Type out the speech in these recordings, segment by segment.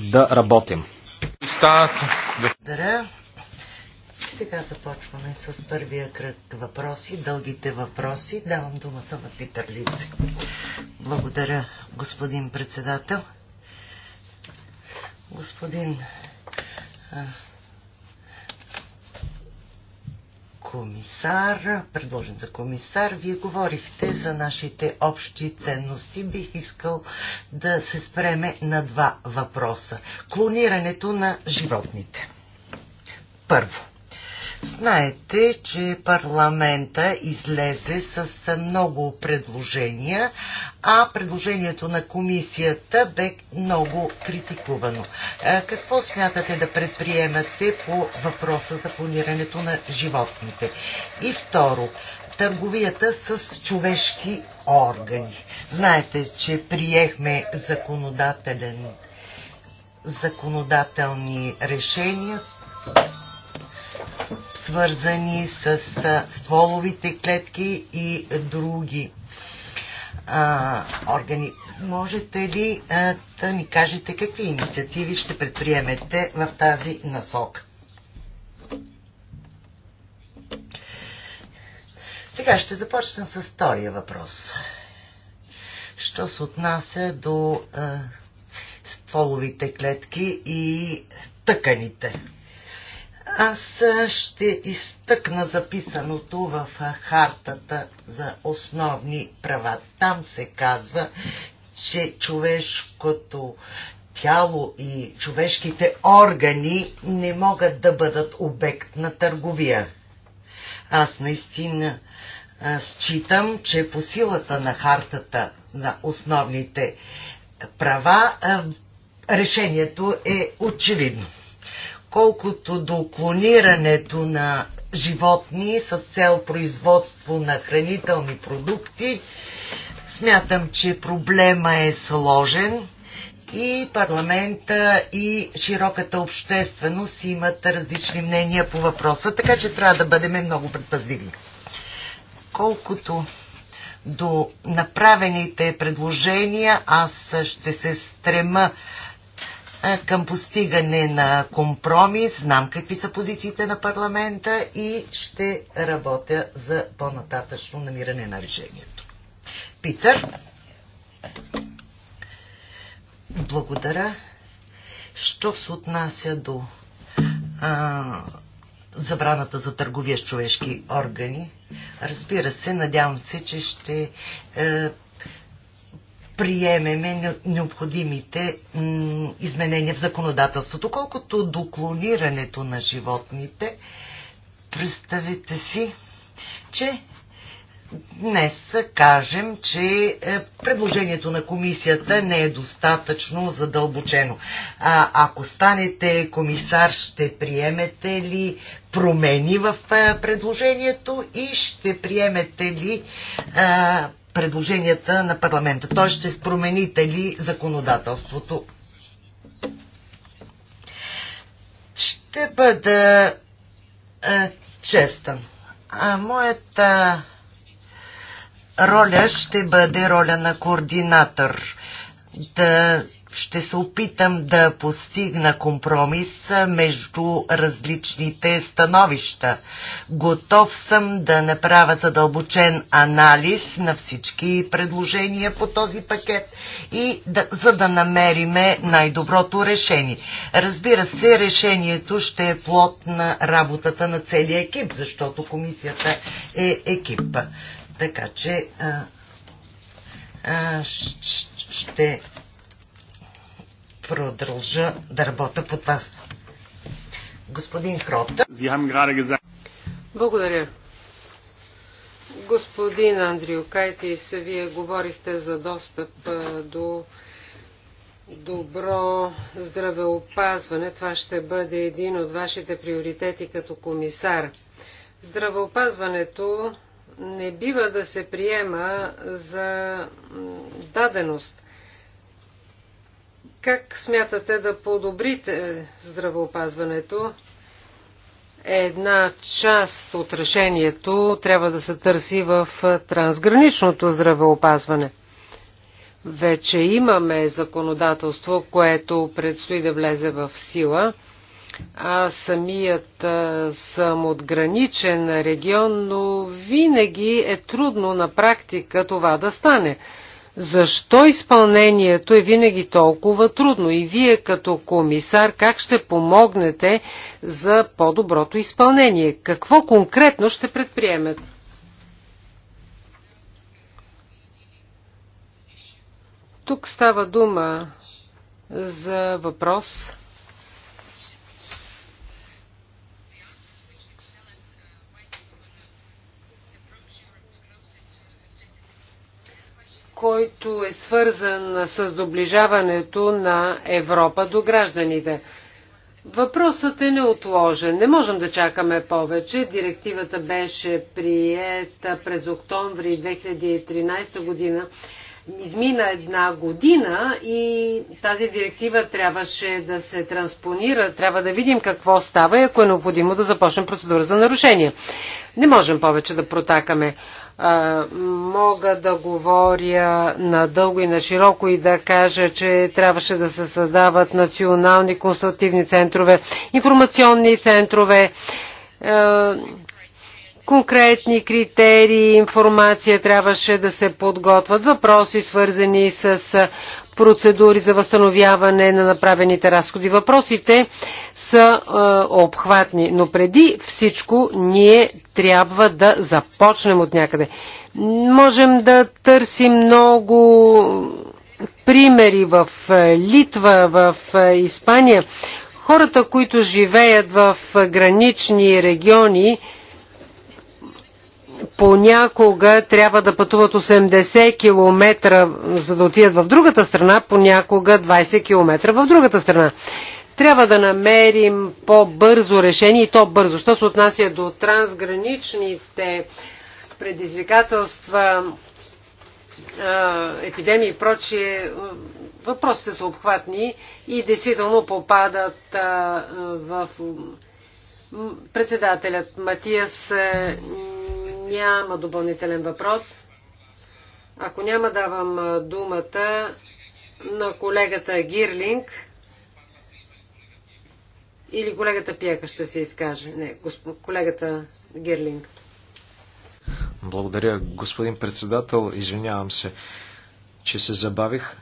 да работим. Благодаря. Сега започваме с първия кръг въпроси, дългите въпроси. Давам думата на Питър Лис. Благодаря, господин председател. Господин комисар, предложен за комисар, вие говорихте за нашите общи ценности. Бих искал да се спреме на два въпроса. Клонирането на животните. Първо. Знаете, че парламента излезе с много предложения, а предложението на комисията бе много критикувано. Е, какво смятате да предприемате по въпроса за планирането на животните? И второ, търговията с човешки органи. Знаете, че приехме законодателен законодателни решения свързани с стволовите клетки и други а, органи. Можете ли а, да ни кажете какви инициативи ще предприемете в тази насок? Сега ще започна с втория въпрос. Що се отнася до а, стволовите клетки и тъканите? Аз ще изтъкна записаното в хартата за основни права. Там се казва, че човешкото тяло и човешките органи не могат да бъдат обект на търговия. Аз наистина считам, че по силата на хартата на основните права решението е очевидно колкото до клонирането на животни с цел производство на хранителни продукти, смятам, че проблема е сложен и парламента и широката общественост имат различни мнения по въпроса, така че трябва да бъдем много предпазливи. Колкото до направените предложения, аз ще се стрема към постигане на компромис. Знам какви са позициите на парламента и ще работя за по-нататъчно намиране на решението. Питър. Благодаря. Що се отнася до а, забраната за търговия с човешки органи, разбира се, надявам се, че ще е, приемеме необходимите изменения в законодателството. Колкото до клонирането на животните, представете си, че днес кажем, че е, предложението на комисията не е достатъчно задълбочено. А, ако станете комисар, ще приемете ли промени в е, предложението и ще приемете ли а, е, предложенията на парламента. Той ще промените ли законодателството? Ще бъда е, честен. А моята роля ще бъде роля на координатор. Да ще се опитам да постигна компромис между различните становища. Готов съм да направя задълбочен анализ на всички предложения по този пакет и да, за да намериме най-доброто решение. Разбира се, решението ще е плод на работата на целия екип, защото комисията е екип. Така че а, а, ще продължа да работя под вас. Господин Хрота. Благодаря. Господин Андрио Кайтис, вие говорихте за достъп до добро здравеопазване. Това ще бъде един от вашите приоритети като комисар. Здравеопазването не бива да се приема за даденост. Как смятате да подобрите здравеопазването? Една част от решението трябва да се търси в трансграничното здравеопазване. Вече имаме законодателство, което предстои да влезе в сила. Аз самият съм от граничен регион, но винаги е трудно на практика това да стане. Защо изпълнението е винаги толкова трудно и вие като комисар как ще помогнете за по-доброто изпълнение? Какво конкретно ще предприемете? Тук става дума за въпрос, който е свързан с доближаването на Европа до гражданите. Въпросът е неотложен. Не можем да чакаме повече. Директивата беше приета през октомври 2013 година. Измина една година и тази директива трябваше да се транспонира. Трябва да видим какво става и ако е необходимо да започнем процедура за нарушение. Не можем повече да протакаме мога да говоря надълго и на широко и да кажа, че трябваше да се създават национални консултативни центрове, информационни центрове, конкретни критерии, информация трябваше да се подготвят, въпроси свързани с процедури за възстановяване на направените разходи. Въпросите са е, обхватни, но преди всичко ние трябва да започнем от някъде. Можем да търсим много примери в е, Литва, в е, Испания. Хората, които живеят в е, гранични региони, понякога трябва да пътуват 80 км за да отидат в другата страна, понякога 20 км в другата страна. Трябва да намерим по-бързо решение и то бързо. Що се отнася до трансграничните предизвикателства, епидемии и прочие, въпросите са обхватни и действително попадат в председателят Матиас няма допълнителен въпрос. Ако няма, давам думата на колегата Гирлинг или колегата Пиека ще се изкаже. Не, госп... колегата Гирлинг. Благодаря, господин председател. Извинявам се, че се забавих.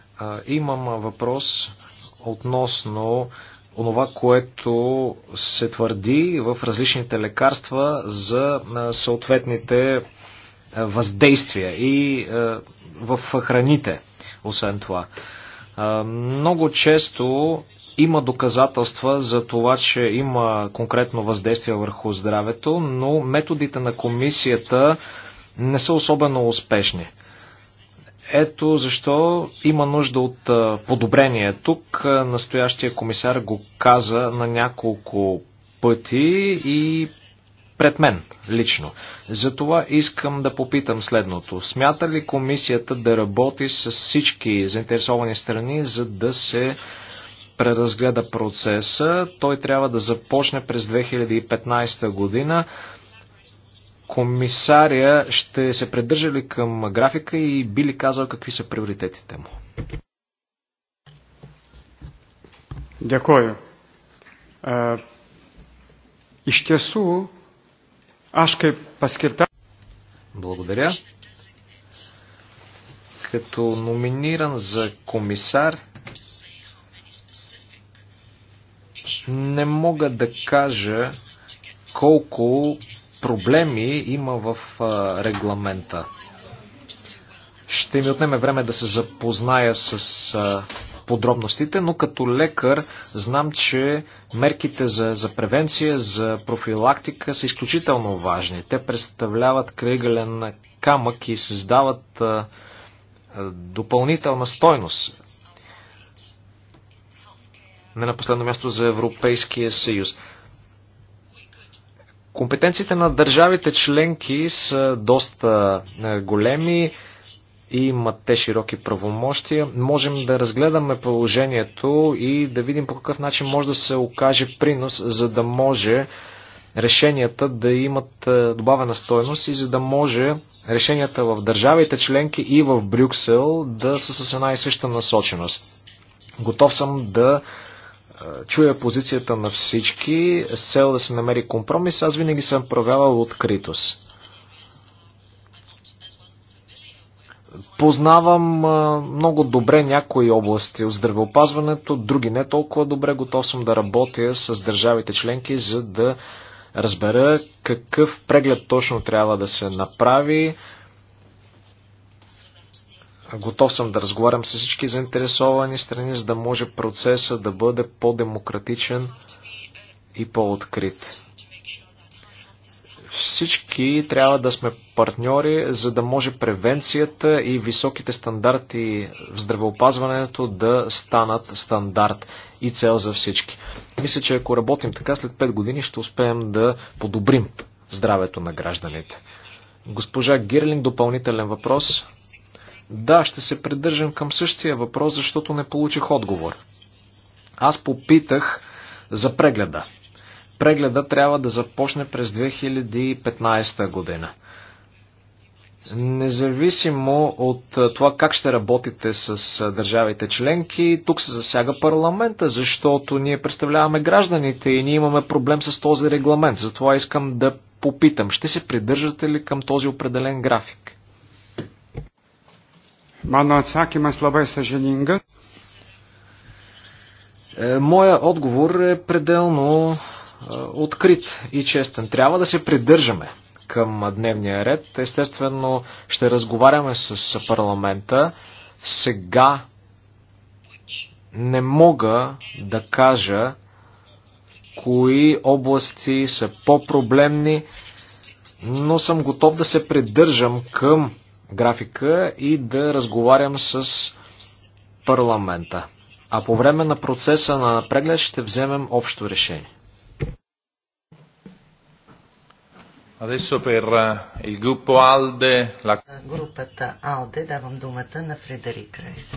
имам въпрос относно онова, което се твърди в различните лекарства за съответните въздействия и в храните, освен това. Много често има доказателства за това, че има конкретно въздействие върху здравето, но методите на комисията не са особено успешни. Ето защо има нужда от подобрение. Тук настоящия комисар го каза на няколко пъти и пред мен лично. Затова искам да попитам следното. Смята ли комисията да работи с всички заинтересовани страни, за да се преразгледа процеса? Той трябва да започне през 2015 година комисаря ще се придържа ли към графика и би ли казал какви са приоритетите му? Дякую. Iš tiesų, aš kaip Благодаря. Като номиниран за комисар, не мога да кажа колко проблеми има в регламента. Ще ми отнеме време да се запозная с подробностите, но като лекар знам, че мерките за, за превенция, за профилактика са изключително важни. Те представляват кръгълен камък и създават а, допълнителна стойност. Не на последно място за Европейския съюз. Компетенциите на държавите членки са доста е, големи и имат те широки правомощия. Можем да разгледаме положението и да видим по какъв начин може да се окаже принос, за да може решенията да имат е, добавена стойност и за да може решенията в държавите членки и в Брюксел да са с една и съща насоченост. Готов съм да чуя позицията на всички с цел да се намери компромис. Аз винаги съм проявявал откритост. Познавам много добре някои области от здравеопазването, други не толкова добре. Готов съм да работя с държавите членки, за да разбера какъв преглед точно трябва да се направи, Готов съм да разговарям с всички заинтересовани страни, за да може процеса да бъде по-демократичен и по-открит. Всички трябва да сме партньори, за да може превенцията и високите стандарти в здравеопазването да станат стандарт и цел за всички. Мисля, че ако работим така, след 5 години ще успеем да подобрим здравето на гражданите. Госпожа Гирлин, допълнителен въпрос. Да, ще се придържам към същия въпрос, защото не получих отговор. Аз попитах за прегледа. Прегледа трябва да започне през 2015 година. Независимо от това как ще работите с държавите членки, тук се засяга парламента, защото ние представляваме гражданите и ние имаме проблем с този регламент. Затова искам да попитам, ще се придържате ли към този определен график? Mano atsakymas labai sažininga? Е, моя отговор е пределно е, открит и честен. Трябва да се придържаме към дневния ред. Естествено, ще разговаряме с парламента. Сега не мога да кажа кои области са по-проблемни, но съм готов да се придържам към графика и да разговарям с парламента. А по време на процеса на преглед ще вземем общо решение. Adesso per eh, il gruppo ALDE... La... Групата ALDE давам думата на Фредерик Рейс.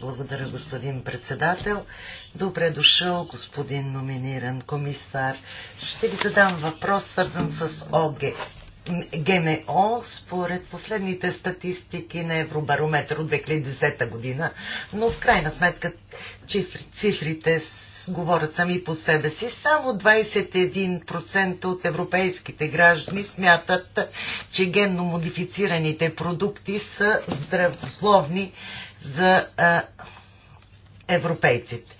Благодаря, господин председател. Добре дошъл, господин номиниран комисар. Ще ви задам въпрос, свързан с ОГЕ. ГМО според последните статистики на Евробарометър от 2010 година, но в крайна сметка цифри, цифрите говорят сами по себе си. Само 21% от европейските граждани смятат, че генно модифицираните продукти са здравословни за а, европейците.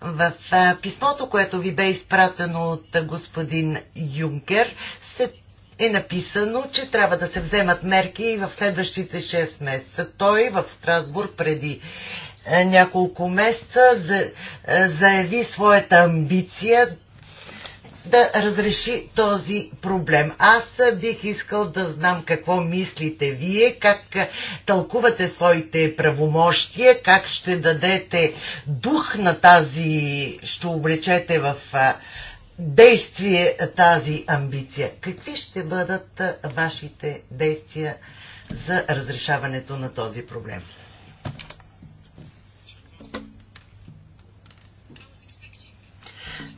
В а, писмото, което ви бе изпратено от а, господин Юнкер, се е написано, че трябва да се вземат мерки и в следващите 6 месеца. Той в Страсбург преди е, няколко месеца е, заяви своята амбиция да разреши този проблем. Аз бих искал да знам какво мислите вие, как тълкувате своите правомощия, как ще дадете дух на тази, ще облечете в е, действие тази амбиция. Какви ще бъдат вашите действия за разрешаването на този проблем?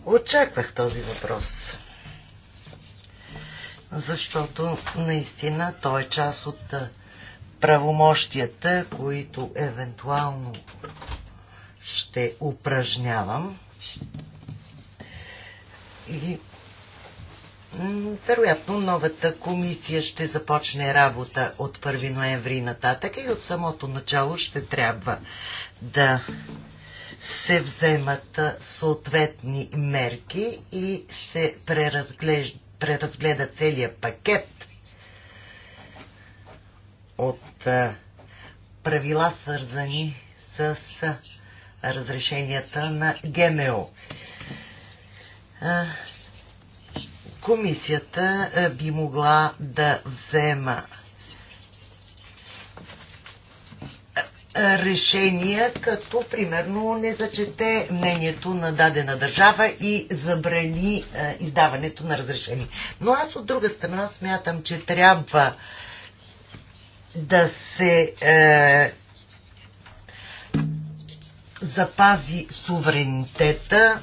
Очаквах този въпрос, защото наистина той е част от правомощията, които евентуално ще упражнявам. И вероятно новата комисия ще започне работа от 1 ноември нататък и от самото начало ще трябва да се вземат съответни мерки и се преразглежда, преразгледа целият пакет от правила свързани с разрешенията на ГМО комисията би могла да взема решения, като примерно не зачете мнението на дадена държава и забрани издаването на разрешение. Но аз от друга страна смятам, че трябва да се е, запази суверенитета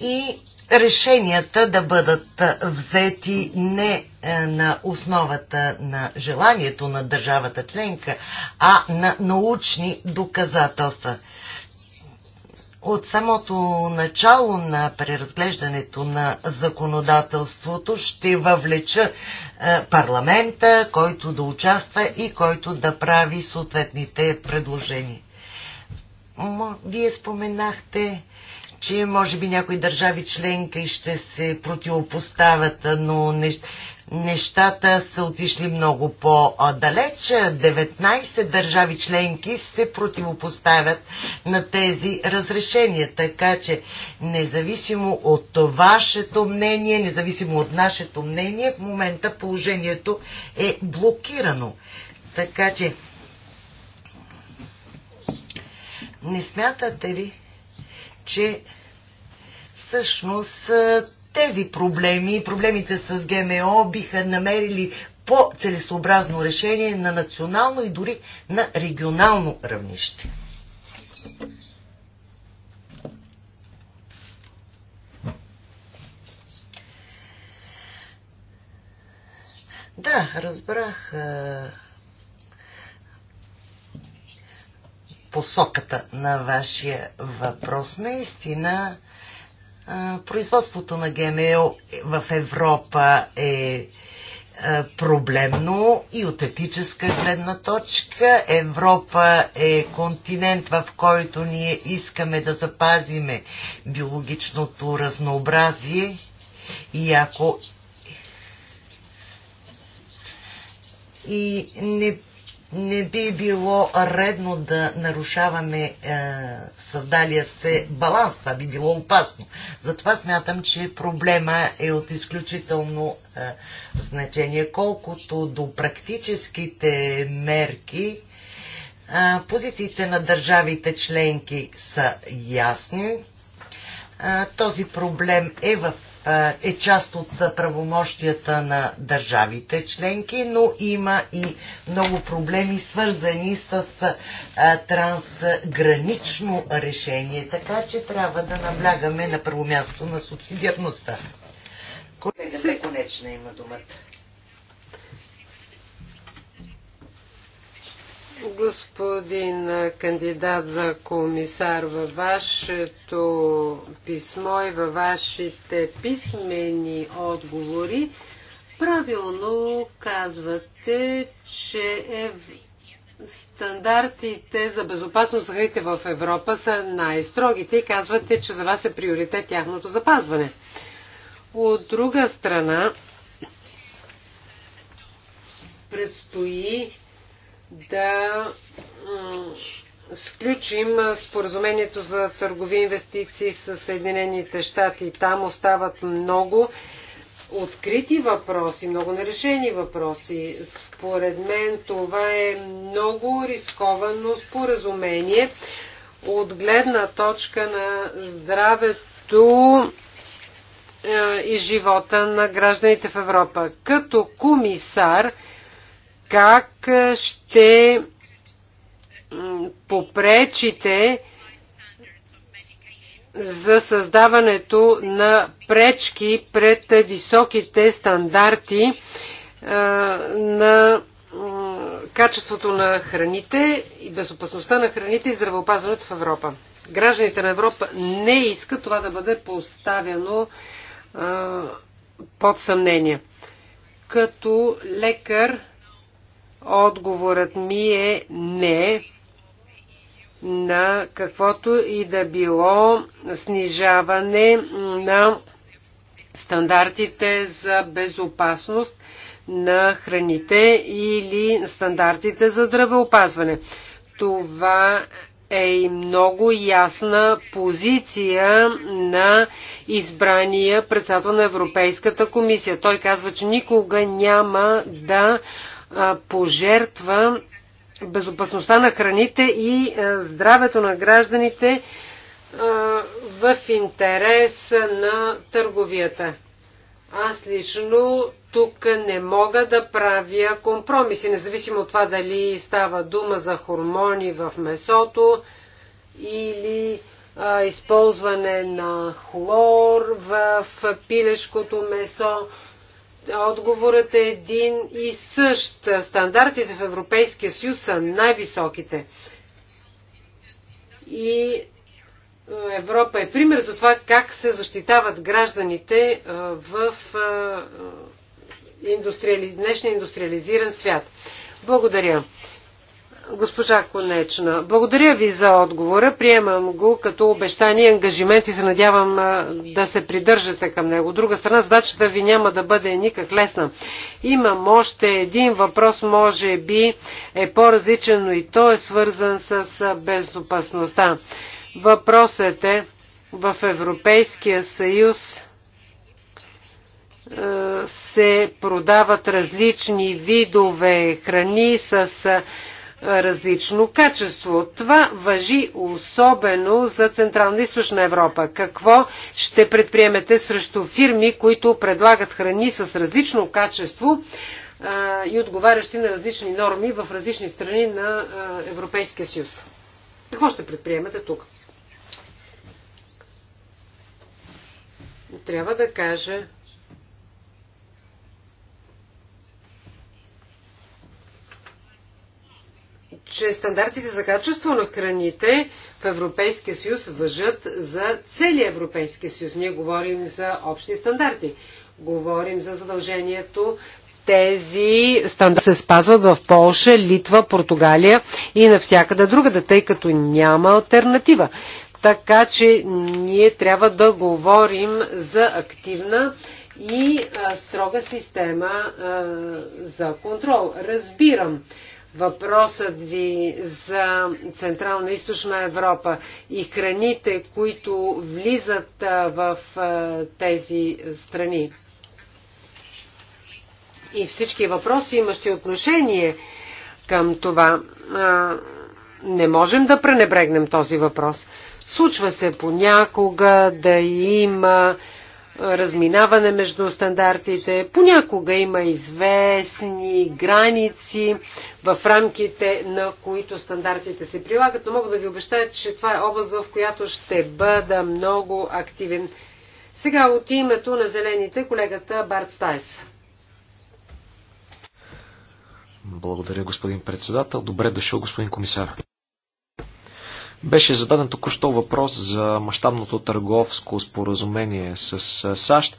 и решенията да бъдат взети не е, на основата на желанието на държавата членка, а на научни доказателства. От самото начало на преразглеждането на законодателството ще въвлеча е, парламента, който да участва и който да прави съответните предложения. Вие споменахте че може би някои държави членки ще се противопоставят, но нещата са отишли много по-далеч. 19 държави членки се противопоставят на тези разрешения, така че независимо от вашето мнение, независимо от нашето мнение, в момента положението е блокирано. Така че не смятате ли? че всъщност тези проблеми, проблемите с ГМО биха намерили по-целесообразно решение на национално и дори на регионално равнище. Да, разбрах посоката на вашия въпрос. Наистина, производството на ГМО в Европа е проблемно и от етическа гледна точка. Европа е континент, в който ние искаме да запазиме биологичното разнообразие и ако и не не би било редно да нарушаваме е, създалия се баланс. Това би било опасно. Затова смятам, че проблема е от изключително е, значение. Колкото до практическите мерки, е, позициите на държавите членки са ясни. Е, този проблем е в е, е част от правомощията на държавите членки, но има и много проблеми свързани с е, трансгранично решение, така че трябва да наблягаме на първо място на субсидиарността. Колегата Конечна има думата. Господин кандидат за комисар, във вашето писмо и във вашите писмени отговори правилно казвате, че е стандартите за безопасност на храните в Европа са най-строгите и казвате, че за вас е приоритет тяхното запазване. От друга страна, предстои да сключим споразумението за търгови инвестиции с Съединените щати. Там остават много открити въпроси, много нерешени въпроси. Според мен това е много рисковано споразумение от гледна точка на здравето е, и живота на гражданите в Европа. Като комисар, как ще попречите за създаването на пречки пред високите стандарти на качеството на храните и безопасността на храните и здравеопазването в Европа. Гражданите на Европа не искат това да бъде поставено под съмнение. Като лекар Отговорът ми е не на каквото и да било снижаване на стандартите за безопасност на храните или стандартите за здравеопазване. Това е и много ясна позиция на избрания председател на Европейската комисия. Той казва, че никога няма да пожертва безопасността на храните и здравето на гражданите в интерес на търговията. Аз лично тук не мога да правя компромиси, независимо от това дали става дума за хормони в месото или а, използване на хлор в пилешкото месо Отговорът е един и същ. Стандартите в Европейския съюз са най-високите. И е, Европа е пример за това как се защитават гражданите е, в е, индустриали... днешния индустриализиран свят. Благодаря. Госпожа Конечна, благодаря ви за отговора. Приемам го като обещание и ангажимент и се надявам да се придържате към него. От друга страна, задачата ви няма да бъде никак лесна. Имам още един въпрос, може би е по-различен, но и той е свързан с безопасността. Въпросът е в Европейския съюз се продават различни видове храни с различно качество. Това въжи особено за Централна и Източна Европа. Какво ще предприемете срещу фирми, които предлагат храни с различно качество а, и отговарящи на различни норми в различни страни на а, Европейския съюз? Какво ще предприемете тук? Трябва да кажа, че стандартите за качество на храните в Европейския съюз въжат за целия Европейския съюз. Ние говорим за общи стандарти. Говорим за задължението тези стандарти се спазват в Полша, Литва, Португалия и навсякъде другаде, тъй като няма альтернатива. Така че ние трябва да говорим за активна и а, строга система а, за контрол. Разбирам въпросът ви за Централна и Източна Европа и храните, които влизат в тези страни. И всички въпроси, имащи отношение към това, не можем да пренебрегнем този въпрос. Случва се понякога да има разминаване между стандартите. Понякога има известни граници в рамките на които стандартите се прилагат, но мога да ви обещая, че това е област, в която ще бъда много активен. Сега от името на зелените колегата Барт Стайс. Благодаря, господин председател. Добре дошъл, господин комисар. Беше зададен току-що въпрос за мащабното търговско споразумение с САЩ.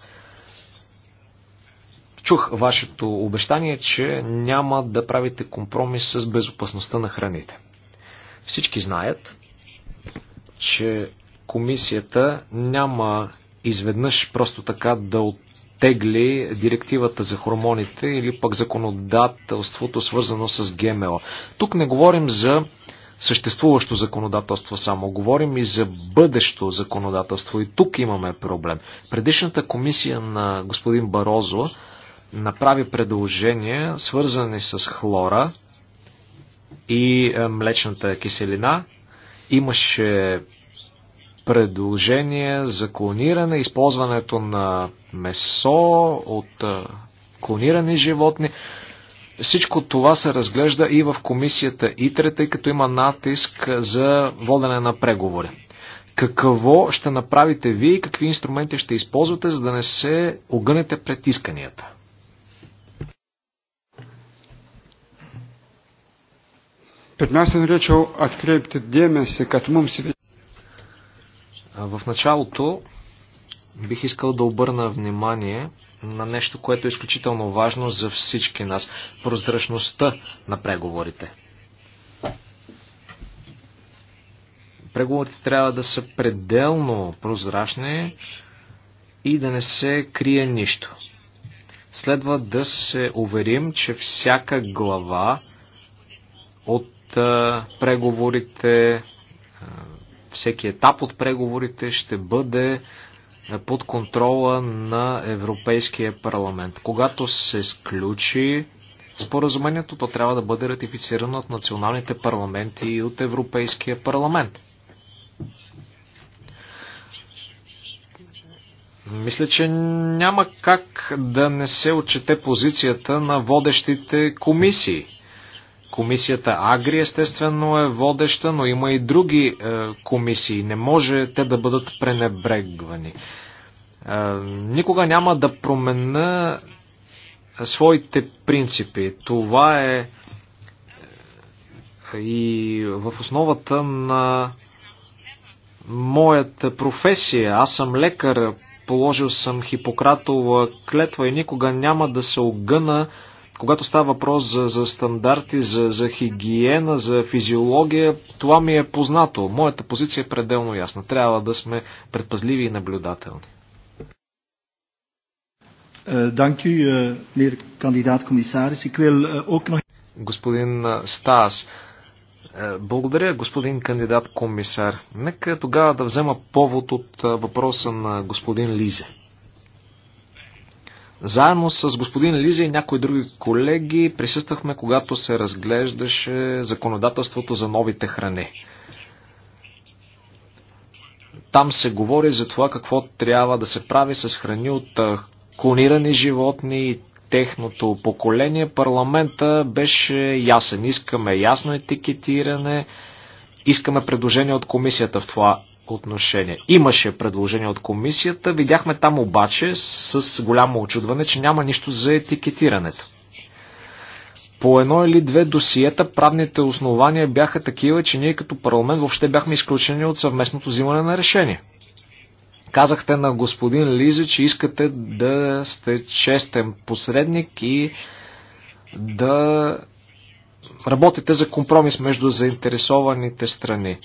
Чух вашето обещание, че няма да правите компромис с безопасността на храните. Всички знаят, че комисията няма изведнъж просто така да оттегли директивата за хормоните или пък законодателството свързано с ГМО. Тук не говорим за съществуващо законодателство само. Говорим и за бъдещо законодателство. И тук имаме проблем. Предишната комисия на господин Барозо направи предложения, свързани с хлора и е, млечната киселина. Имаше предложение за клониране, използването на месо от е, клонирани животни. Всичко това се разглежда и в комисията ИТРЕ, тъй като има натиск за водене на преговори. Какво ще направите вие и какви инструменти ще използвате, за да не се огънете пред исканията? Pirmiausia, norėčiau atkreipti dėmesį, kad mums. В началото бих искал да обърна внимание на нещо, което е изключително важно за всички нас. Прозрачността на преговорите. Преговорите трябва да са пределно прозрачни и да не се крие нищо. Следва да се уверим, че всяка глава от преговорите всеки етап от преговорите ще бъде под контрола на Европейския парламент. Когато се сключи споразумението, то трябва да бъде ратифицирано от националните парламенти и от Европейския парламент. Мисля, че няма как да не се отчете позицията на водещите комисии Комисията Агри естествено е водеща, но има и други е, комисии. Не може те да бъдат пренебрегвани. Е, никога няма да променя своите принципи. Това е, е и в основата на моята професия. Аз съм лекар, положил съм Хипократова клетва и никога няма да се огъна когато става въпрос за, за стандарти, за, за хигиена, за физиология, това ми е познато. Моята позиция е пределно ясна. Трябва да сме предпазливи и наблюдателни. Е, е, е, господин Стас, благодаря, господин кандидат комисар. Нека тогава да взема повод от въпроса на господин Лизе. Заедно с господин Лиза и някои други колеги присъствахме, когато се разглеждаше законодателството за новите храни. Там се говори за това какво трябва да се прави с храни от клонирани животни и техното поколение. Парламента беше ясен. Искаме ясно етикетиране, искаме предложение от комисията в това отношение. Имаше предложение от комисията, видяхме там обаче с голямо очудване, че няма нищо за етикетирането. По едно или две досиета правните основания бяха такива, че ние като парламент въобще бяхме изключени от съвместното взимане на решение. Казахте на господин Лиза, че искате да сте честен посредник и да работите за компромис между заинтересованите страни.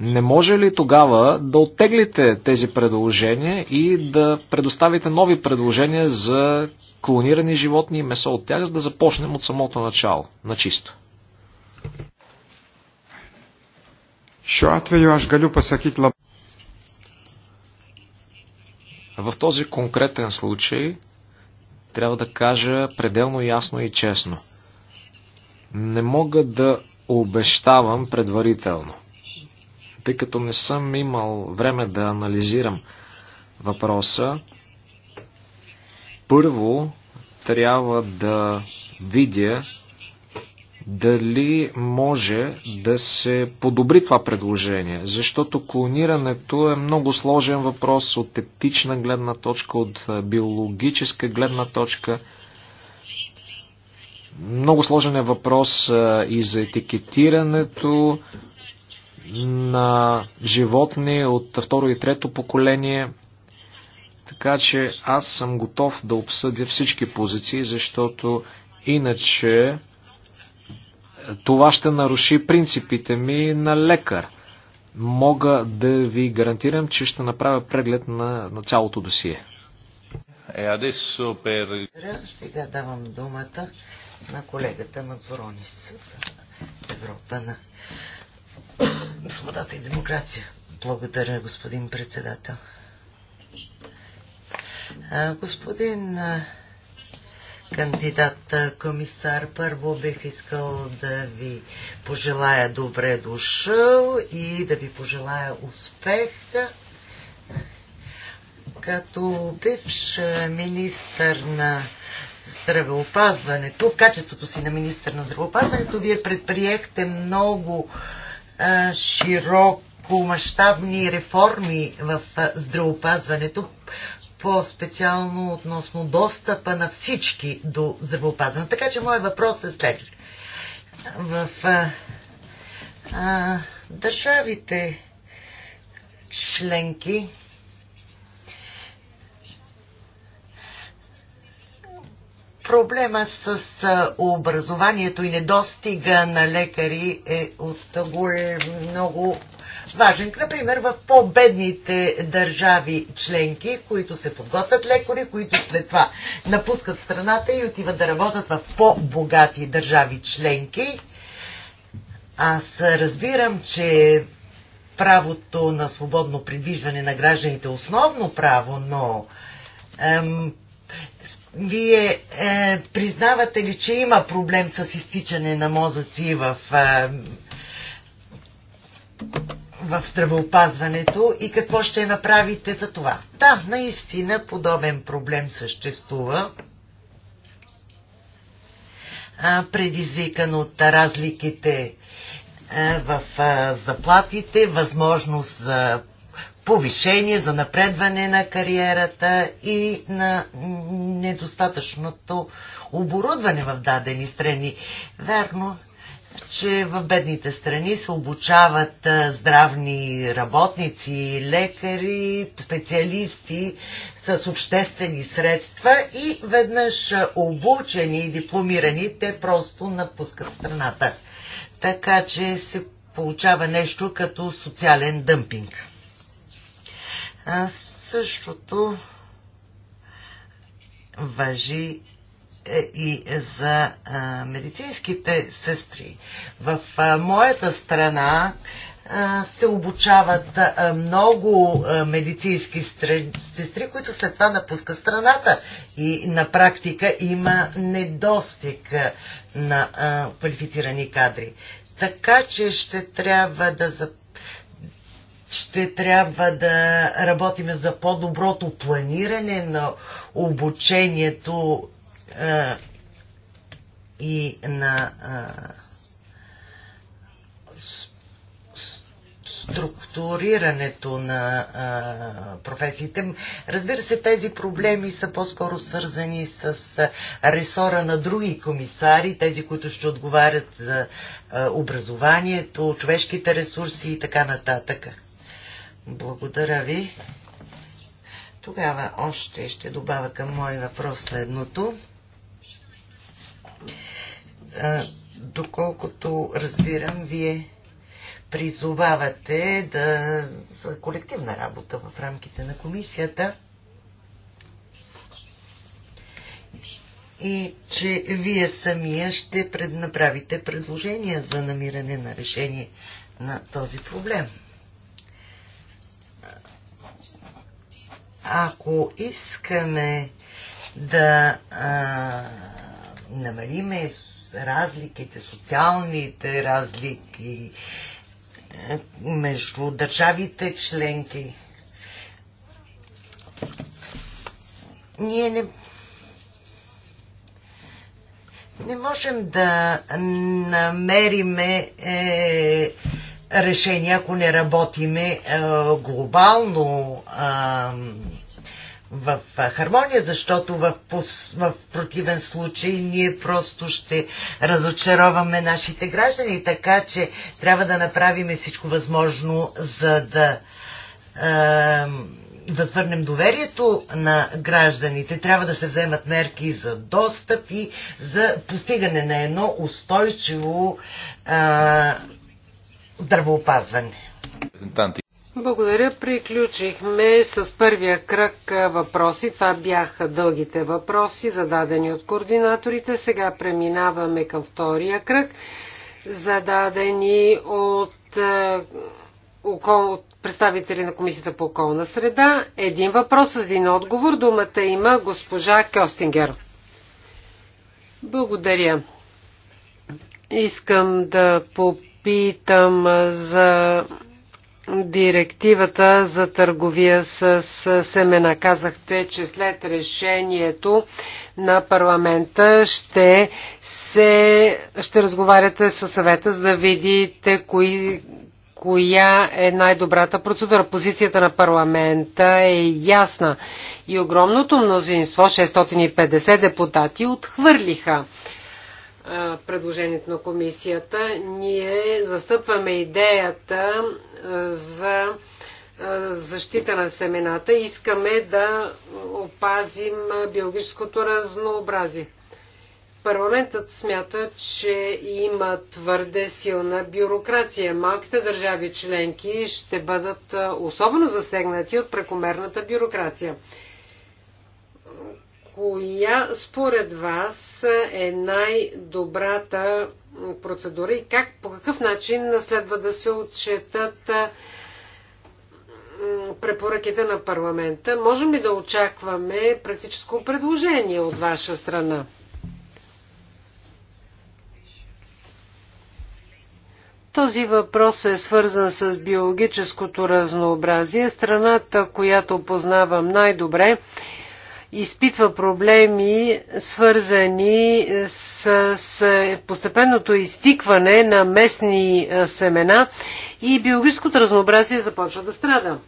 Не може ли тогава да оттеглите тези предложения и да предоставите нови предложения за клонирани животни и месо от тях, за да започнем от самото начало, на чисто? В този конкретен случай трябва да кажа пределно ясно и честно. Не мога да обещавам предварително тъй като не съм имал време да анализирам въпроса. Първо трябва да видя дали може да се подобри това предложение, защото клонирането е много сложен въпрос от етична гледна точка, от биологическа гледна точка. Много сложен е въпрос и за етикетирането, на животни от второ и трето поколение. Така че аз съм готов да обсъдя всички позиции, защото иначе е, това ще наруши принципите ми на лекар. Мога да ви гарантирам, че ще направя преглед на, на цялото досие. Е, адесо пер... Сега давам думата на колегата Макворонис за Европа на Свободата и демокрация. Благодаря, господин председател. Господин кандидат комисар, първо бих искал да ви пожелая добре дошъл и да ви пожелая успех. Като бивш министър на здравеопазването, в качеството си на министър на здравеопазването, вие предприехте много широко мащабни реформи в здравопазването, по-специално относно достъпа на всички до здравеопазване. Така че моят въпрос е след. В а, а, държавите членки Проблема с образованието и недостига на лекари е от е много важен. Например, в по-бедните държави членки, които се подготвят лекари, които след това напускат страната и отиват да работят в по-богати държави членки. Аз разбирам, че правото на свободно придвижване на гражданите е основно право, но ем, вие е, признавате ли, че има проблем с изтичане на мозъци в, е, в здравеопазването и какво ще направите за това? Да, наистина подобен проблем съществува. предизвикан от разликите е, в е, заплатите, възможност за повишение, за напредване на кариерата и на недостатъчното оборудване в дадени страни. Верно, че в бедните страни се обучават здравни работници, лекари, специалисти с обществени средства и веднъж обучени и дипломирани, те просто напускат страната. Така че се получава нещо като социален дъмпинг. А същото въжи е, и за а, медицинските сестри. В а, моята страна а, се обучават а, много а, медицински сестри, които след това напускат страната и на практика има недостиг а, на а, квалифицирани кадри. Така че ще трябва да, ще трябва да работим за по-доброто планиране на обучението а, е, и на а, е, структурирането на а, е, професиите. Разбира се, тези проблеми са по-скоро свързани с ресора на други комисари, тези, които ще отговарят за а, образованието, човешките ресурси и така нататък. Благодаря ви. Тогава още ще добавя към мой въпрос следното. Доколкото разбирам, вие призовавате да, за колективна работа в рамките на комисията и че вие самия ще преднаправите предложения за намиране на решение на този проблем. Ако искаме да а, намалиме разликите, социалните разлики е, между държавите членки, ние не, не можем да намериме е, решение, ако не работиме е, глобално е, в хармония, защото в, в противен случай ние просто ще разочароваме нашите граждани, така че трябва да направим всичко възможно, за да е, възвърнем доверието на гражданите. Трябва да се вземат мерки за достъп и за постигане на едно устойчиво а, здравоопазване. Благодаря. Приключихме с първия кръг въпроси. Това бяха дългите въпроси, зададени от координаторите. Сега преминаваме към втория кръг, зададени от, от представители на Комисията по околна среда. Един въпрос с един отговор. Думата има госпожа Кьостингер. Благодаря. Искам да попитам питам за директивата за търговия с семена. Казахте, че след решението на парламента ще, се, ще разговаряте с съвета, за да видите кои, коя е най-добрата процедура. Позицията на парламента е ясна и огромното мнозинство, 650 депутати, отхвърлиха предложението на комисията. Ние застъпваме идеята за защита на семената. Искаме да опазим биологическото разнообразие. Парламентът смята, че има твърде силна бюрокрация. Малките държави членки ще бъдат особено засегнати от прекомерната бюрокрация коя според вас е най-добрата процедура и как, по какъв начин следва да се отчетат препоръките на парламента? Можем ли да очакваме практическо предложение от ваша страна? Този въпрос е свързан с биологическото разнообразие. Страната, която познавам най-добре, изпитва проблеми, свързани с, с постепенното изтикване на местни семена и биологическото разнообразие започва да страда.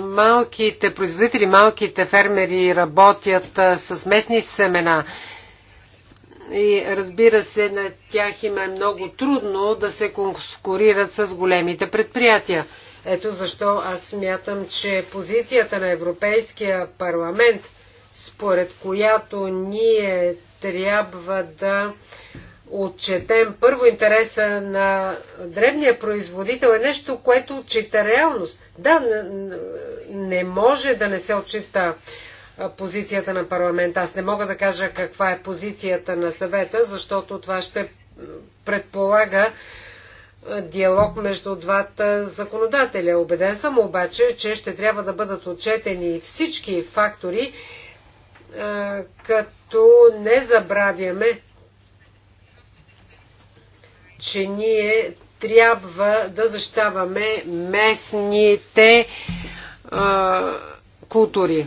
Малките производители, малките фермери работят с местни семена. И разбира се, на тях им е много трудно да се конкурират с големите предприятия. Ето защо аз смятам, че позицията на Европейския парламент, според която ние трябва да отчетем първо интереса на древния производител е нещо, което отчита реалност. Да, не може да не се отчита позицията на парламента. Аз не мога да кажа каква е позицията на съвета, защото това ще предполага диалог между двата законодателя. Обеден съм обаче, че ще трябва да бъдат отчетени всички фактори, като не забравяме, че ние трябва да защитаваме местните култури.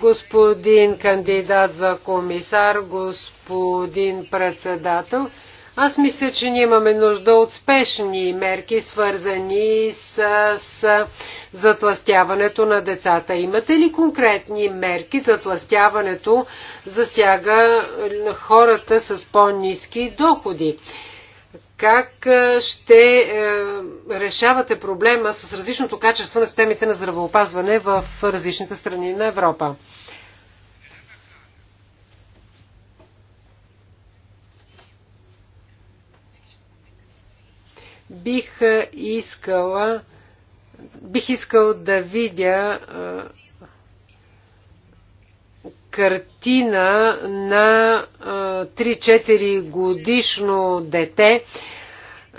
господин кандидат за комисар, господин председател. Аз мисля, че ние имаме нужда от спешни мерки, свързани с, с затластяването на децата. Имате ли конкретни мерки? Затластяването засяга хората с по-низки доходи. Как ще е, решавате проблема с различното качество на системите на здравеопазване в различните страни на Европа? Бих искала бих искал да видя картина на 3-4 годишно дете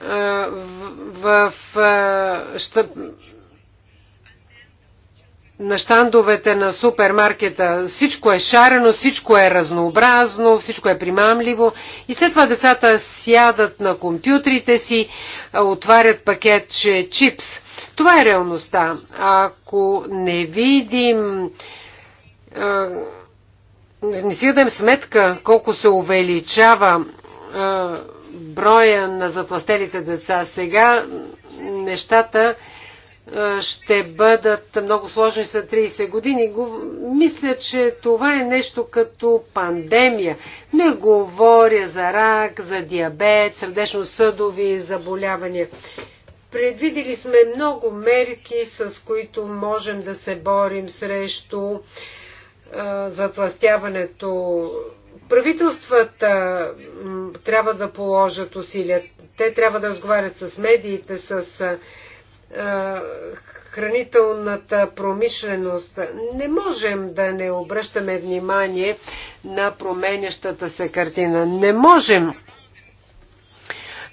в, в щъп, на щандовете на супермаркета. Всичко е шарено, всичко е разнообразно, всичко е примамливо. И след това децата сядат на компютрите си, отварят пакетче е чипс. Това е реалността. Ако не видим не си дадем сметка колко се увеличава а, броя на запластелите деца. Сега нещата а, ще бъдат много сложни след 30 години. Го, мисля, че това е нещо като пандемия. Не говоря за рак, за диабет, сърдечно-съдови заболявания. Предвидели сме много мерки, с които можем да се борим срещу затластяването. Правителствата трябва да положат усилия. Те трябва да разговарят с медиите, с хранителната промишленост. Не можем да не обръщаме внимание на променящата се картина. Не можем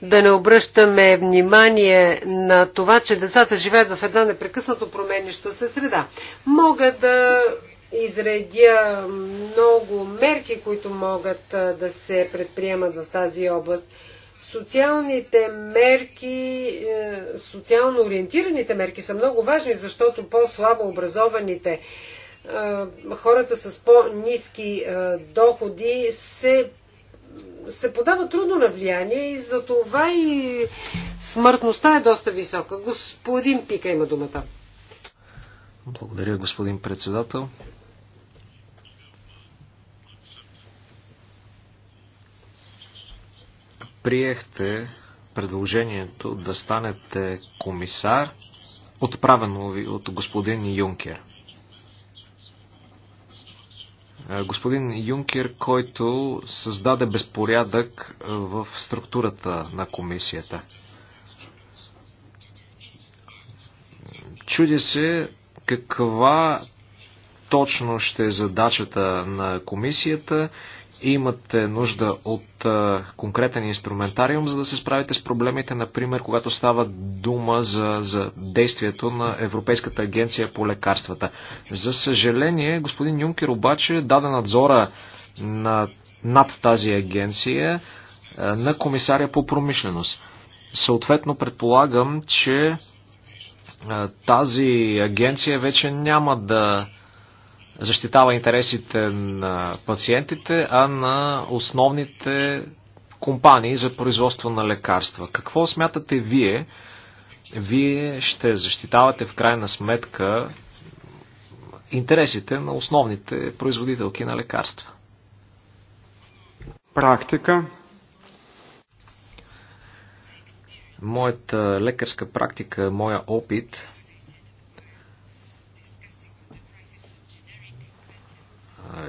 да не обръщаме внимание на това, че децата живеят в една непрекъснато променяща се среда. Мога да изредя много мерки, които могат да се предприемат в тази област. Социалните мерки, е, социално ориентираните мерки са много важни, защото по-слабо образованите е, хората с по-низки е, доходи се, се подават трудно на влияние и за това и смъртността е доста висока. Господин Пика има думата. Благодаря, господин председател. приехте предложението да станете комисар, отправено ви от господин Юнкер. Господин Юнкер, който създаде безпорядък в структурата на комисията. Чудя се каква точно ще е задачата на комисията имате нужда от конкретен инструментариум, за да се справите с проблемите, например, когато става дума за, за действието на Европейската агенция по лекарствата. За съжаление, господин Юнкер обаче даде надзора на, над тази агенция на комисаря по промишленост. Съответно, предполагам, че тази агенция вече няма да защитава интересите на пациентите, а на основните компании за производство на лекарства. Какво смятате вие? Вие ще защитавате в крайна сметка интересите на основните производителки на лекарства. Практика. Моята лекарска практика, моя опит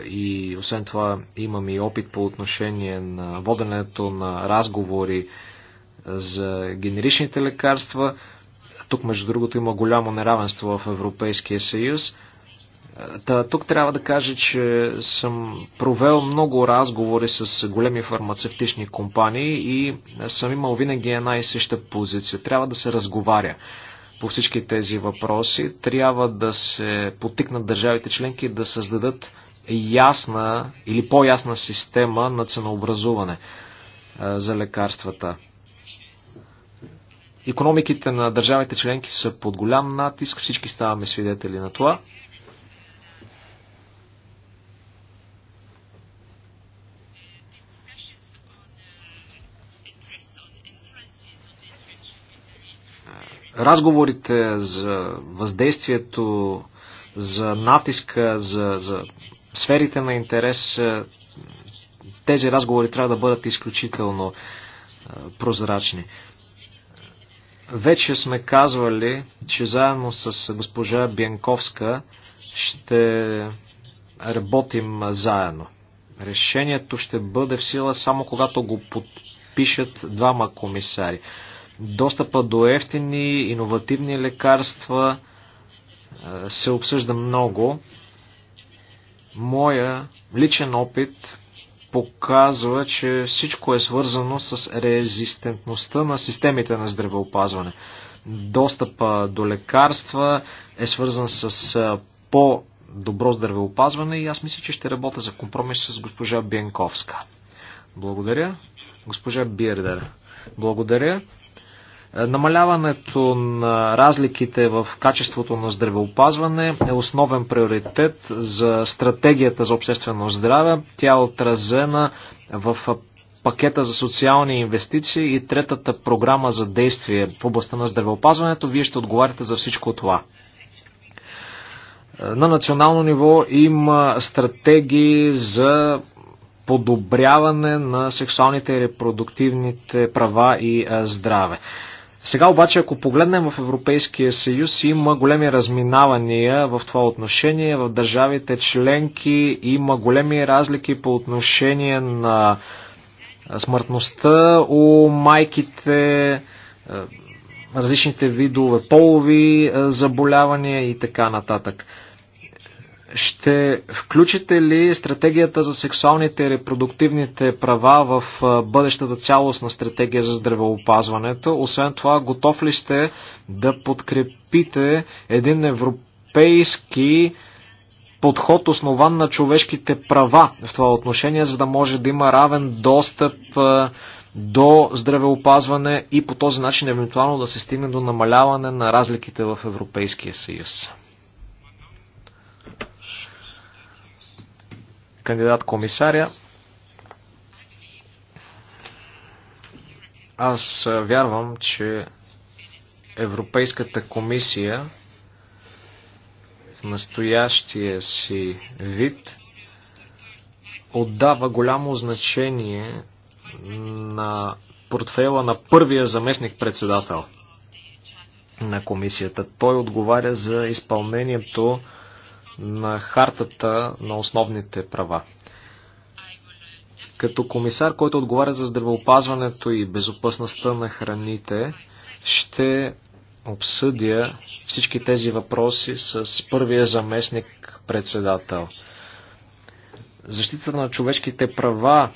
и освен това имам и опит по отношение на воденето на разговори е, за генеричните лекарства. Тук, между другото, има голямо неравенство в Европейския съюз. Е, та, тук трябва да кажа, че съм провел много разговори с големи фармацевтични компании и съм имал винаги една и съща позиция. Трябва да се разговаря по всички тези въпроси. Трябва да се потикнат държавите членки да създадат ясна или по-ясна система на ценообразуване за лекарствата. Економиките на държавите членки са под голям натиск, всички ставаме свидетели на това. Разговорите за въздействието, за натиска, за, за сферите на интерес е, тези разговори трябва да бъдат изключително е, прозрачни. Вече сме казвали, че заедно с госпожа Бянковска ще работим заедно. Решението ще бъде в сила само когато го подпишат двама комисари. Достъпа до ефтини, иновативни лекарства е, се обсъжда много. Моя личен опит показва, че всичко е свързано с резистентността на системите на здравеопазване. Достъпа до лекарства е свързан с по-добро здравеопазване и аз мисля, че ще работя за компромис с госпожа Бенковска. Благодаря. Госпожа Бирдер. Благодаря. Намаляването на разликите в качеството на здравеопазване е основен приоритет за стратегията за обществено здраве. Тя е отразена в пакета за социални инвестиции и третата програма за действие в областта на здравеопазването. Вие ще отговаряте за всичко това. На национално ниво има стратегии за подобряване на сексуалните и репродуктивните права и здраве. Сега обаче, ако погледнем в Европейския съюз, има големи разминавания в това отношение. В държавите членки има големи разлики по отношение на смъртността у майките, различните видове полови заболявания и така нататък. Ще включите ли стратегията за сексуалните и репродуктивните права в бъдещата цялостна стратегия за здравеопазването? Освен това, готов ли сте да подкрепите един европейски подход, основан на човешките права в това отношение, за да може да има равен достъп до здравеопазване и по този начин евентуално да се стигне до намаляване на разликите в Европейския съюз? кандидат комисаря. Аз вярвам, че Европейската комисия в настоящия си вид отдава голямо значение на портфела на първия заместник-председател на комисията. Той отговаря за изпълнението на хартата на основните права. Като комисар, който отговаря за здравеопазването и безопасността на храните, ще обсъдя всички тези въпроси с първия заместник председател. Защита на човешките права,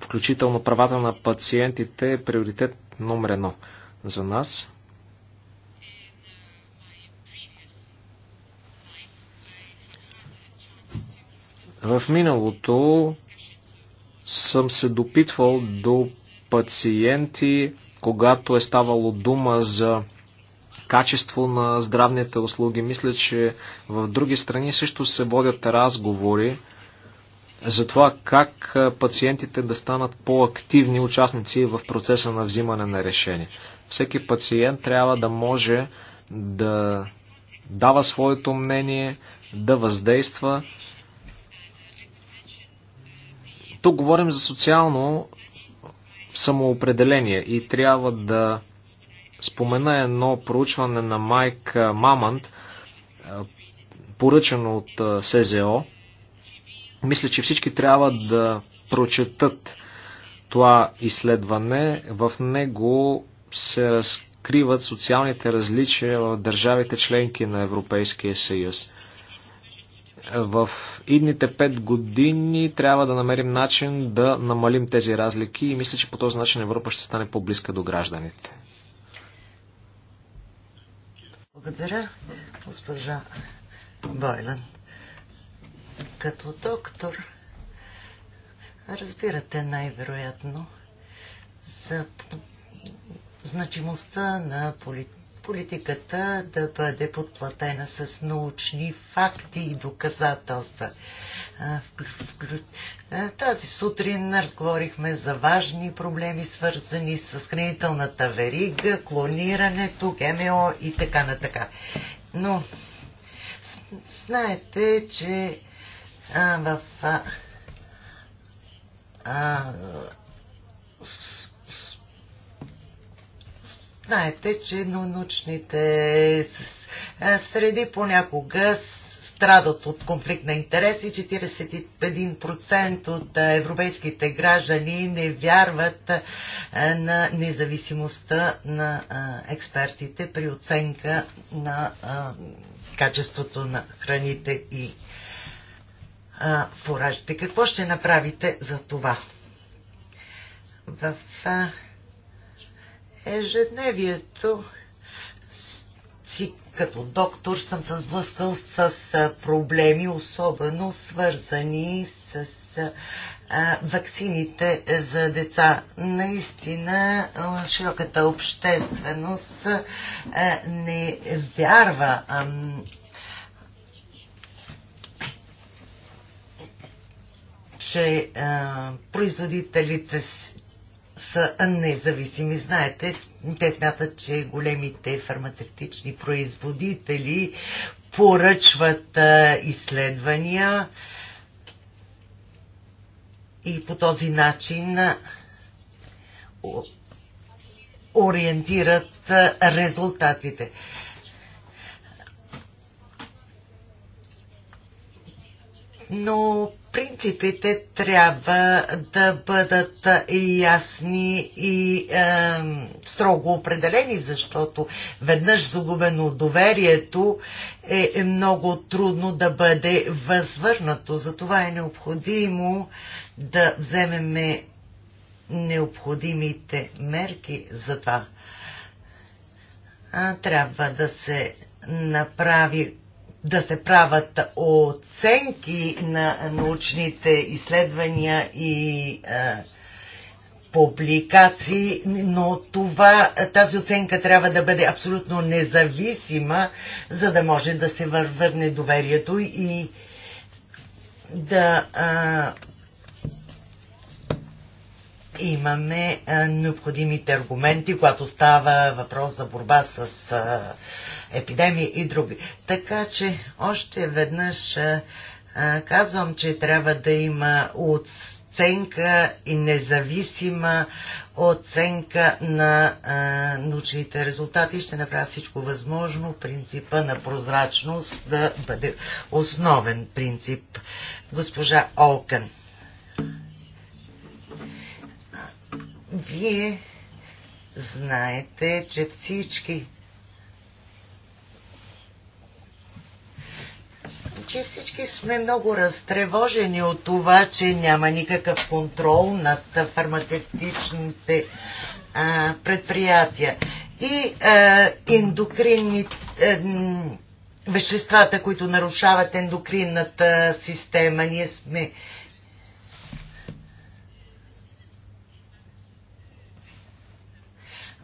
включително правата на пациентите, е приоритет номер едно за нас – В миналото съм се допитвал до пациенти, когато е ставало дума за качество на здравните услуги. Мисля, че в други страни също се водят разговори за това как пациентите да станат по-активни участници в процеса на взимане на решение. Всеки пациент трябва да може да дава своето мнение, да въздейства. Тук говорим за социално самоопределение и трябва да спомена едно проучване на Майк Мамант, поръчано от СЗО. Мисля, че всички трябва да прочетат това изследване. В него се разкриват социалните различия в държавите членки на Европейския съюз в идните 5 години трябва да намерим начин да намалим тези разлики и мисля, че по този начин Европа ще стане по-близка до гражданите. Благодаря, госпожа Бойлен. Като доктор, разбирате най-вероятно за значимостта на политиката политиката да бъде подплатена с научни факти и доказателства. Тази сутрин разговорихме за важни проблеми, свързани с хранителната верига, клонирането, ГМО и така на така. Но знаете, че а, в а, а, Знаете, че научните среди понякога страдат от конфликт на интереси. 41% от европейските граждани не вярват на независимостта на експертите при оценка на качеството на храните и фуражите. Какво ще направите за това? В ежедневието си като доктор съм се сблъскал с проблеми, особено свързани с ваксините за деца. Наистина, широката общественост не вярва че а, производителите са независими. Знаете, те смятат, че големите фармацевтични производители поръчват изследвания и по този начин ориентират резултатите. но принципите трябва да бъдат ясни и е, строго определени, защото веднъж загубено доверието е, е много трудно да бъде възвърнато. Затова е необходимо да вземеме необходимите мерки за това. А, трябва да се направи да се правят оценки на научните изследвания и е, публикации, но това, тази оценка трябва да бъде абсолютно независима, за да може да се върне доверието и да а, имаме а, необходимите аргументи, когато става въпрос за борба с а, епидемии и други. Така че още веднъж казвам, че трябва да има оценка и независима оценка на а, научните резултати. Ще направя всичко възможно принципа на прозрачност да бъде основен принцип. Госпожа Олкън. Вие знаете, че всички че всички сме много разтревожени от това, че няма никакъв контрол над фармацевтичните а, предприятия. И а, ендокринни а, е, веществата, които нарушават ендокринната система, ние сме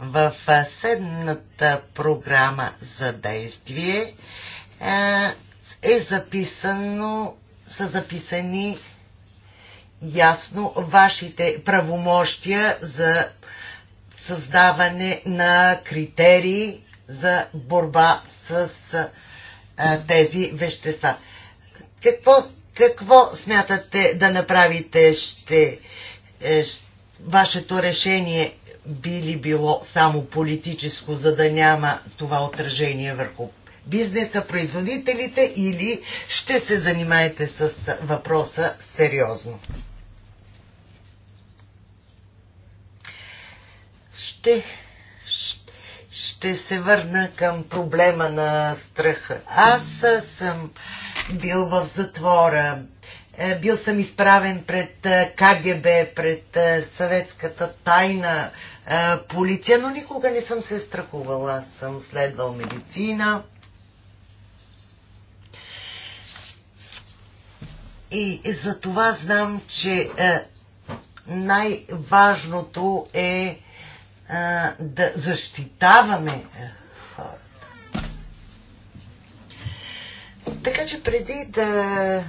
в седната програма за действие е записано, са записани ясно вашите правомощия за създаване на критерии за борба с а, тези вещества. Какво, какво смятате да направите? Ще, ще, вашето решение би ли било само политическо, за да няма това отражение върху бизнеса, производителите или ще се занимаете с въпроса сериозно? Ще, ще се върна към проблема на страха. Аз съм бил в затвора, е, бил съм изправен пред е, КГБ, пред е, съветската тайна полиция, но никога не съм се страхувала. Аз съм следвал медицина. И за това знам, че е, най-важното е, е да защитаваме е, хората. Така че преди да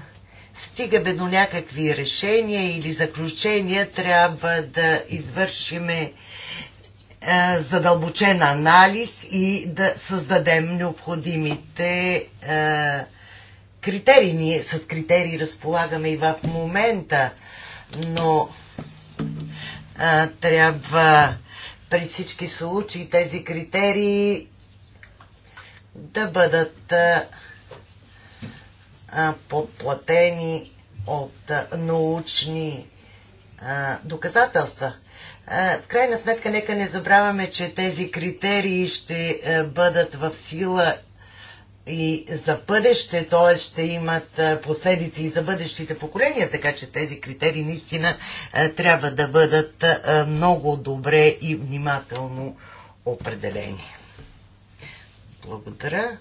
стигаме до някакви решения или заключения, трябва да извършиме задълбочен анализ и да създадем необходимите критерии. Ние с критерии разполагаме и в момента, но а, трябва при всички случаи тези критерии да бъдат а, подплатени от а, научни а, доказателства. в крайна сметка, нека не забравяме, че тези критерии ще бъдат в сила и за бъдеще, т.е. ще имат последици и за бъдещите поколения, така че тези критерии наистина трябва да бъдат много добре и внимателно определени. Благодаря.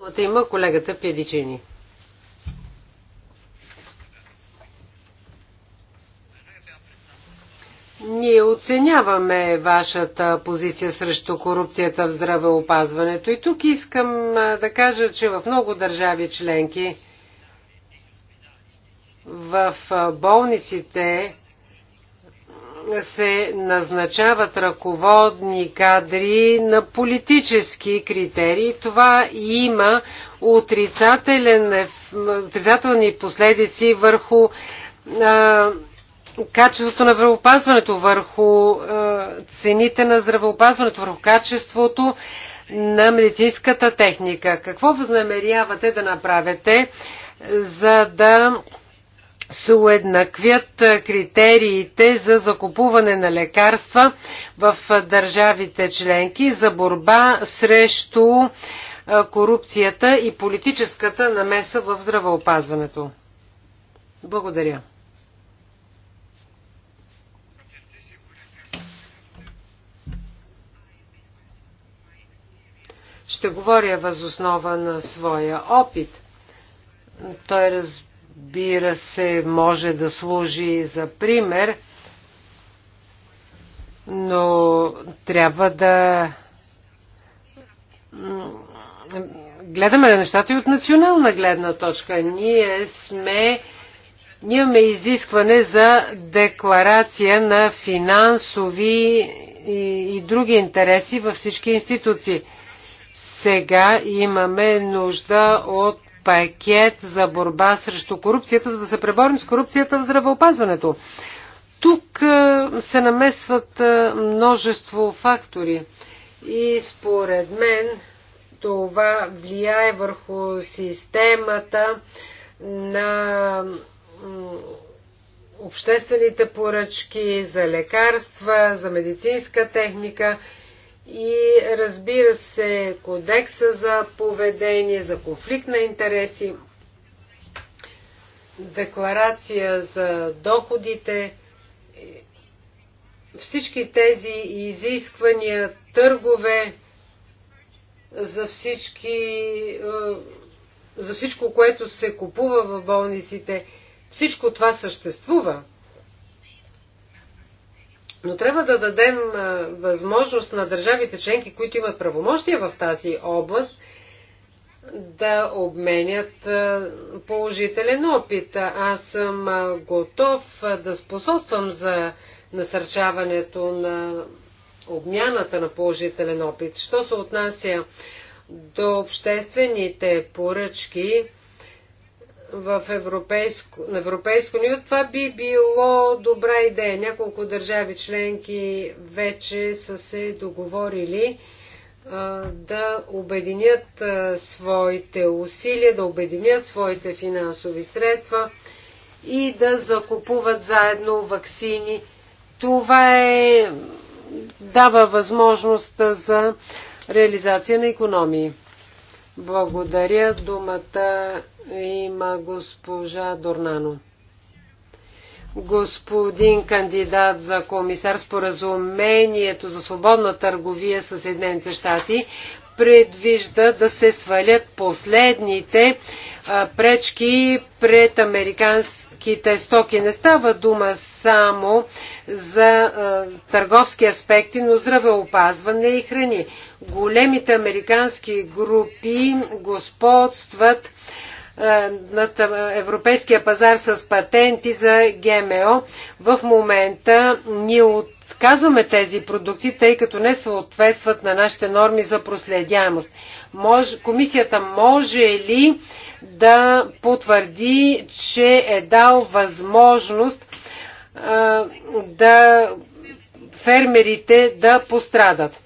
Думата има колегата Педичини. Ние оценяваме вашата позиция срещу корупцията в здравеопазването и тук искам да кажа, че в много държави членки в болниците се назначават ръководни кадри на политически критерии. Това има отрицателен, отрицателни последици върху а, качеството на здравеопазването, върху е, цените на здравеопазването, върху качеството на медицинската техника. Какво възнамерявате да направите, за да се уеднаквят критериите за закупуване на лекарства в държавите членки за борба срещу е, корупцията и политическата намеса в здравеопазването. Благодаря. Ще говоря възоснова на своя опит. Той разбира се може да служи за пример, но трябва да гледаме на нещата и от национална гледна точка. Ние сме ние имаме изискване за декларация на финансови и, и други интереси във всички институции. Сега имаме нужда от пакет за борба срещу корупцията, за да се преборим с корупцията в здравеопазването. Тук е, се намесват е, множество фактори и според мен това влияе върху системата на обществените поръчки за лекарства, за медицинска техника – и разбира се кодекса за поведение, за конфликт на интереси, декларация за доходите, всички тези изисквания, търгове за всички е, за всичко, което се купува в болниците, всичко това съществува. Но трябва да дадем възможност на държавите членки, които имат правомощия в тази област, да обменят положителен опит. Аз съм готов да способствам за насърчаването на обмяната на положителен опит. Що се отнася до обществените поръчки, в европейско, на Европейско ниво, това би било добра идея. Няколко държави членки вече са се договорили а, да обединят а, своите усилия, да обединят своите финансови средства и да закупуват заедно вакцини. Това е, дава възможност за реализация на економии. Благодаря думата има госпожа Дорнано. Господин кандидат за комисар, споразумението за свободна търговия с Съединените щати предвижда да се свалят последните пречки пред американските стоки. Не става дума само за търговски аспекти, но здравеопазване и храни. Големите американски групи господстват е, над е, европейския пазар с патенти за ГМО. В момента ние отказваме тези продукти, тъй като не съответстват на нашите норми за проследяемост. Мож, комисията може ли да потвърди, че е дал възможност а, е, да фермерите да пострадат?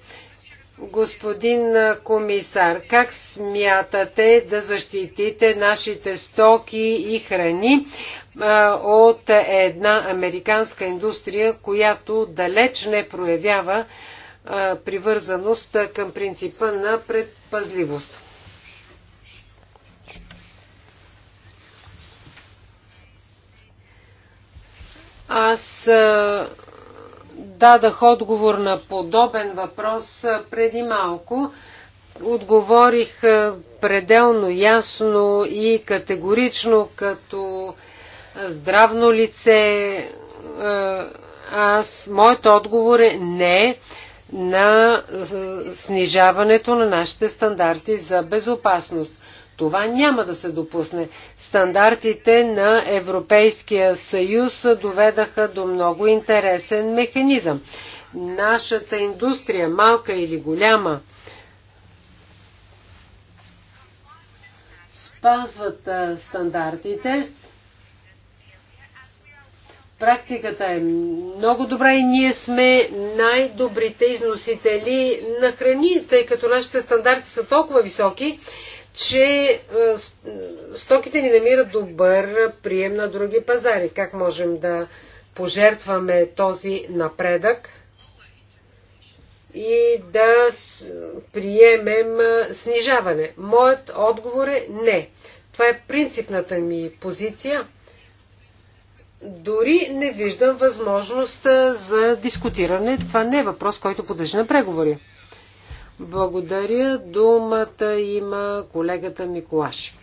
Господин комисар, как смятате да защитите нашите стоки и храни от една американска индустрия, която далеч не проявява привързаност към принципа на предпазливост? Аз дадах отговор на подобен въпрос преди малко. Отговорих пределно ясно и категорично като здравно лице. Аз, моят отговор е не на снижаването на нашите стандарти за безопасност. Това няма да се допусне. Стандартите на Европейския съюз доведаха до много интересен механизъм. Нашата индустрия, малка или голяма, спазват стандартите. Практиката е много добра и ние сме най-добрите износители на храни, тъй като нашите стандарти са толкова високи, че е, стоките ни намират добър прием на други пазари. Как можем да пожертваме този напредък и да приемем е, снижаване? Моят отговор е не. Това е принципната ми позиция. Дори не виждам възможност е, за дискутиране. Това не е въпрос, който подлежи на преговори. Благодаря. Думата има колегата Миколашик.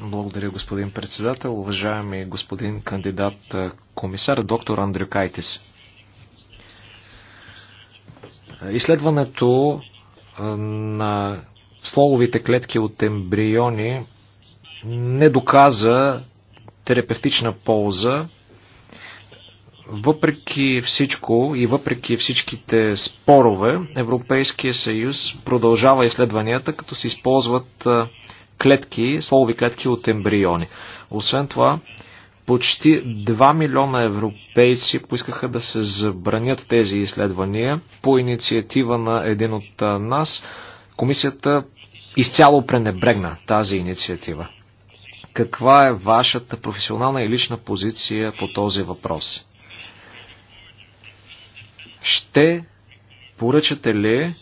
Благодаря, господин председател. Уважаеми господин кандидат комисар, доктор Андрю Кайтис. Изследването на слоловите клетки от ембриони не доказа терапевтична полза въпреки всичко и въпреки всичките спорове, Европейския съюз продължава изследванията, като се използват клетки, слови клетки от ембриони. Освен това, почти 2 милиона европейци поискаха да се забранят тези изследвания по инициатива на един от нас. Комисията изцяло пренебрегна тази инициатива. Каква е вашата професионална и лична позиция по този въпрос? Ще поръчате ли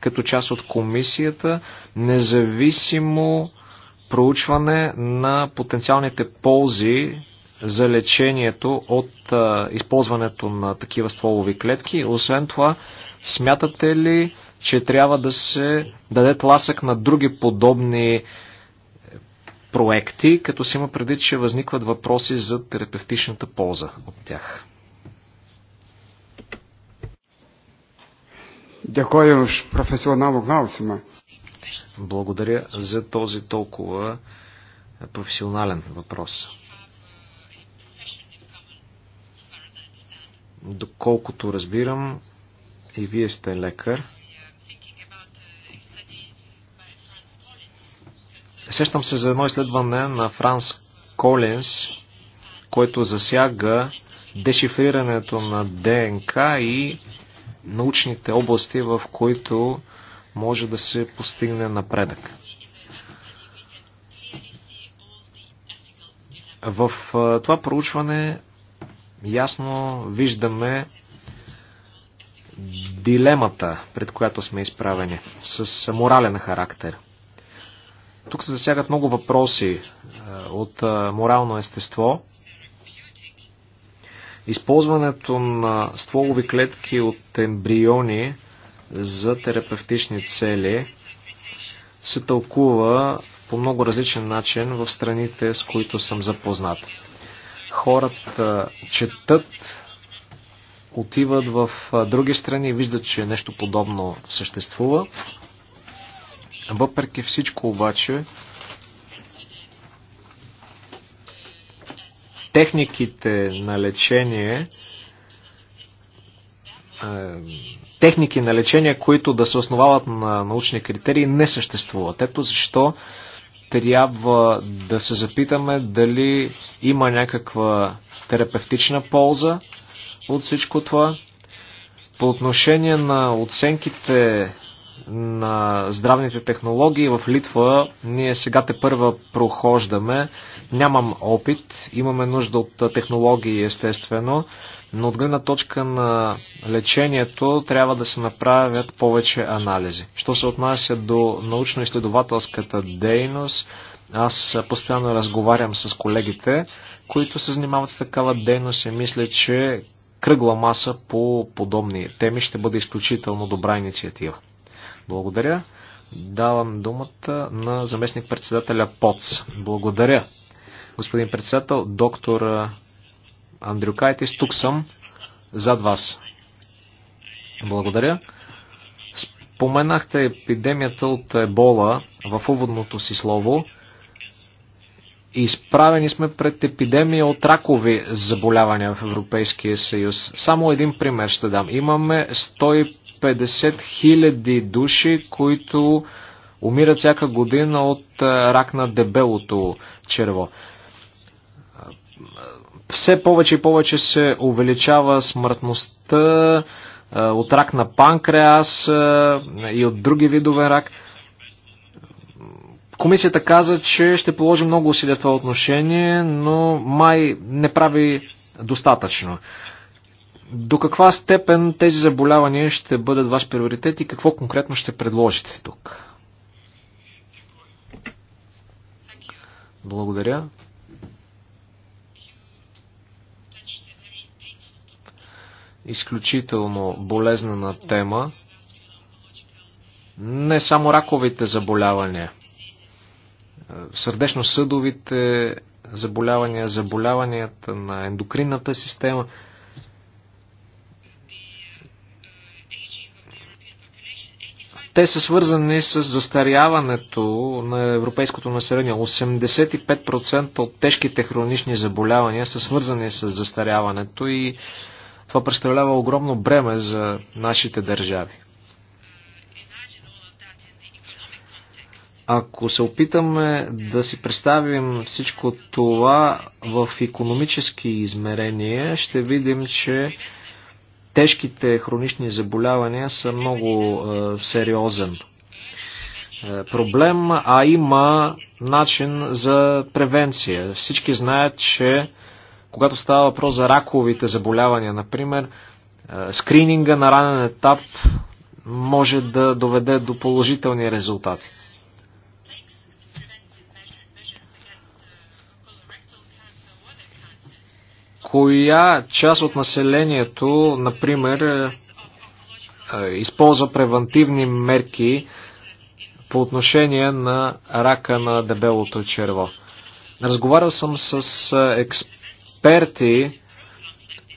като част от комисията независимо проучване на потенциалните ползи за лечението от а, използването на такива стволови клетки. Освен това, смятате ли, че трябва да се даде тласък на други подобни е, проекти, като се има преди, че възникват въпроси за терапевтичната полза от тях? už klausimą. Благодаря за този толкова е, професионален въпрос. Доколкото разбирам, и вие сте лекар. Сещам се за едно изследване на Франс Колинс, което засяга дешифрирането на ДНК и научните области, в които може да се постигне напредък. В това проучване ясно виждаме дилемата, пред която сме изправени, с морален характер. Тук се засягат много въпроси от морално естество, използването на стволови клетки от ембриони за терапевтични цели се тълкува по много различен начин в страните, с които съм запознат. Хората четат, отиват в други страни и виждат, че нещо подобно съществува. Въпреки всичко обаче, техниките на лечение, е, техники на лечение, които да се основават на научни критерии, не съществуват. Ето защо трябва да се запитаме дали има някаква терапевтична полза от всичко това. По отношение на оценките на здравните технологии в Литва ние сега те първа прохождаме. Нямам опит, имаме нужда от технологии естествено, но от гледна точка на лечението трябва да се направят повече анализи. Що се отнася до научно-изследователската дейност, аз постоянно разговарям с колегите, които се занимават с такава дейност и мисля, че кръгла маса по подобни теми ще бъде изключително добра инициатива. Благодаря. Давам думата на заместник председателя ПОЦ. Благодаря. Господин председател, доктор Кайтис, тук съм зад вас. Благодаря. Споменахте епидемията от ебола в уводното си слово. Изправени сме пред епидемия от ракови заболявания в Европейския съюз. Само един пример ще дам. Имаме 50 000 души, които умират всяка година от рак на дебелото черво. Все повече и повече се увеличава смъртността от рак на панкреас и от други видове рак. Комисията каза, че ще положи много усилия в това отношение, но май не прави достатъчно. До каква степен тези заболявания ще бъдат ваш приоритет и какво конкретно ще предложите тук? Благодаря. Изключително болезнена тема. Не само раковите заболявания. Сърдечно-съдовите заболявания, заболяванията на ендокринната система – Те са свързани с застаряването на европейското население. 85% от тежките хронични заболявания са свързани с застаряването и това представлява огромно бреме за нашите държави. Ако се опитаме да си представим всичко това в економически измерения, ще видим, че тежките хронични заболявания са много е, сериозен е, проблем, а има начин за превенция. Всички знаят, че когато става въпрос за раковите заболявания, например, е, скрининга на ранен етап може да доведе до положителни резултати. коя част от населението, например, е, е, използва превентивни мерки по отношение на рака на дебелото черво. Разговарял съм с е, експерти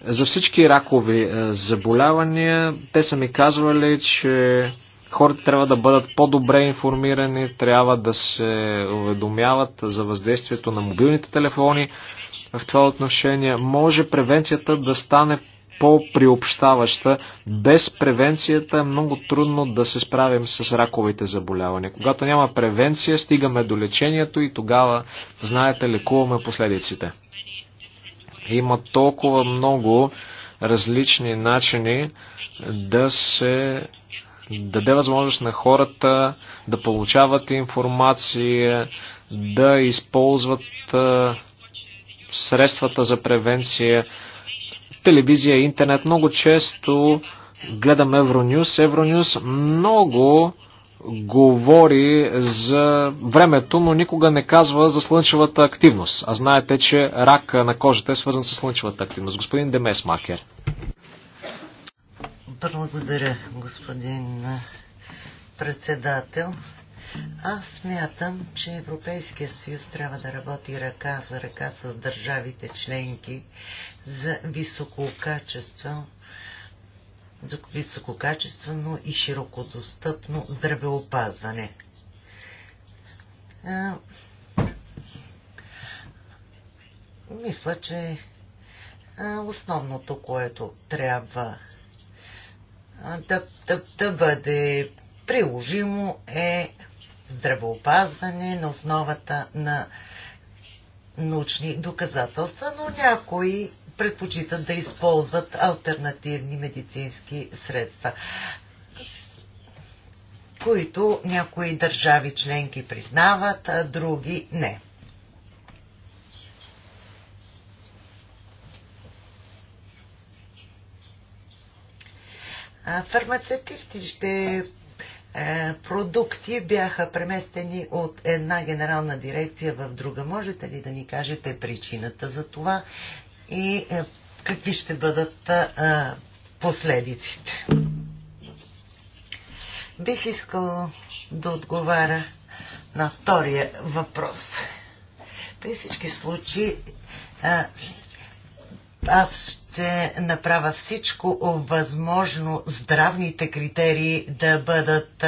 за всички ракови заболявания. Те са ми казвали, че хората трябва да бъдат по-добре информирани, трябва да се уведомяват за въздействието на мобилните телефони в това отношение. Може превенцията да стане по-приобщаваща. Без превенцията е много трудно да се справим с раковите заболявания. Когато няма превенция, стигаме до лечението и тогава, знаете, лекуваме последиците. Има толкова много различни начини да се даде възможност на хората да получават информация, да използват средствата за превенция, телевизия, интернет. Много често гледам Евронюс. Евронюс много говори за времето, но никога не казва за слънчевата активност. А знаете, че рак на кожата е свързан с слънчевата активност. Господин Демес Макер. Благодаря, господин председател. Аз смятам, че Европейския съюз трябва да работи ръка за ръка с държавите членки за висококачествено за висококачествено и широкодостъпно здравеопазване. А, мисля, че а, основното, което трябва да, да, да бъде приложимо е здравеопазване на основата на научни доказателства, но някои предпочитат да използват альтернативни медицински средства, които някои държави членки признават, а други не. Фармацевтите ще е, продукти бяха преместени от една генерална дирекция в друга. Можете ли да ни кажете причината за това и е, какви ще бъдат е, последиците? Бих искал да отговаря на втория въпрос. При всички случаи аз ще направя всичко възможно здравните критерии да бъдат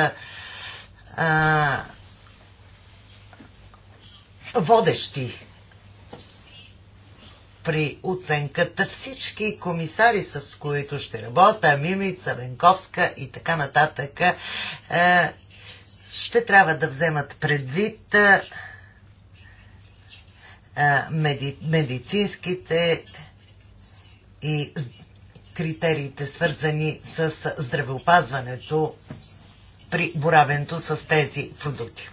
а, водещи при оценката всички комисари, с които ще работя, Мимица, Венковска и така нататък, ще трябва да вземат предвид медицинските и критериите, свързани с здравеопазването при боравенето с тези продукти.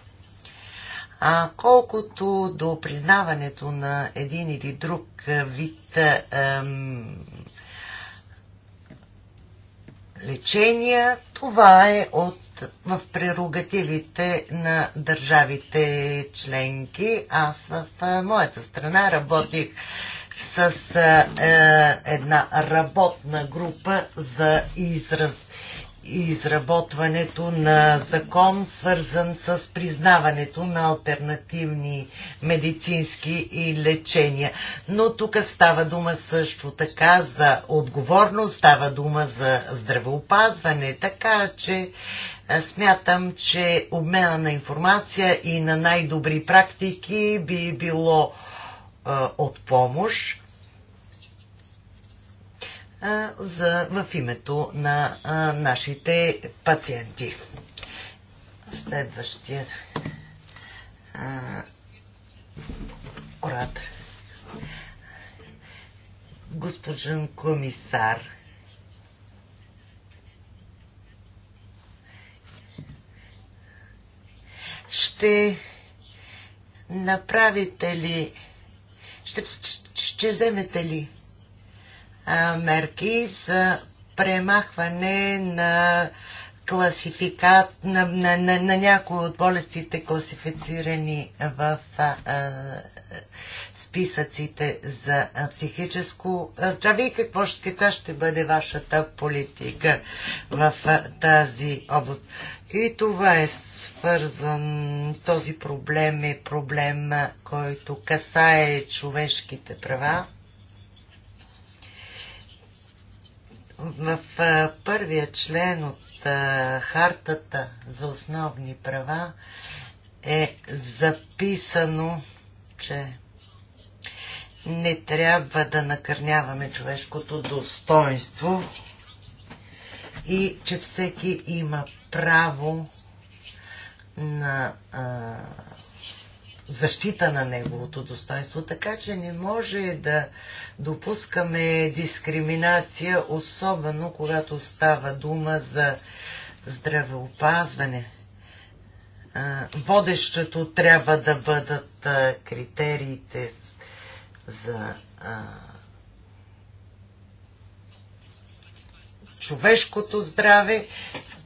А колкото до признаването на един или друг вид ем, лечения, това е от, в прерогативите на държавите членки. Аз в моята страна работих с е, е, една работна група за израз изработването на закон, свързан с признаването на альтернативни медицински и лечения. Но тук става дума също така за отговорност, става дума за здравеопазване, така че е, смятам, че обмена на информация и на най-добри практики би било а, от помощ а, за, в името на а, нашите пациенти. Следващия оратор. Госпожен комисар, ще направите ли ще, ще вземете ли а, мерки за премахване на класификат на, на, на, на някои от болестите, класифицирани в а, а, списъците за психическо здраве и какво ще, ще бъде вашата политика в а, тази област. И това е свързан, този проблем е проблем, който касае човешките права. В първия член от Хартата за основни права е записано, че не трябва да накърняваме човешкото достоинство и че всеки има право на а, защита на неговото достоинство. Така че не може да допускаме дискриминация, особено когато става дума за здравеопазване. А, водещото трябва да бъдат а, критериите за а, човешкото здраве.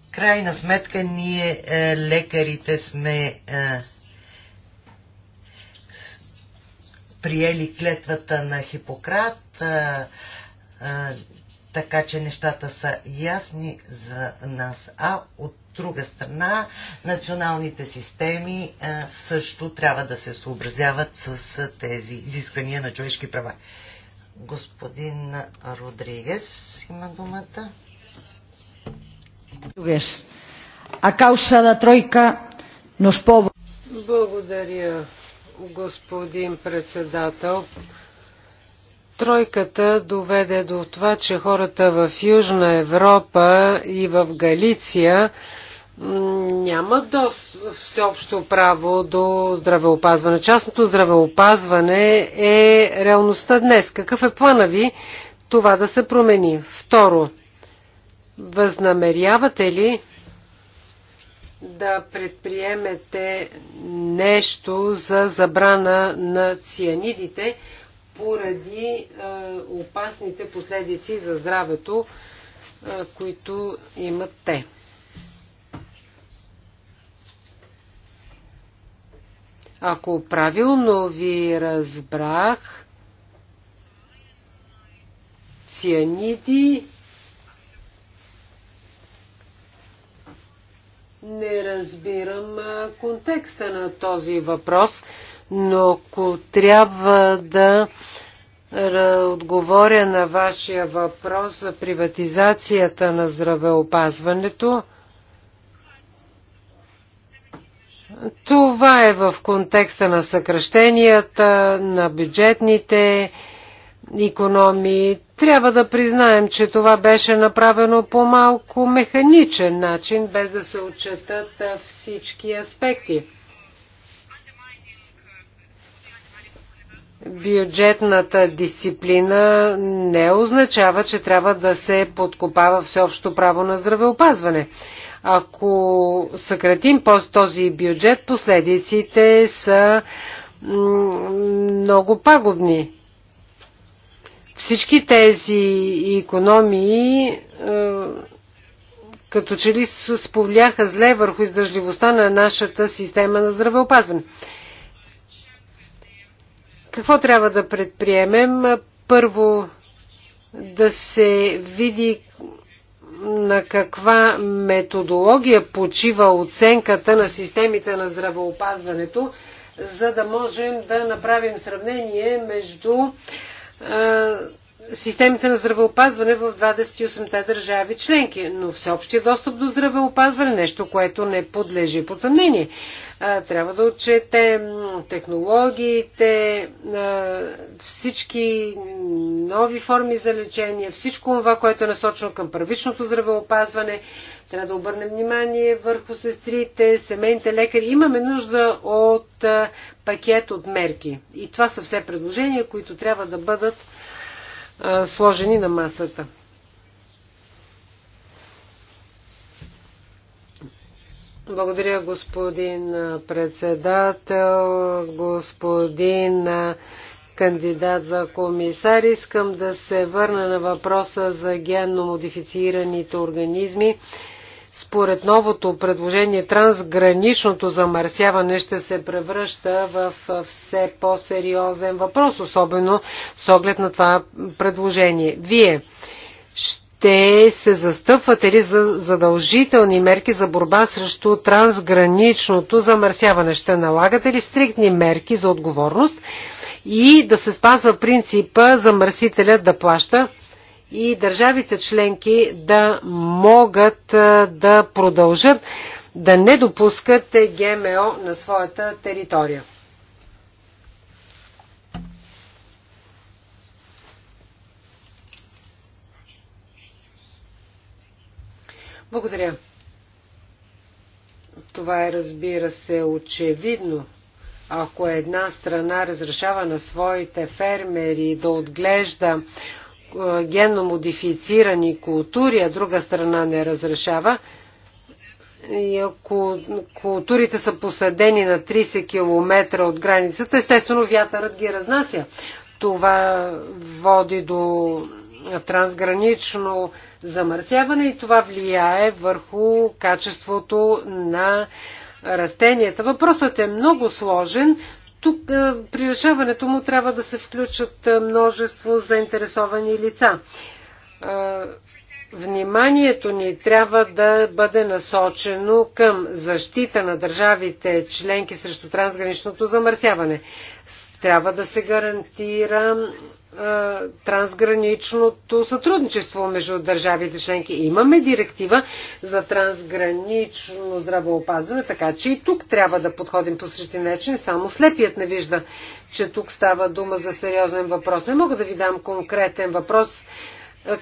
В крайна сметка ние е, лекарите сме е, приели клетвата на Хипократ, е, е, така че нещата са ясни за нас. А от друга страна, националните системи е, също трябва да се съобразяват с тези изисквания на човешки права. Господин Родригес има думата. Благодаря, господин председател. Тройката доведе до това, че хората в Южна Европа и в Галиция нямат до всеобщо право до здравеопазване. Частното здравеопазване е реалността днес. Какъв е плана ви това да се промени? Второ, Възнамерявате ли да предприемете нещо за забрана на цианидите поради е, опасните последици за здравето, е, които имат те? Ако правилно ви разбрах, цианиди Не разбирам контекста на този въпрос, но ако трябва да отговоря на вашия въпрос за приватизацията на здравеопазването, това е в контекста на съкръщенията, на бюджетните економии. Трябва да признаем, че това беше направено по малко механичен начин, без да се отчетат всички аспекти. Бюджетната дисциплина не означава, че трябва да се подкопава всеобщо право на здравеопазване. Ако съкратим този бюджет, последиците са много пагубни всички тези економии е, като че ли сповляха зле върху издържливостта на нашата система на здравеопазване. Какво трябва да предприемем? Първо да се види на каква методология почива оценката на системите на здравеопазването, за да можем да направим сравнение между а, системите на здравеопазване в 28-те държави членки, но всеобщия достъп до здравеопазване, нещо, което не подлежи под съмнение. Трябва да отчетем технологиите, всички нови форми за лечение, всичко това, което е насочено към първичното здравеопазване. Трябва да обърнем внимание върху сестрите, семейните лекари. Имаме нужда от пакет от мерки. И това са все предложения, които трябва да бъдат сложени на масата. Благодаря, господин председател, господин кандидат за комисар. Искам да се върна на въпроса за генно модифицираните организми според новото предложение, трансграничното замърсяване ще се превръща в все по-сериозен въпрос, особено с оглед на това предложение. Вие ще се застъпвате ли за задължителни мерки за борба срещу трансграничното замърсяване? Ще налагате ли стриктни мерки за отговорност и да се спазва принципа замърсителят да плаща? и държавите членки да могат да продължат да не допускат ГМО на своята територия. Благодаря. Това е, разбира се, очевидно. Ако една страна разрешава на своите фермери да отглежда е, генно модифицирани култури, а друга страна не разрешава, и ако културите са посадени на 30 км от границата, естествено вятърът ги разнася. Това води до трансгранично замърсяване и това влияе върху качеството на растенията. Въпросът е много сложен, тук е, при решаването му трябва да се включат е, множество заинтересовани лица. Е, вниманието ни трябва да бъде насочено към защита на държавите членки срещу трансграничното замърсяване. Трябва да се гарантира е, трансграничното сътрудничество между държавите членки. Имаме директива за трансгранично здравеопазване, така че и тук трябва да подходим по същия начин. Само слепият не вижда, че тук става дума за сериозен въпрос. Не мога да ви дам конкретен въпрос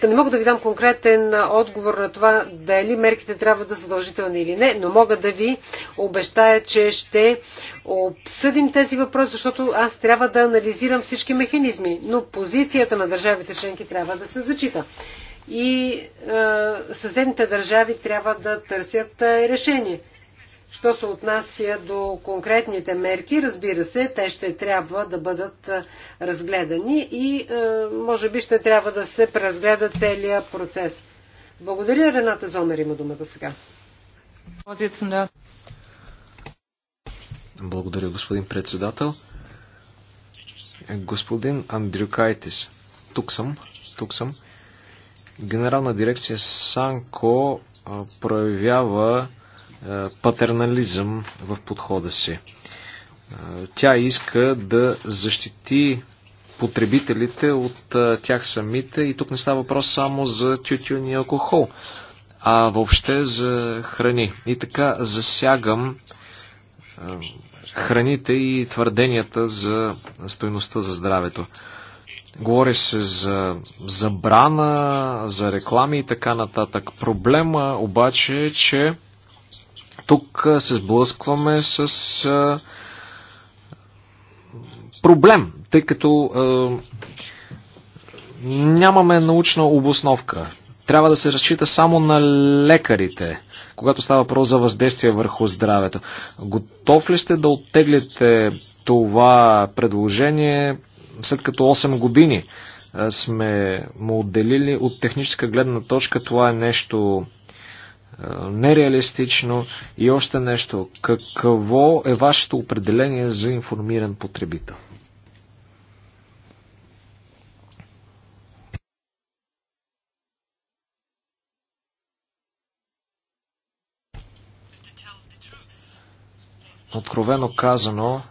не мога да ви дам конкретен отговор на това дали мерките трябва да са задължителни или не, но мога да ви обещая, че ще обсъдим тези въпроси, защото аз трябва да анализирам всички механизми, но позицията на държавите членки трябва да се зачита. И е, съседните държави трябва да търсят решение. Що се отнася до конкретните мерки, разбира се, те ще трябва да бъдат разгледани и може би ще трябва да се преразгледа целият процес. Благодаря. Рената Зомер има думата сега. Благодаря, господин председател. Господин Андрюкайтис, тук съм, тук съм. Генерална дирекция Санко проявява е, патернализъм в подхода си. Е, тя иска да защити потребителите от е, тях самите и тук не става въпрос само за тютюн и алкохол, а въобще за храни. И така засягам храните и твърденията за стойността за здравето. Говори се за забрана, за реклами и така нататък. Проблема обаче е, че тук се сблъскваме с а, проблем, тъй като а, нямаме научна обосновка. Трябва да се разчита само на лекарите, когато става въпрос за въздействие върху здравето. Готов ли сте да оттеглите това предложение след като 8 години сме му отделили от техническа гледна точка, това е нещо е, нереалистично и още нещо. Какво е вашето определение за информиран потребител? Откровено казано,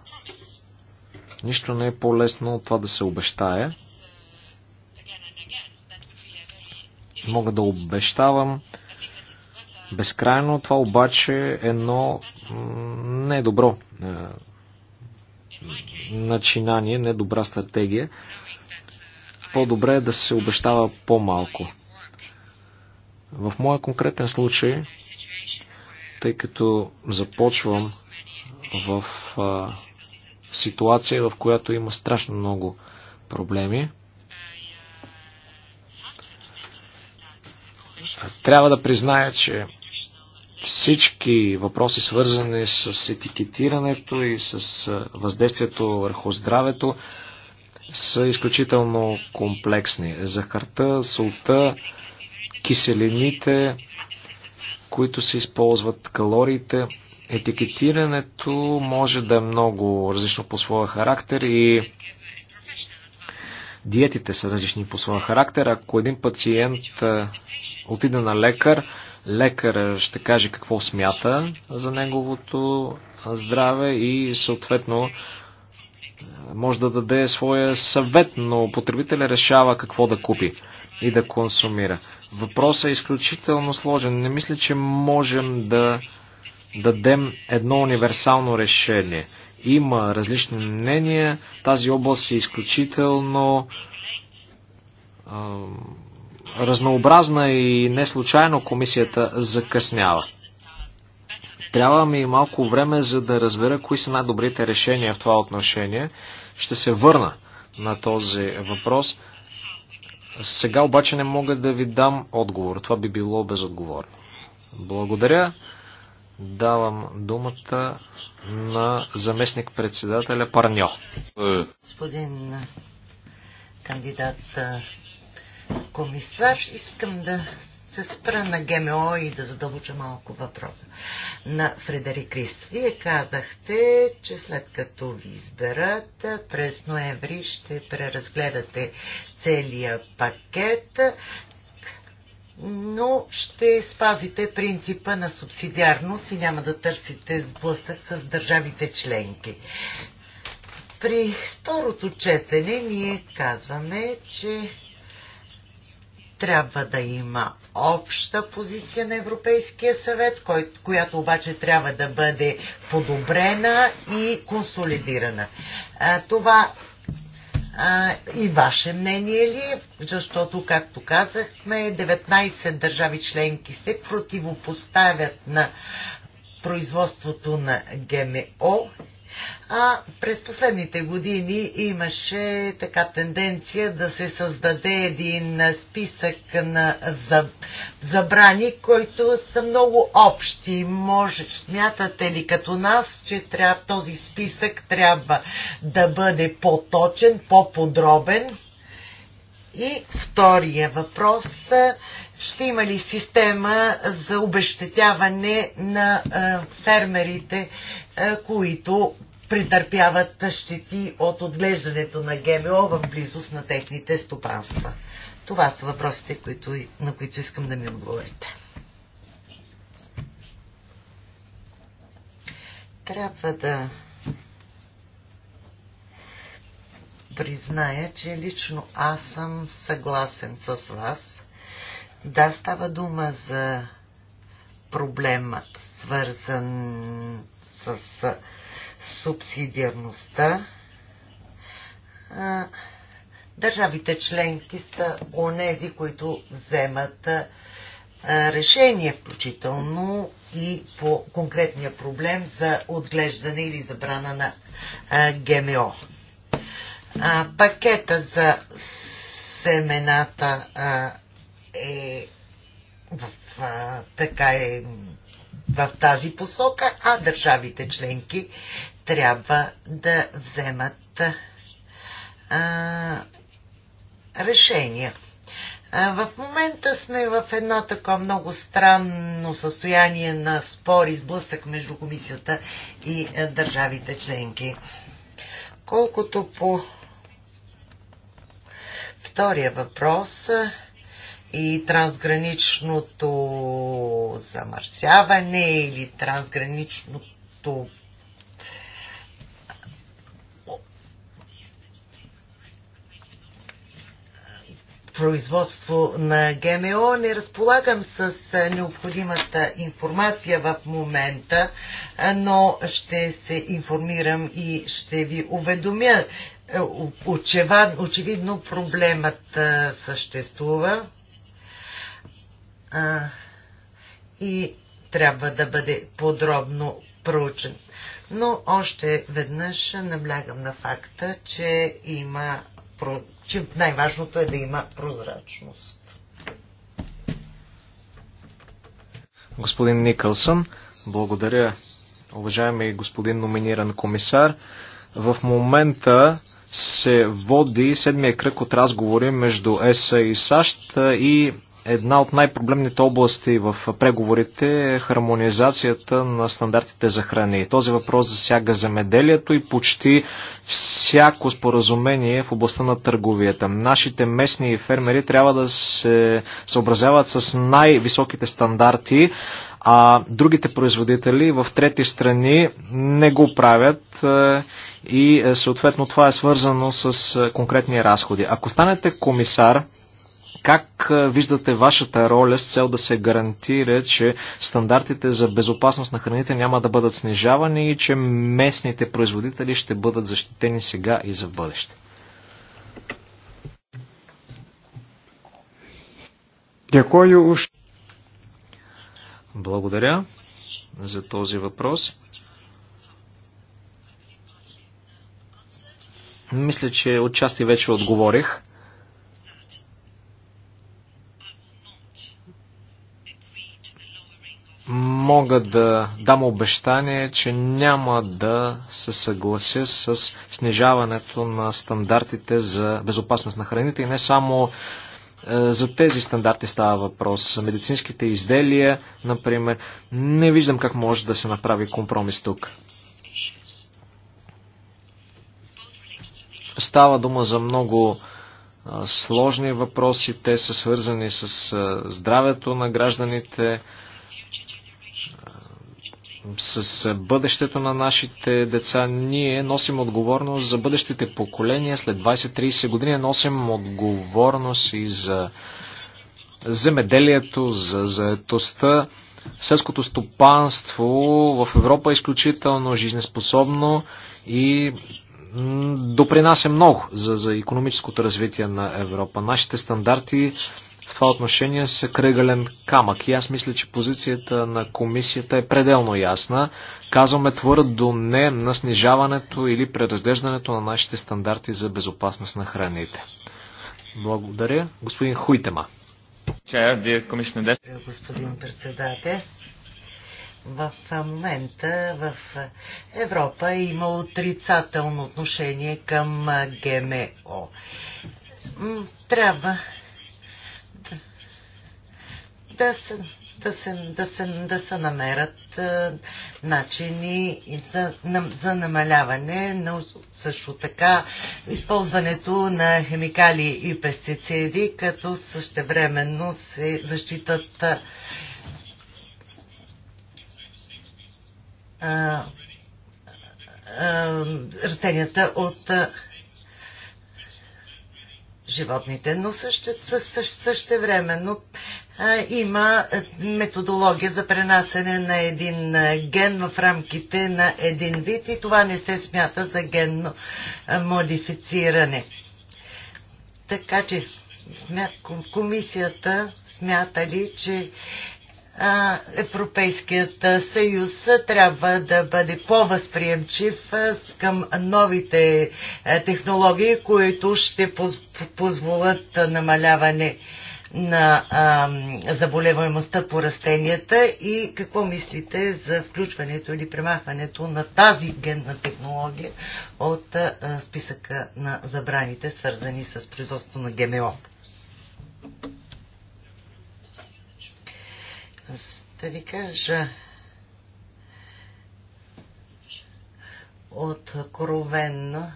нищо не е по-лесно от това да се обещае. Мога да обещавам, безкрайно. Това обаче е едно недобро е е, начинание, недобра е стратегия. По-добре е да се обещава по-малко. В моя конкретен случай, тъй като започвам в а, ситуация, в която има страшно много проблеми, трябва да призная, че всички въпроси, свързани с етикетирането и с въздействието върху здравето, са изключително комплексни. Захарта, солта, киселините, които се използват, калориите. Етикетирането може да е много различно по своя характер и диетите са различни по своя характер. Ако един пациент отиде на лекар, лекар ще каже какво смята за неговото здраве и съответно е, може да даде своя съвет, но потребителя решава какво да купи и да консумира. Въпросът е изключително сложен. Не мисля, че можем да дадем едно универсално решение. Има различни мнения, тази област е изключително разнообразна и не случайно комисията закъснява. Трябва ми малко време, за да разбера кои са най-добрите решения в това отношение. Ще се върна на този въпрос. Сега обаче не мога да ви дам отговор. Това би било безотговорно. Благодаря. Давам думата на заместник-председателя Парньо. Господин кандидат комисар. Искам да се спра на ГМО и да задълбоча малко въпроса на Фредерик Крист. Вие казахте, че след като ви изберат, през ноември ще преразгледате целия пакет, но ще спазите принципа на субсидиарност и няма да търсите сблъсък с държавите членки. При второто четене ние казваме, че трябва да има обща позиция на Европейския съвет, която обаче трябва да бъде подобрена и консолидирана. Това а, и ваше мнение ли? Е? Защото, както казахме, 19 държави членки се противопоставят на производството на ГМО а през последните години имаше така тенденция да се създаде един списък на забрани, които са много общи. Може, смятате ли като нас, че трябва, този списък трябва да бъде по-точен, по-подробен? И втория въпрос ще има ли система за обещетяване на фермерите, които претърпяват щети от отглеждането на ГМО в близост на техните стопанства. Това са въпросите, които, на които искам да ми отговорите. Трябва да призная, че лично аз съм съгласен с вас. Да, става дума за проблем, свързан с субсидиарността. Държавите членки са онези, които вземат решение, включително и по конкретния проблем за отглеждане или забрана на ГМО. Пакета за семената е в, така е в тази посока, а държавите членки трябва да вземат а, решения. А, в момента сме в едно такова много странно състояние на спор и сблъсък между комисията и а, държавите членки. Колкото по втория въпрос и трансграничното замърсяване или трансграничното производство на ГМО. Не разполагам с необходимата информация в момента, но ще се информирам и ще ви уведомя. Е, очевидно проблемът съществува и трябва да бъде подробно проучен. Но още веднъж наблягам на факта, че има че най-важното е да има прозрачност. Господин Никълсън, благодаря. Уважаеми господин номиниран комисар, в момента се води седмия кръг от разговори между ЕСА и САЩ и Една от най-проблемните области в преговорите е хармонизацията на стандартите за храни. Този въпрос засяга земеделието и почти всяко споразумение в областта на търговията. Нашите местни фермери трябва да се съобразяват с най-високите стандарти, а другите производители в трети страни не го правят е, и е, съответно това е свързано с е, конкретни разходи. Ако станете комисар, как виждате вашата роля с цел да се гарантира, че стандартите за безопасност на храните няма да бъдат снижавани и че местните производители ще бъдат защитени сега и за бъдеще? Благодаря за този въпрос. Мисля, че отчасти вече отговорих. мога да дам обещание, че няма да се съглася с снижаването на стандартите за безопасност на храните и не само е, за тези стандарти става въпрос. Медицинските изделия, например, не виждам как може да се направи компромис тук. Става дума за много е, сложни въпроси. Те са свързани с е, здравето на гражданите, с бъдещето на нашите деца. Ние носим отговорност за бъдещите поколения. След 20-30 години носим отговорност и за земеделието, за заетостта. Селското стопанство в Европа е изключително жизнеспособно и допринася много за, за економическото развитие на Европа. Нашите стандарти в това отношение са кръгален камък. И аз мисля, че позицията на комисията е пределно ясна. Казваме твърдо не на снижаването или преразглеждането на нашите стандарти за безопасност на храните. Благодаря. Господин Хуйтема. Господин председател, в момента в Европа има отрицателно отношение към ГМО. Трябва да се, да се, да се, да се намерят а, начини за, на, за намаляване на също така използването на химикали и пестициди, като същевременно се защитат а, а, растенията от а, животните, но също, също, същевременно има е, методология за пренасене на един е, ген в рамките на един вид и това не се смята за генно е, модифициране. Така че комисията смята ли, че Европейският съюз трябва да бъде по-възприемчив към новите технологии, които ще позволят намаляване на а, заболеваемостта по растенията и какво мислите за включването или премахването на тази генна технология от а, списъка на забраните, свързани с производството на ГМО? Да ви кажа, откровенно,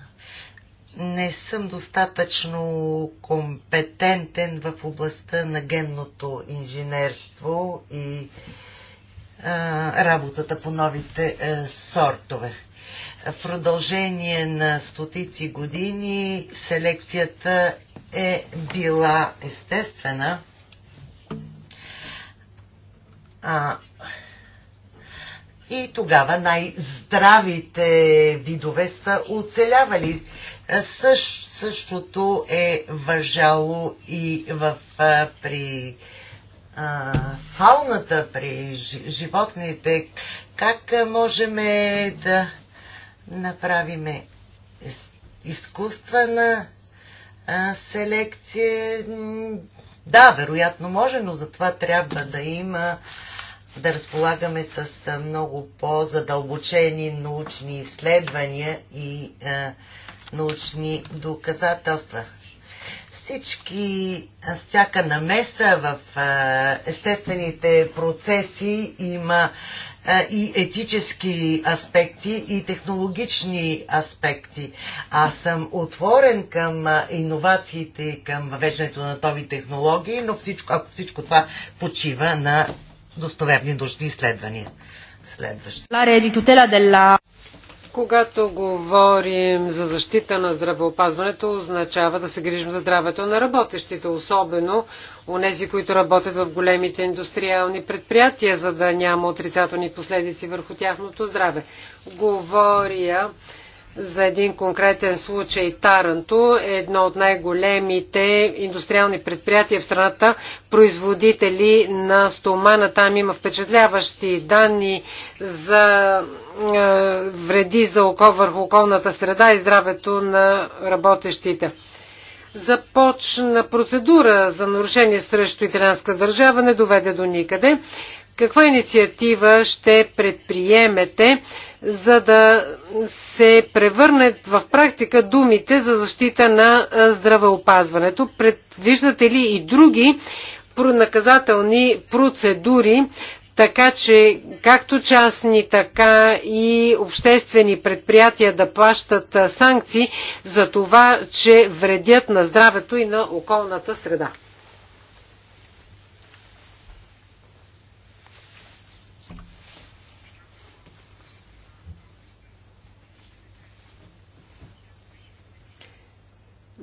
не съм достатъчно компетентен в областта на генното инженерство и а, работата по новите а, сортове. В продължение на стотици години селекцията е била естествена. А, и тогава най-здравите видове са оцелявали. Е, същ, същото е въжало и в, а, при а, фауната, при животните. Как можем да направим изкуствена а, селекция? Да, вероятно може, но за това трябва да има да разполагаме с много по-задълбочени научни изследвания и а, научни доказателства. Всички, всяка намеса в естествените процеси има и етически аспекти, и технологични аспекти. Аз съм отворен към иновациите и към въвеждането на нови технологии, но всичко, ако всичко това почива на достоверни научни изследвания. Следващо. Когато говорим за защита на здравеопазването, означава да се грижим за здравето на работещите, особено у нези, които работят в големите индустриални предприятия, за да няма отрицателни последици върху тяхното здраве. Говоря за един конкретен случай Таранто, едно от най-големите индустриални предприятия в страната, производители на стомана. Там има впечатляващи данни за е, вреди за око, върху околната среда и здравето на работещите. Започна процедура за нарушение срещу италянска държава, не доведе до никъде. Каква инициатива ще предприемете? за да се превърнат в практика думите за защита на здравеопазването. Предвиждате ли и други наказателни процедури, така че както частни, така и обществени предприятия да плащат санкции за това, че вредят на здравето и на околната среда.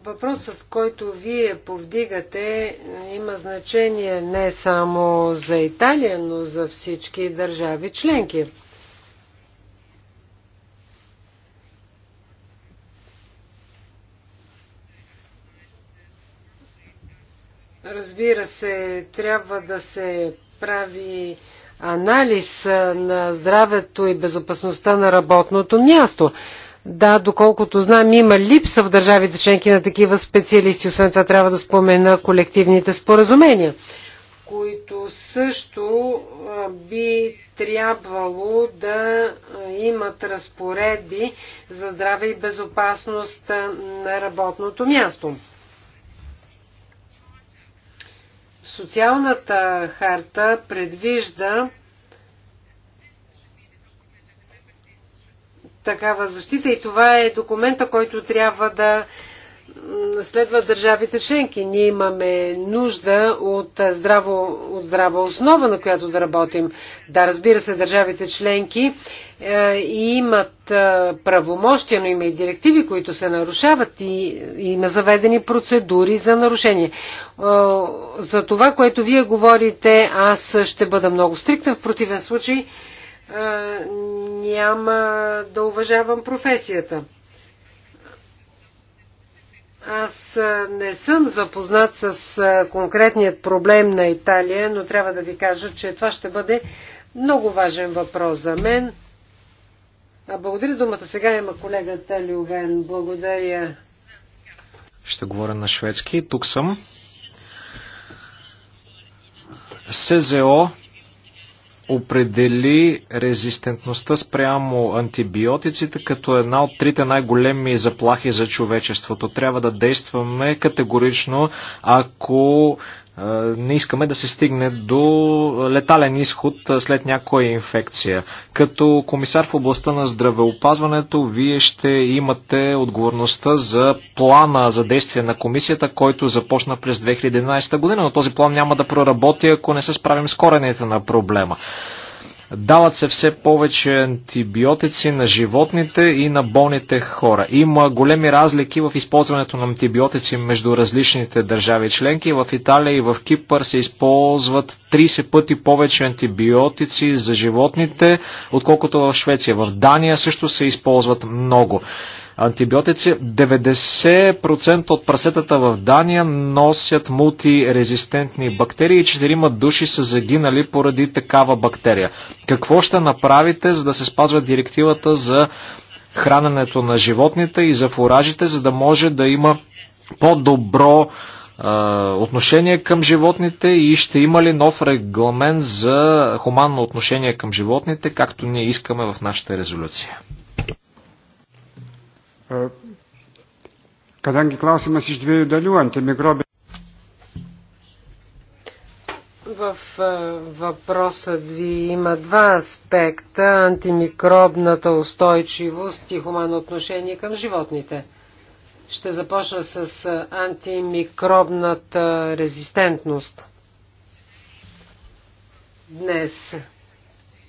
Въпросът, който вие повдигате, има значение не само за Италия, но за всички държави членки. Разбира се, трябва да се прави анализ на здравето и безопасността на работното място. Да, доколкото знам, има липса в държавите членки на такива специалисти. Освен това трябва да спомена колективните споразумения, които също би трябвало да имат разпоредби за здраве и безопасност на работното място. Социалната харта предвижда такава защита и това е документа, който трябва да следва държавите членки. Ние имаме нужда от, здраво, от здрава основа, на която да работим. Да, разбира се, държавите членки е, имат е, правомощия, но има и директиви, които се нарушават и има заведени процедури за нарушение. Е, за това, което вие говорите, аз ще бъда много стриктен. В противен случай няма да уважавам професията. Аз не съм запознат с конкретният проблем на Италия, но трябва да ви кажа, че това ще бъде много важен въпрос за мен. Благодаря думата. Сега има колегата Лювен. Благодаря. Ще говоря на шведски. Тук съм. СЗО определи резистентността спрямо антибиотиците като една от трите най-големи заплахи за човечеството. Трябва да действаме категорично, ако не искаме да се стигне до летален изход след някоя инфекция. Като комисар в областта на здравеопазването, вие ще имате отговорността за плана за действие на комисията, който започна през 2011 година, но този план няма да проработи, ако не се справим с корените на проблема. Дават се все повече антибиотици на животните и на болните хора. Има големи разлики в използването на антибиотици между различните държави членки. В Италия и в Кипър се използват 30 пъти повече антибиотици за животните, отколкото в Швеция. В Дания също се използват много антибиотици. 90% от прасетата в Дания носят мултирезистентни бактерии и 4 души са загинали поради такава бактерия. Какво ще направите, за да се спазва директивата за храненето на животните и за фуражите, за да може да има по-добро отношение към животните и ще има ли нов регламент за хуманно отношение към животните, както ние искаме в нашата резолюция. Kadangi klausimas iš dviejų dalių antimikrobė. В е, въпроса ви има два аспекта – антимикробната устойчивост и хуманно отношение към животните. Ще започна с е, антимикробната резистентност. Днес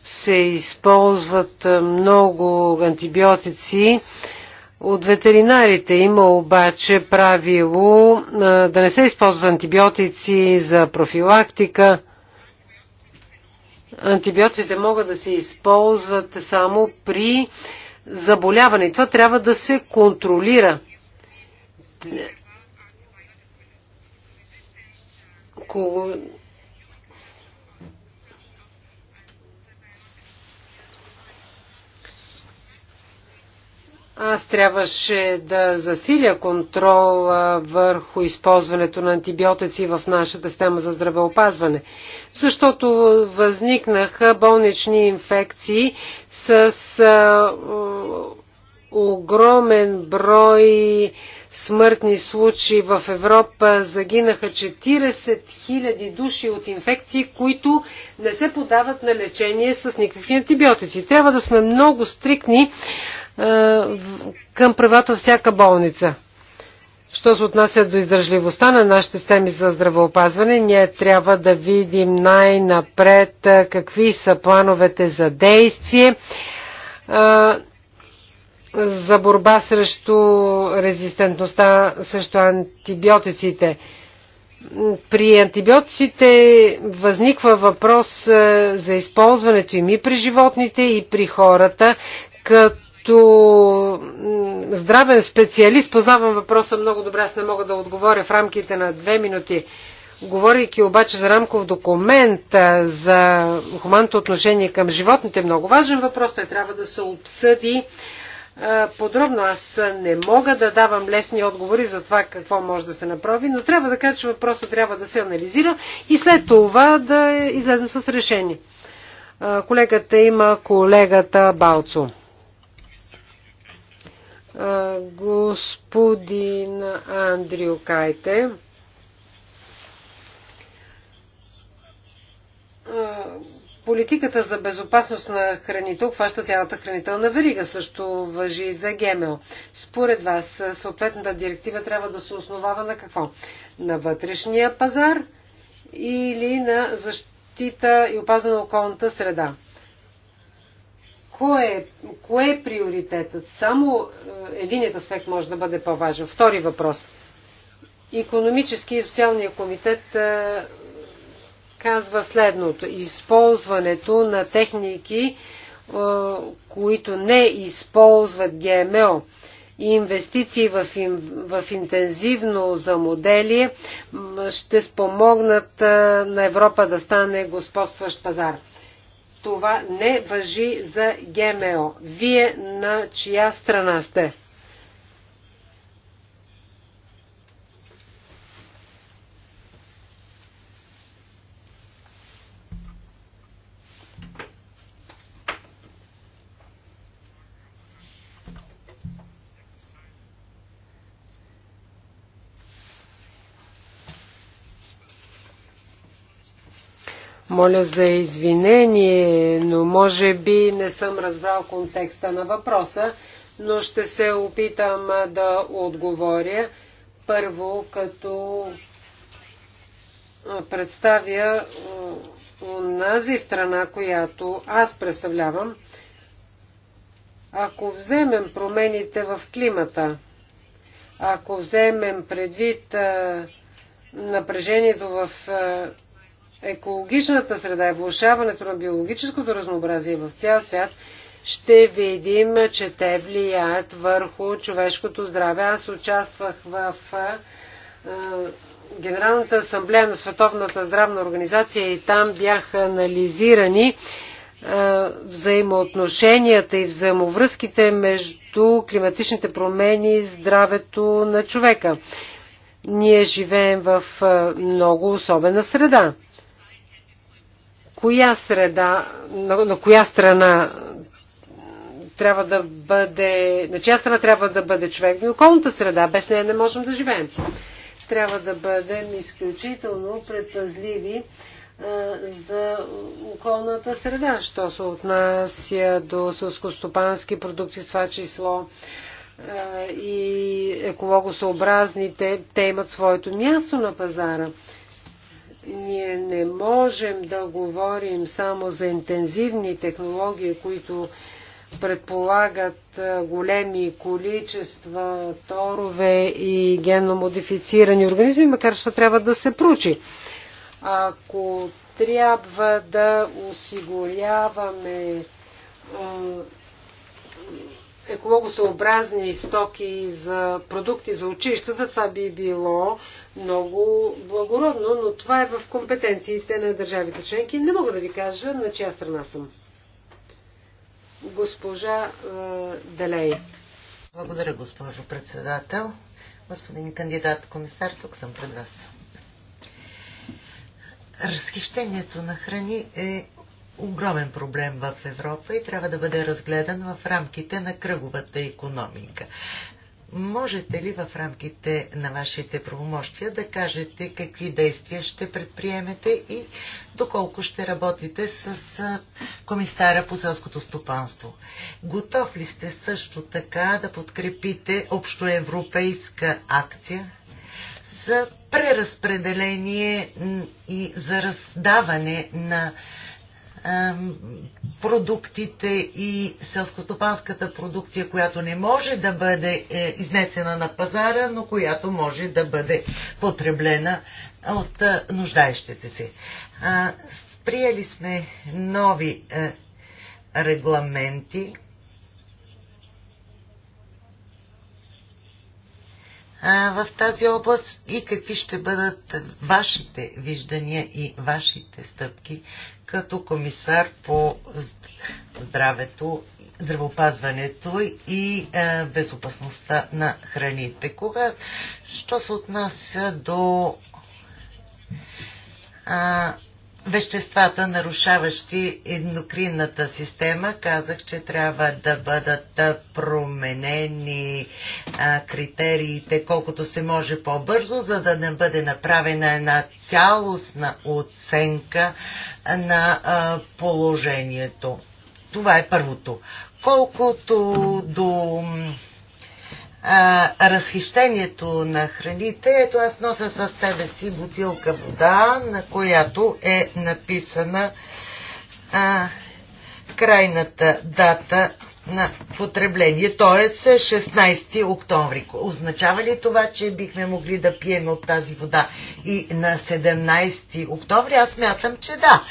се използват много антибиотици, от ветеринарите има обаче правило да не се използват антибиотици за профилактика. Антибиотиците могат да се използват само при заболяване. това трябва да се контролира. Аз трябваше да засиля контрола върху използването на антибиотици в нашата система за здравеопазване, защото възникнаха болнични инфекции с а, огромен брой смъртни случаи в Европа. Загинаха 40 000 души от инфекции, които не се подават на лечение с никакви антибиотици. Трябва да сме много стрикни е, към правата всяка болница. Що се отнася до издържливостта на нашите системи за здравеопазване, ние трябва да видим най-напред е, какви са плановете за действие е, за борба срещу резистентността срещу антибиотиците. При антибиотиците възниква въпрос за използването им и при животните, и при хората, като като здравен специалист познавам въпроса много добре, аз не мога да отговоря в рамките на две минути. Говорейки обаче за рамков документ за хуманното отношение към животните, много важен въпрос, той трябва да се обсъди подробно. Аз не мога да давам лесни отговори за това какво може да се направи, но трябва да кажа, че въпросът трябва да се анализира и след това да излезем с решение. Колегата има колегата Балцо господин Андрю Кайте. Политиката за безопасност на храните обхваща цялата хранителна верига, също въжи и за ГМО. Според вас, съответната директива трябва да се основава на какво? На вътрешния пазар или на защита и опазване на околната среда? кое е, кое е приоритетът? Само е, единият аспект може да бъде по-важен. Втори въпрос. Економически и социалния комитет е, казва следното. Използването на техники, е, които не използват ГМО и инвестиции в, в интензивно замоделие ще спомогнат на Европа да стане господстващ пазар това не въжи за ГМО. Вие на чия страна сте? Моля за извинение, но може би не съм разбрал контекста на въпроса, но ще се опитам да отговоря. Първо, като представя онази страна, която аз представлявам. Ако вземем промените в климата, ако вземем предвид напрежението в екологичната среда и влушаването на биологическото разнообразие в цял свят, ще видим, че те влияят върху човешкото здраве. Аз участвах в Генералната асамблея на Световната здравна организация и там бяха анализирани взаимоотношенията и взаимовръзките между климатичните промени и здравето на човека. Ние живеем в много особена среда коя среда, на, на коя страна трябва да бъде, на чия страна трябва да бъде човек? Ми околната среда, без нея не можем да живеем. Трябва да бъдем изключително предпазливи за околната среда, що се отнася до сълскостопански продукти, в това число и екологосъобразните, те имат своето място на пазара. Ние не можем да говорим само за интензивни технологии, които предполагат големи количества торове и генномодифицирани организми, макар че трябва да се проучи. Ако трябва да осигуряваме екологосъобразни стоки за продукти за училищата, това би било много благородно, но това е в компетенциите на държавите членки. Не мога да ви кажа на чия страна съм. Госпожа е, Далей. Благодаря, госпожо председател. Господин кандидат комисар, тук съм пред вас. Разхищението на храни е огромен проблем в Европа и трябва да бъде разгледан в рамките на кръговата економика. Можете ли в рамките на вашите правомощия да кажете какви действия ще предприемете и доколко ще работите с комисара по селското стопанство? Готов ли сте също така да подкрепите общоевропейска акция за преразпределение и за раздаване на продуктите и селскостопанската продукция, която не може да бъде е, изнесена на пазара, но която може да бъде потреблена от нуждаещите се. Приели сме нови регламенти, в тази област и какви ще бъдат вашите виждания и вашите стъпки като комисар по здравето, здравопазването и безопасността на храните. Кога, що се отнася до а, веществата, нарушаващи ендокринната система. Казах, че трябва да бъдат променени а, критериите колкото се може по-бързо, за да не бъде направена една цялостна оценка на а, положението. Това е първото. Колкото до а, разхищението на храните. Ето аз нося със себе си бутилка вода, на която е написана а, крайната дата на потребление, т.е. 16 октомври. Означава ли това, че бихме могли да пием от тази вода и на 17 октомври? Аз мятам, че да.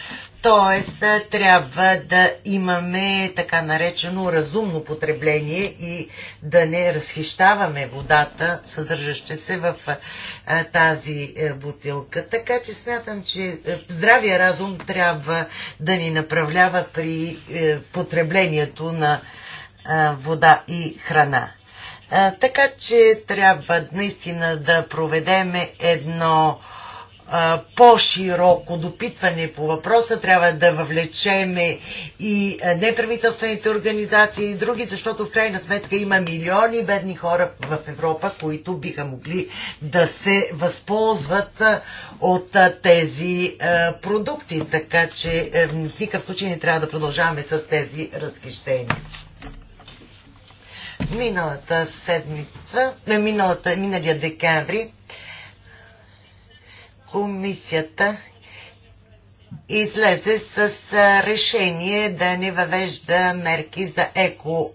Тоест, трябва да имаме така наречено разумно потребление и да не разхищаваме водата, съдържаща се в тази бутилка. Така че смятам, че здравия разум трябва да ни направлява при потреблението на вода и храна. Така че трябва наистина да проведеме едно по-широко допитване по въпроса, трябва да въвлечеме и неправителствените организации и други, защото в крайна сметка има милиони бедни хора в Европа, които биха могли да се възползват от тези продукти, така че в никакъв случай не трябва да продължаваме с тези разхищения миналата седмица, на миналата, миналия декември, комисията излезе с решение да не въвежда мерки за еко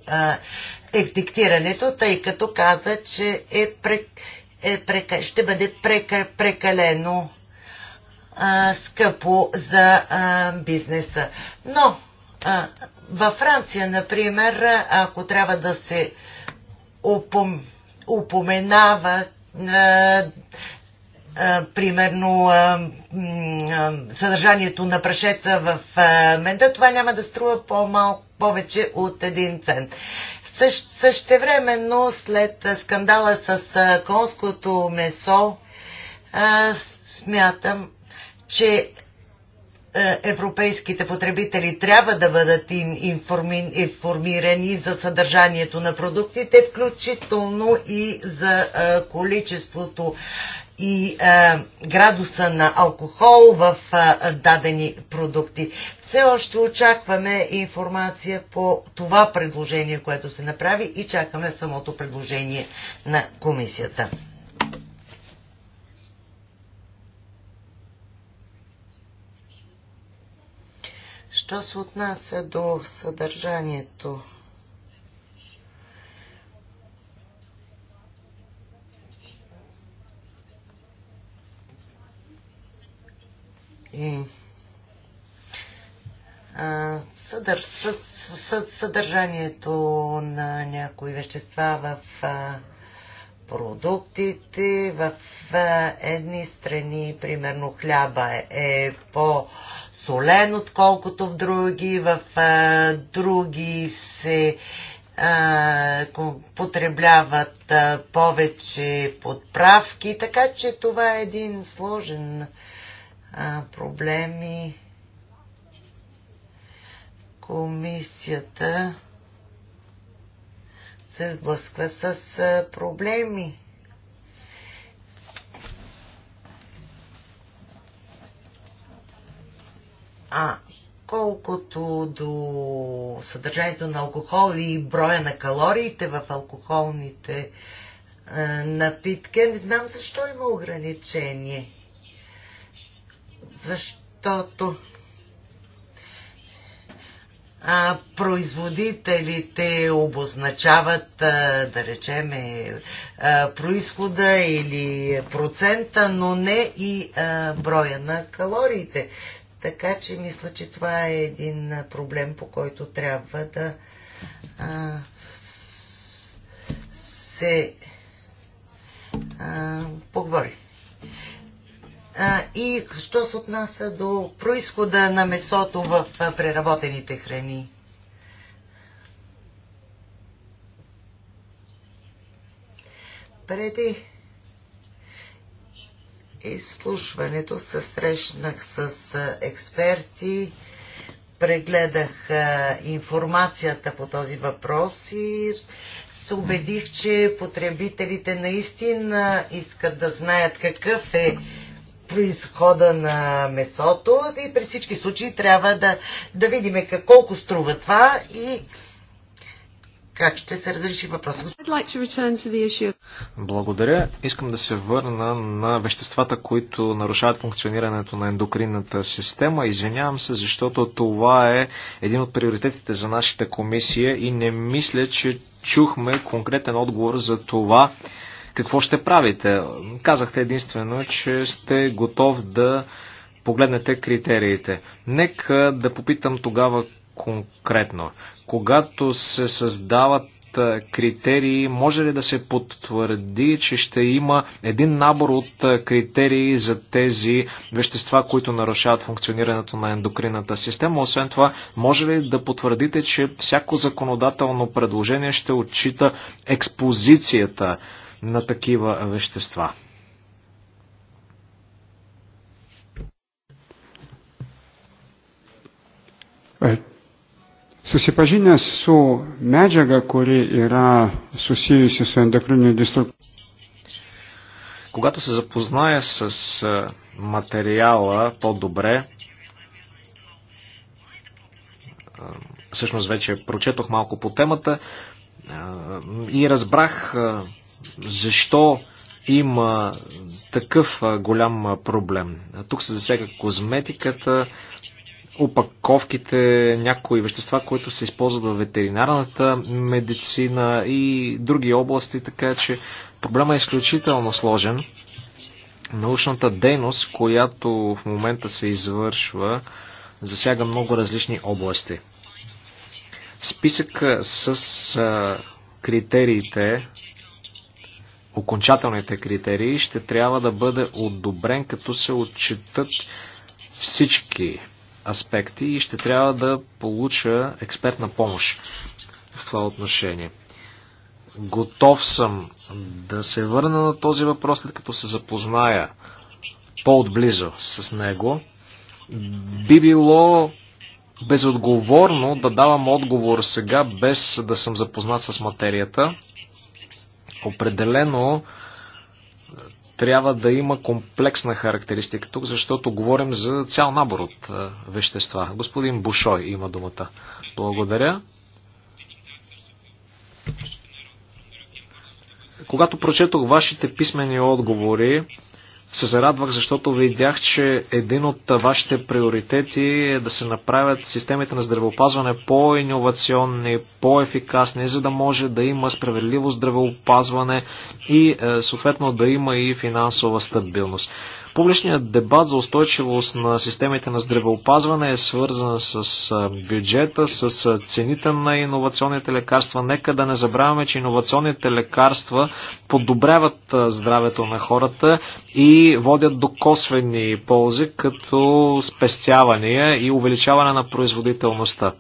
евдиктирането, тъй като каза, че е, прек, е прек, ще бъде прек... прекалено а, скъпо за а, бизнеса. Но а, във Франция, например, ако трябва да се упом, упоменава а, примерно съдържанието на прашеца в мента, това няма да струва по-малко повече от един цент. Същ, същевременно след скандала с конското месо смятам, че европейските потребители трябва да бъдат информирани за съдържанието на продуктите, включително и за количеството и а, градуса на алкохол в а, дадени продукти. Все още очакваме информация по това предложение, което се направи и чакаме самото предложение на комисията. Що се отнася до съдържанието съдържанието на някои вещества в продуктите, в едни страни, примерно хляба е, е, по-солен, отколкото в други, в други се потребляват повече подправки, така че това е един сложен проблеми. Комисията се сблъсква с проблеми. А колкото до съдържанието на алкохол и броя на калориите в алкохолните напитки, не знам защо има ограничение защото а, производителите обозначават, а, да речем, е, а, происхода или процента, но не и а, броя на калориите. Така че мисля, че това е един проблем, по който трябва да а, се а, поговори и що се отнася до происхода на месото в преработените храни. Преди изслушването се срещнах с експерти, прегледах информацията по този въпрос и се убедих, че потребителите наистина искат да знаят какъв е произхода на месото и при всички случаи трябва да, да видим колко струва това и как ще се разреши въпросът. Благодаря. Искам да се върна на веществата, които нарушават функционирането на ендокринната система. Извинявам се, защото това е един от приоритетите за нашата комисия и не мисля, че чухме конкретен отговор за това какво ще правите. Казахте единствено, че сте готов да погледнете критериите. Нека да попитам тогава конкретно. Когато се създават критерии, може ли да се потвърди, че ще има един набор от критерии за тези вещества, които нарушават функционирането на ендокринната система? Освен това, може ли да потвърдите, че всяко законодателно предложение ще отчита експозицията на такива вещества. Е, Susipažinęs su medžiaga, kuri yra susijusi su endokriniu destruktoriu. Когато се запозная с е, материала по-добре, е, всъщност вече прочетох малко по темата, и разбрах защо има такъв голям проблем. Тук се засяга козметиката, опаковките, някои вещества, които се използват в ветеринарната медицина и други области, така че проблема е изключително сложен. Научната дейност, която в момента се извършва, засяга много различни области. Списък с критериите, окончателните критерии, ще трябва да бъде одобрен, като се отчитат всички аспекти и ще трябва да получа експертна помощ в това отношение. Готов съм да се върна на този въпрос, след като се запозная по-отблизо с него. Би било безотговорно да давам отговор сега, без да съм запознат с материята. Определено е, трябва да има комплексна характеристика тук, защото говорим за цял набор от е, вещества. Господин Бушой има думата. Благодаря. Когато прочетох вашите писмени отговори, се зарадвах, защото видях, че един от вашите приоритети е да се направят системите на здравеопазване по-инновационни, по-ефикасни, за да може да има справедливо здравеопазване и е, съответно да има и финансова стабилност. Публичният дебат за устойчивост на системите на здравеопазване е свързан с бюджета, с цените на иновационните лекарства. Нека да не забравяме, че иновационните лекарства подобряват здравето на хората и водят до косвени ползи, като спестявания и увеличаване на производителността.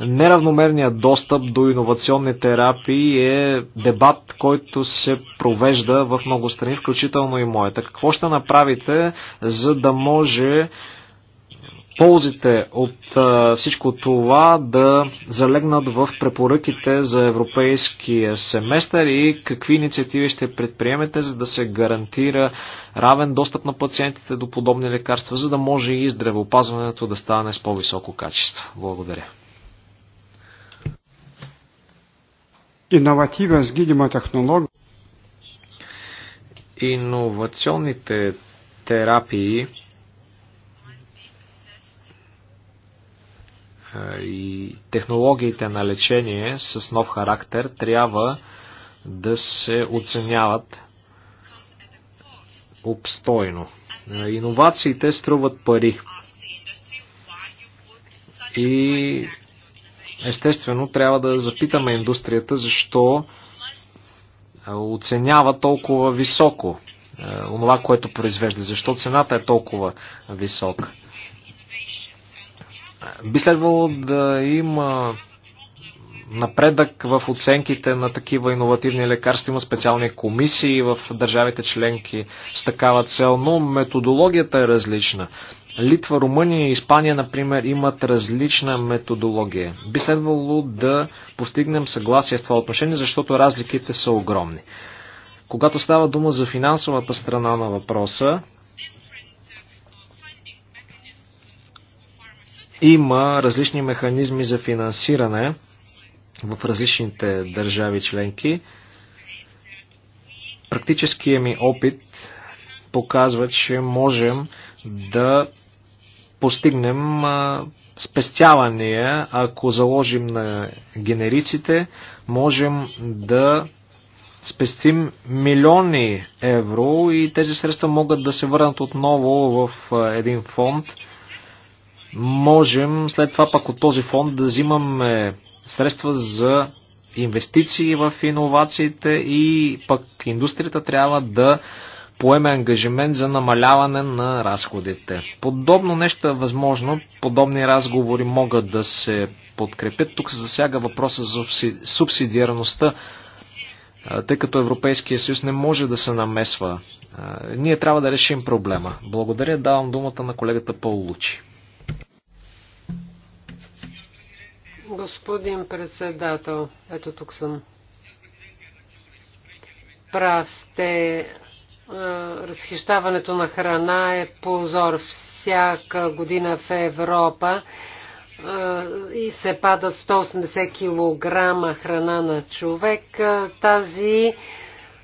Неравномерният достъп до иновационни терапии е дебат, който се провежда в много страни, включително и моята. Какво ще направите, за да може ползите от всичко това да залегнат в препоръките за европейския семестър и какви инициативи ще предприемете, за да се гарантира равен достъп на пациентите до подобни лекарства, за да може и здравеопазването да стане с по-високо качество. Благодаря. иновативен с гидима технология. Иновационните терапии и технологиите на лечение с нов характер трябва да се оценяват обстойно. Иновациите струват пари. И Естествено, трябва да запитаме индустрията защо оценява толкова високо онова, което произвежда, защо цената е толкова висока. Би следвало да има напредък в оценките на такива иновативни лекарства. Има специални комисии в държавите членки с такава цел, но методологията е различна. Литва, Румъния и Испания, например, имат различна методология. Би следвало да постигнем съгласие в това отношение, защото разликите са огромни. Когато става дума за финансовата страна на въпроса, има различни механизми за финансиране в различните държави членки. Практическия ми опит показва, че можем да постигнем спестявания, ако заложим на генериците, можем да спестим милиони евро и тези средства могат да се върнат отново в един фонд. Можем след това пак от този фонд да взимаме средства за инвестиции в иновациите и пък индустрията трябва да поеме ангажимент за намаляване на разходите. Подобно нещо е възможно, подобни разговори могат да се подкрепят. Тук се засяга въпроса за субсидиарността, тъй като Европейския съюз не може да се намесва. Ние трябва да решим проблема. Благодаря, давам думата на колегата Лучи. Господин председател, ето тук съм. Прав сте, е, разхищаването на храна е позор. Всяка година в Европа е, и се падат 180 кг храна на човек. Е, тази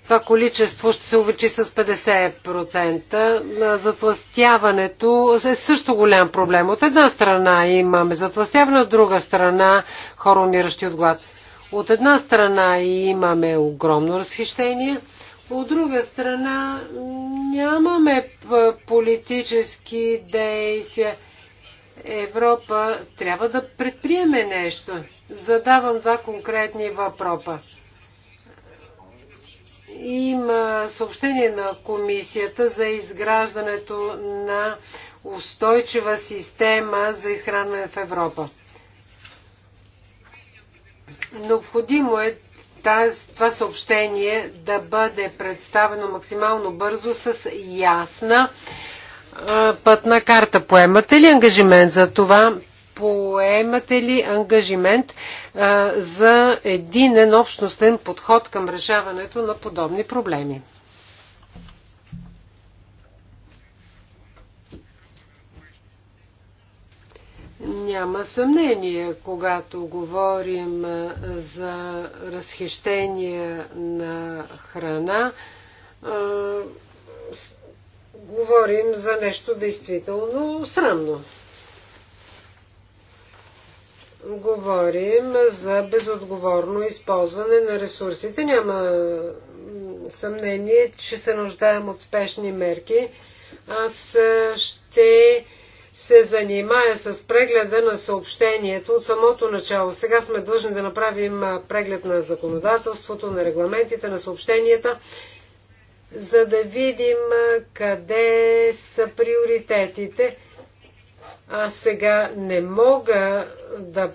това количество ще се увеличи с 50%. Затластяването е също голям проблем. От една страна имаме затластяване, от друга страна хора умиращи от глад. От една страна имаме огромно разхищение, от друга страна, нямаме политически действия. Европа трябва да предприеме нещо. Задавам два конкретни въпроса. Има съобщение на комисията за изграждането на устойчива система за изхранване в Европа. Необходимо е таз, това съобщение да бъде представено максимално бързо с ясна пътна карта. Поемате ли ангажимент за това? Поемате ли ангажимент за един общностен подход към решаването на подобни проблеми? Няма съмнение, когато говорим за разхищение на храна, говорим за нещо действително срамно. Говорим за безотговорно използване на ресурсите. Няма съмнение, че се нуждаем от спешни мерки. Аз ще се занимая с прегледа на съобщението от самото начало. Сега сме длъжни да направим преглед на законодателството, на регламентите, на съобщенията, за да видим къде са приоритетите. Аз сега не мога да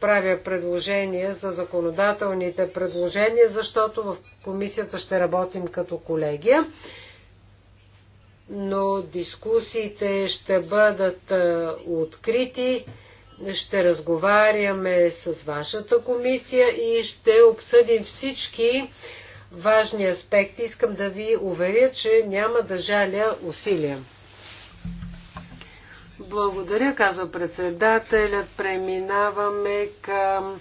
правя предложения за законодателните предложения, защото в комисията ще работим като колегия но дискусиите ще бъдат открити. Ще разговаряме с вашата комисия и ще обсъдим всички важни аспекти. Искам да ви уверя, че няма да жаля усилия. Благодаря, казва председателят. Преминаваме към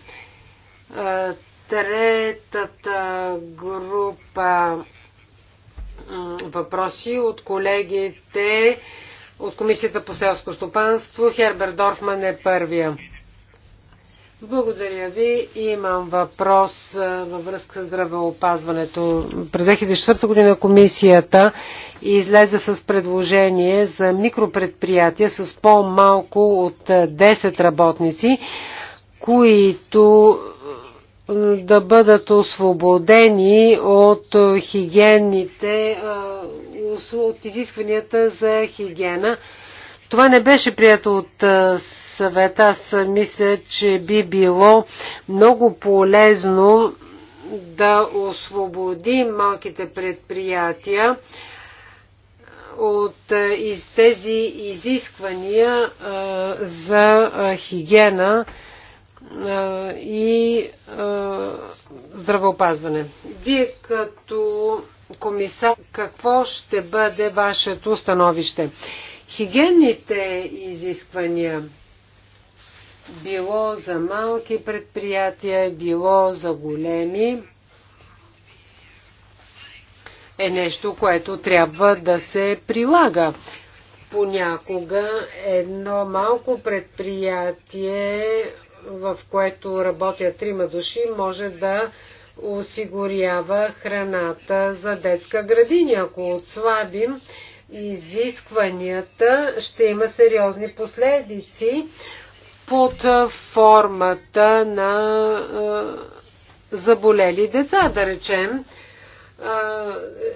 третата група въпроси от колегите от Комисията по селско стопанство. Хербер Дорфман е първия. Благодаря ви. Имам въпрос във връзка с здравеопазването. През 2004 година комисията излезе с предложение за микропредприятия с по-малко от 10 работници, които да бъдат освободени от хигиените, от изискванията за хигиена. Това не беше прието от съвета. Аз мисля, че би било много полезно да освободим малките предприятия от тези изисквания за хигиена и здравеопазване. Вие като комисар, какво ще бъде вашето становище? Хигиенните изисквания, било за малки предприятия, било за големи, е нещо, което трябва да се прилага понякога едно малко предприятие в което работят трима души, може да осигурява храната за детска градина. Ако отслабим изискванията, ще има сериозни последици под формата на заболели деца, да речем.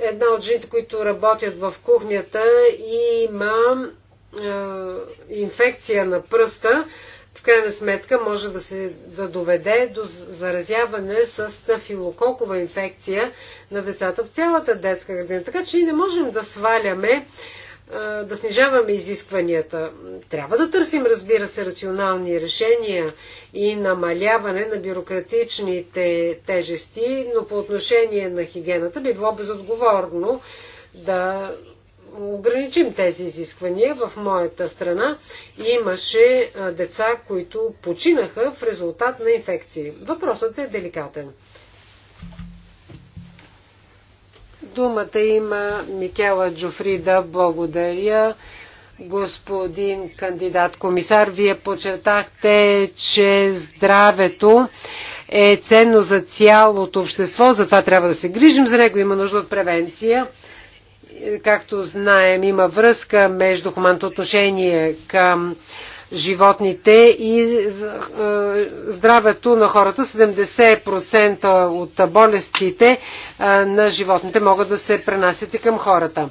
Една от жените, които работят в кухнята, има инфекция на пръста, в крайна сметка може да се да доведе до заразяване с стафилококова инфекция на децата в цялата детска градина. Така че ние не можем да сваляме, да снижаваме изискванията. Трябва да търсим, разбира се, рационални решения и намаляване на бюрократичните тежести, но по отношение на хигиената би било безотговорно да ограничим тези изисквания. В моята страна имаше деца, които починаха в резултат на инфекции. Въпросът е деликатен. Думата има Микела Джофрида. Благодаря. Господин кандидат комисар, вие подчертахте, че здравето е ценно за цялото общество, затова трябва да се грижим за него, има нужда от превенция както знаем, има връзка между хуманното отношение към животните и е, здравето на хората. 70% от болестите е, на животните могат да се пренасят и към хората.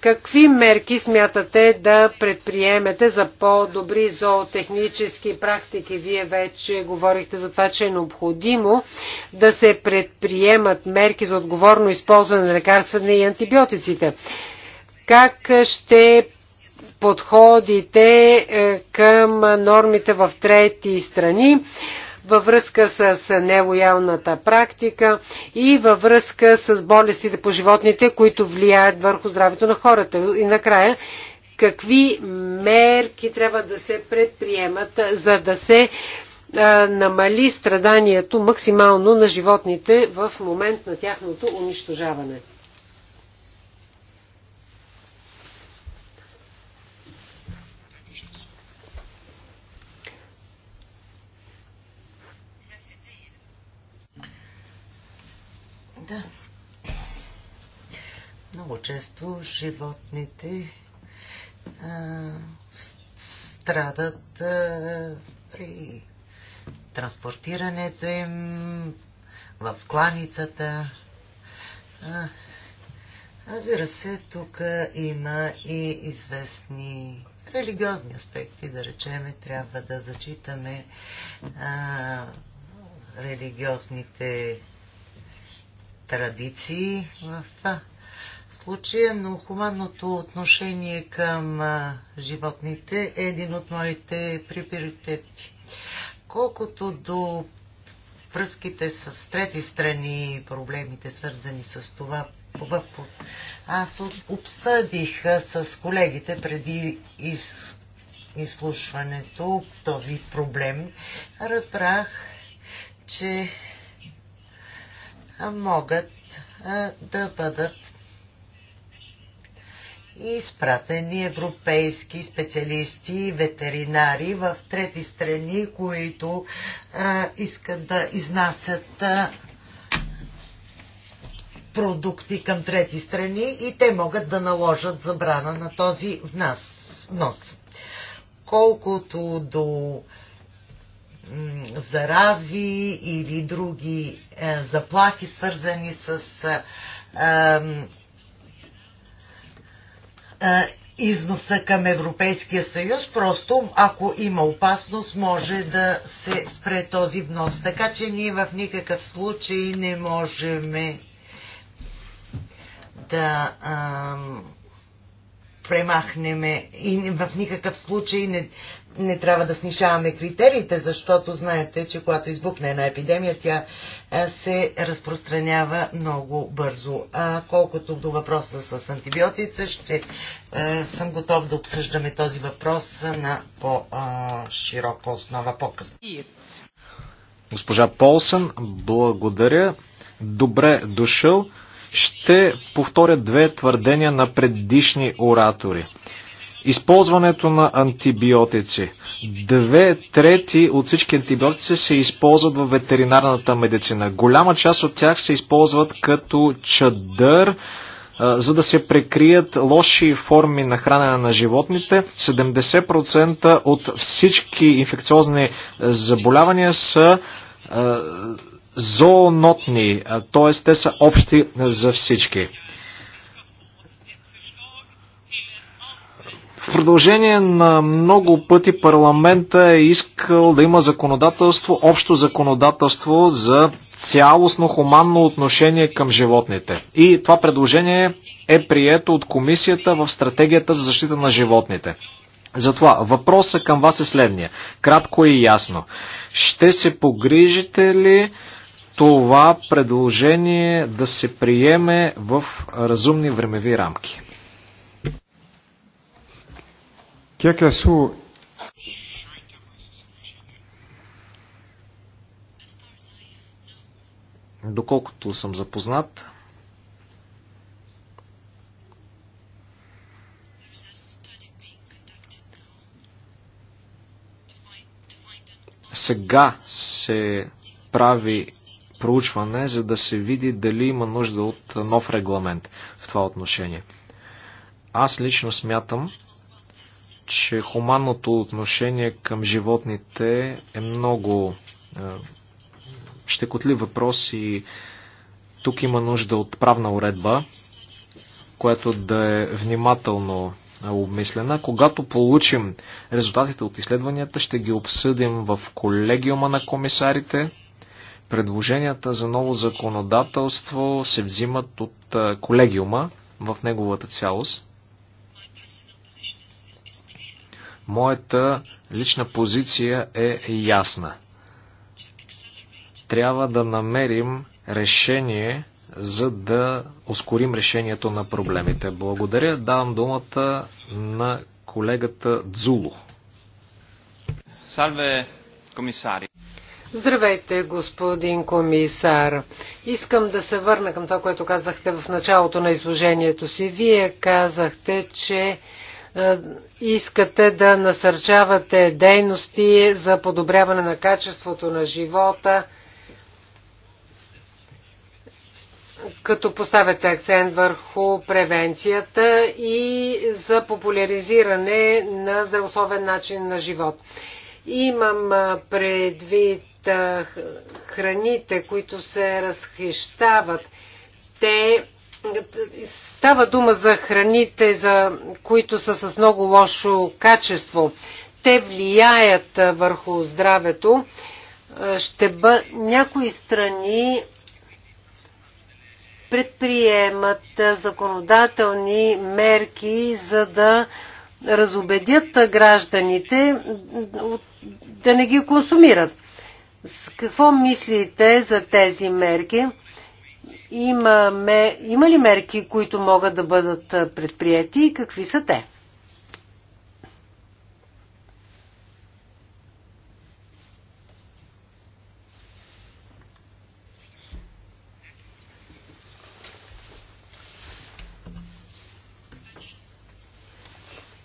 Какви мерки смятате да предприемете за по-добри зоотехнически практики? Вие вече говорихте за това, че е необходимо да се предприемат мерки за отговорно използване на лекарствата и антибиотиците. Как ще подходите е, към нормите в трети страни? във връзка с нелоялната практика и във връзка с болестите по животните, които влияят върху здравето на хората. И накрая, какви мерки трябва да се предприемат, за да се намали страданието максимално на животните в момент на тяхното унищожаване. Много често животните а, страдат а, при транспортирането им в кланицата. А, разбира се, тук има и известни религиозни аспекти, да речеме, трябва да зачитаме а, религиозните традиции в случая, но хуманното отношение към животните е един от моите приоритети. Колкото до връзките с трети страни и проблемите, свързани с това, аз обсъдих с колегите преди из изслушването този проблем, разбрах, че могат да бъдат изпратени европейски специалисти, ветеринари в трети страни, които а, искат да изнасят а, продукти към трети страни и те могат да наложат забрана на този внас, внос. Колкото до зарази или други е, заплахи, свързани с е, е, износа към Европейския съюз, просто ако има опасност, може да се спре този внос. Така че ние в никакъв случай не можем да А, премахнеме и в никакъв случай не, не трябва да снишаваме критериите, защото знаете, че когато избухне една епидемия, тя се разпространява много бързо. А колкото до въпроса с антибиотица, ще е, съм готов да обсъждаме този въпрос на по-широка основа по-късно. Госпожа Полсън, благодаря. Добре дошъл. Ще повторя две твърдения на предишни оратори. Използването на антибиотици. Две трети от всички антибиотици се използват в ветеринарната медицина. Голяма част от тях се използват като чадър, за да се прекрият лоши форми на хранене на животните. 70% от всички инфекциозни заболявания са зоонотни, т.е. те са общи за всички. В продължение на много пъти парламента е искал да има законодателство, общо законодателство за цялостно хуманно отношение към животните. И това предложение е прието от комисията в стратегията за защита на животните. Затова въпросът към вас е следния. Кратко и ясно. Ще се погрижите ли това предложение да се приеме в разумни времеви рамки. доколкото съм запознат, сега се прави проучване, за да се види дали има нужда от нов регламент в това отношение. Аз лично смятам, че хуманното отношение към животните е много е, щекотлив въпрос и тук има нужда от правна уредба, която да е внимателно е, обмислена. Когато получим резултатите от изследванията, ще ги обсъдим в колегиума на комисарите. Предложенията за ново законодателство се взимат от колегиума в неговата цялост. Моята лична позиция е ясна. Трябва да намерим решение, за да ускорим решението на проблемите. Благодаря. Давам думата на колегата Дзулу. Salve, комисари. Здравейте, господин комисар. Искам да се върна към това, което казахте в началото на изложението си. Вие казахте, че е, искате да насърчавате дейности за подобряване на качеството на живота, като поставяте акцент върху превенцията и за популяризиране на здравословен начин на живот. Имам предвид храните, които се разхищават. Те става дума за храните, за които са с много лошо качество. Те влияят върху здравето. Ще бъ... Някои страни предприемат законодателни мерки, за да разобедят гражданите да не ги консумират. С какво мислите за тези мерки? ме, има ли мерки, които могат да бъдат предприяти и какви са те?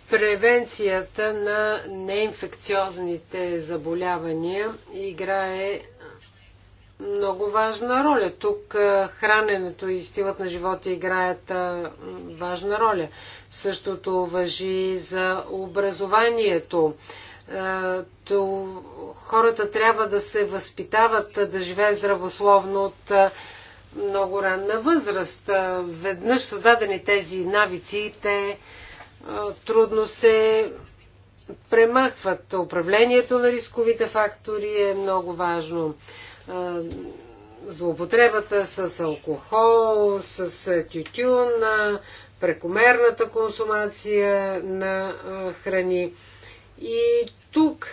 Превенцията на неинфекциозните заболявания играе много важна роля. Тук храненето и стилът на живота играят важна роля. Същото въжи за образованието. То, хората трябва да се възпитават да живеят здравословно от много ранна възраст. Веднъж създадени тези навици, те трудно се премахват. Управлението на рисковите фактори е много важно. Злоупотребата с алкохол, с тютюн, прекомерната консумация на храни. И тук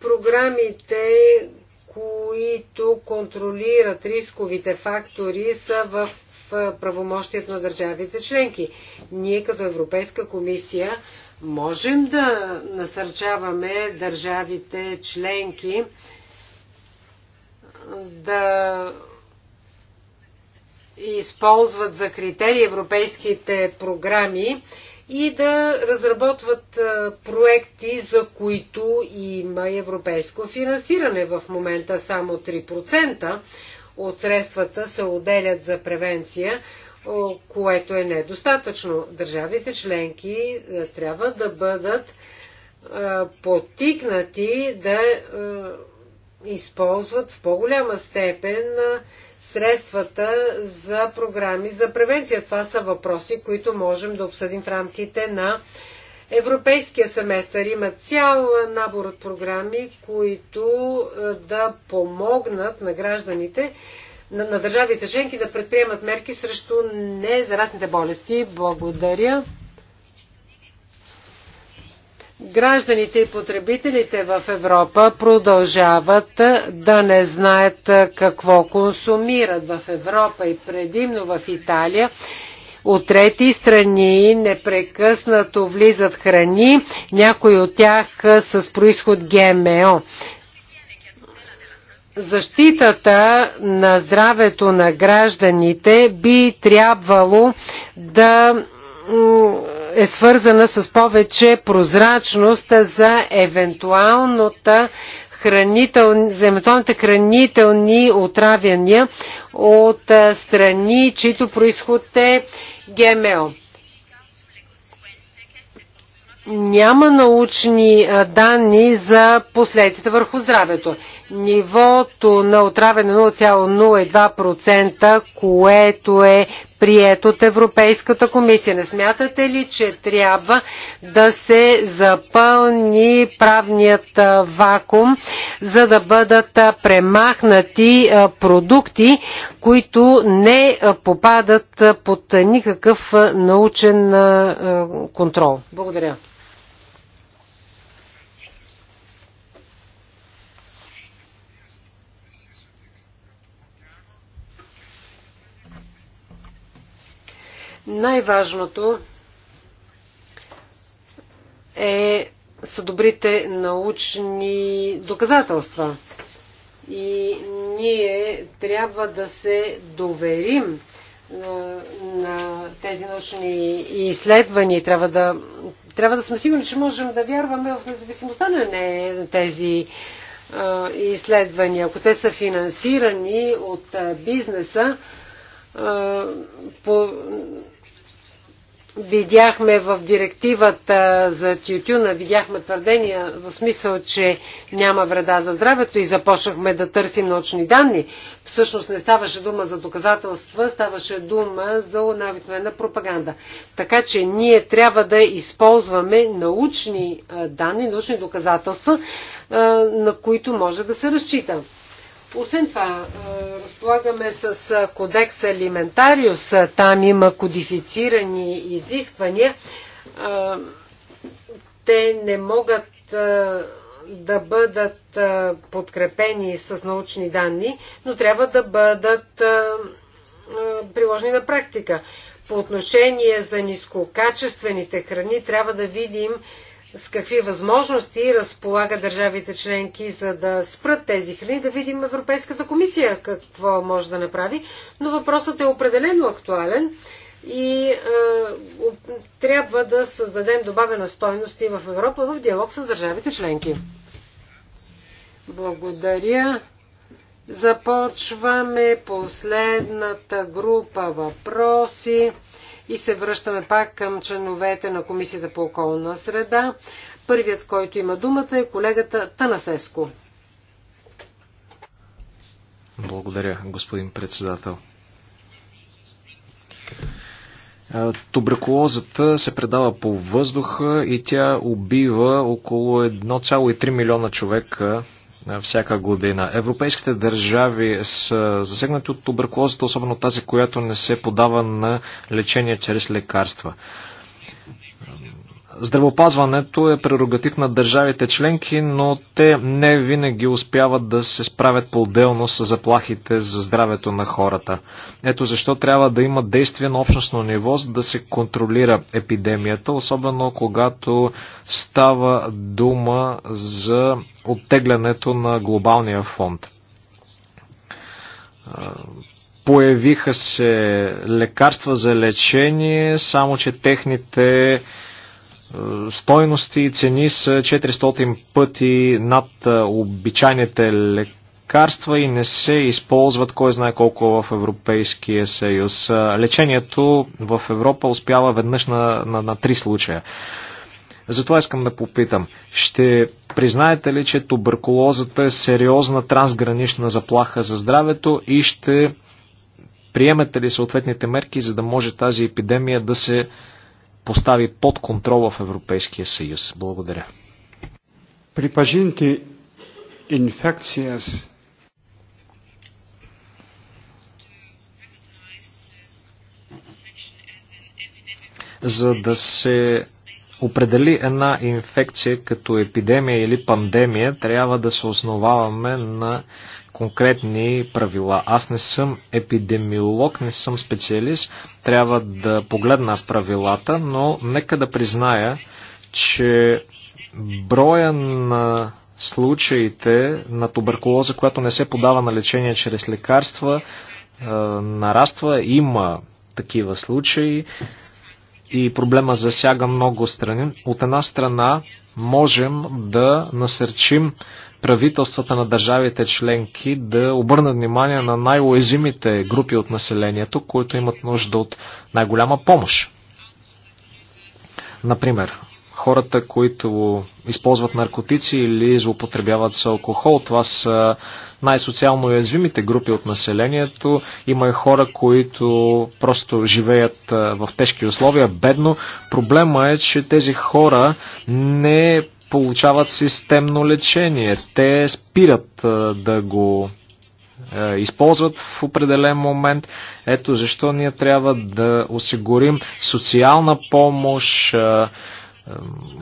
програмите, които контролират рисковите фактори, са в правомощият на държавите членки. Ние като Европейска комисия можем да насърчаваме държавите членки да използват за критерии европейските програми и да разработват проекти, за които има европейско финансиране. В момента само 3% от средствата се отделят за превенция, което е недостатъчно. Държавите членки е, трябва да бъдат е, потикнати да е, използват в по-голяма степен средствата за програми за превенция. Това са въпроси, които можем да обсъдим в рамките на Европейския семестър има цял набор от програми, които е, да помогнат на гражданите, на, на държавите членки да предприемат мерки срещу незаразните болести. Благодаря. Гражданите и потребителите в Европа продължават е, да не знаят е, какво консумират в Европа и предимно в Италия от трети страни непрекъснато влизат храни, някои от тях с происход ГМО. Защитата на здравето на гражданите би трябвало да е свързана с повече прозрачност за евентуалната хранител, земетоните хранителни отравяния от страни, чието происход е ГМО. Няма научни данни за последствията върху здравето нивото на отравяне 0,02%, което е прието от Европейската комисия. Не смятате ли, че трябва да се запълни правният вакуум, за да бъдат премахнати продукти, които не попадат под никакъв научен контрол? Благодаря. Най-важното е са добрите научни доказателства. И ние трябва да се доверим на, е, на тези научни изследвания. Трябва да, трябва да сме сигурни, че можем да вярваме в независимостта на не, тези а, е, изследвания. Ако те са финансирани от а, е, бизнеса, а, по, Видяхме в директивата за тютюна, видяхме твърдения в смисъл, че няма вреда за здравето и започнахме да търсим научни данни. Всъщност не ставаше дума за доказателства, ставаше дума за навикновена пропаганда. Така че ние трябва да използваме научни данни, научни доказателства, на които може да се разчитам. Освен това, разполагаме с кодекс Алиментариус. Там има кодифицирани изисквания. Те не могат да бъдат подкрепени с научни данни, но трябва да бъдат приложени на практика. По отношение за нискокачествените храни трябва да видим с какви възможности разполага държавите членки, за да спрат тези храни, да видим Европейската комисия какво може да направи. Но въпросът е определено актуален и е, трябва да създадем добавена стойност и в Европа в диалог с държавите членки. Благодаря. Започваме последната група въпроси. И се връщаме пак към членовете на Комисията по околна среда. Първият, който има думата е колегата Танасеско. Благодаря, господин председател. Туберкулозата се предава по въздуха и тя убива около 1,3 милиона човека е, всяка година. Европейските държави са засегнати от туберкулозата, особено тази, която не се подава на лечение чрез лекарства. Здравопазването е прерогатив на държавите членки, но те не винаги успяват да се справят по-отделно с заплахите за здравето на хората. Ето защо трябва да има действие на общностно ниво, за да се контролира епидемията, особено когато става дума за оттеглянето на глобалния фонд. Появиха се лекарства за лечение, само че техните стойности и цени са 400 пъти над обичайните лекарства и не се използват кой знае колко в Европейския съюз. Лечението в Европа успява веднъж на, на, на три случая. Затова искам да попитам. Ще признаете ли, че туберкулозата е сериозна трансгранична заплаха за здравето и ще приемете ли съответните мерки, за да може тази епидемия да се постави под контрол в Европейския съюз. Благодаря. При пажинти инфекция за да се определи една инфекция като епидемия или пандемия, трябва да се основаваме на конкретни правила. Аз не съм епидемиолог, не съм специалист, трябва да погледна правилата, но нека да призная, че броя на случаите на туберкулоза, която не се подава на лечение чрез лекарства, е, нараства. Има такива случаи и проблема засяга много страни. От една страна можем да насърчим правителствата на държавите членки да обърнат внимание на най-уязвимите групи от населението, които имат нужда от най-голяма помощ. Например, хората, които използват наркотици или злоупотребяват с алкохол. Това са най-социално уязвимите групи от населението. Има и хора, които просто живеят в тежки условия, бедно. Проблема е, че тези хора не получават системно лечение. Те спират да го използват в определен момент. Ето защо ние трябва да осигурим социална помощ,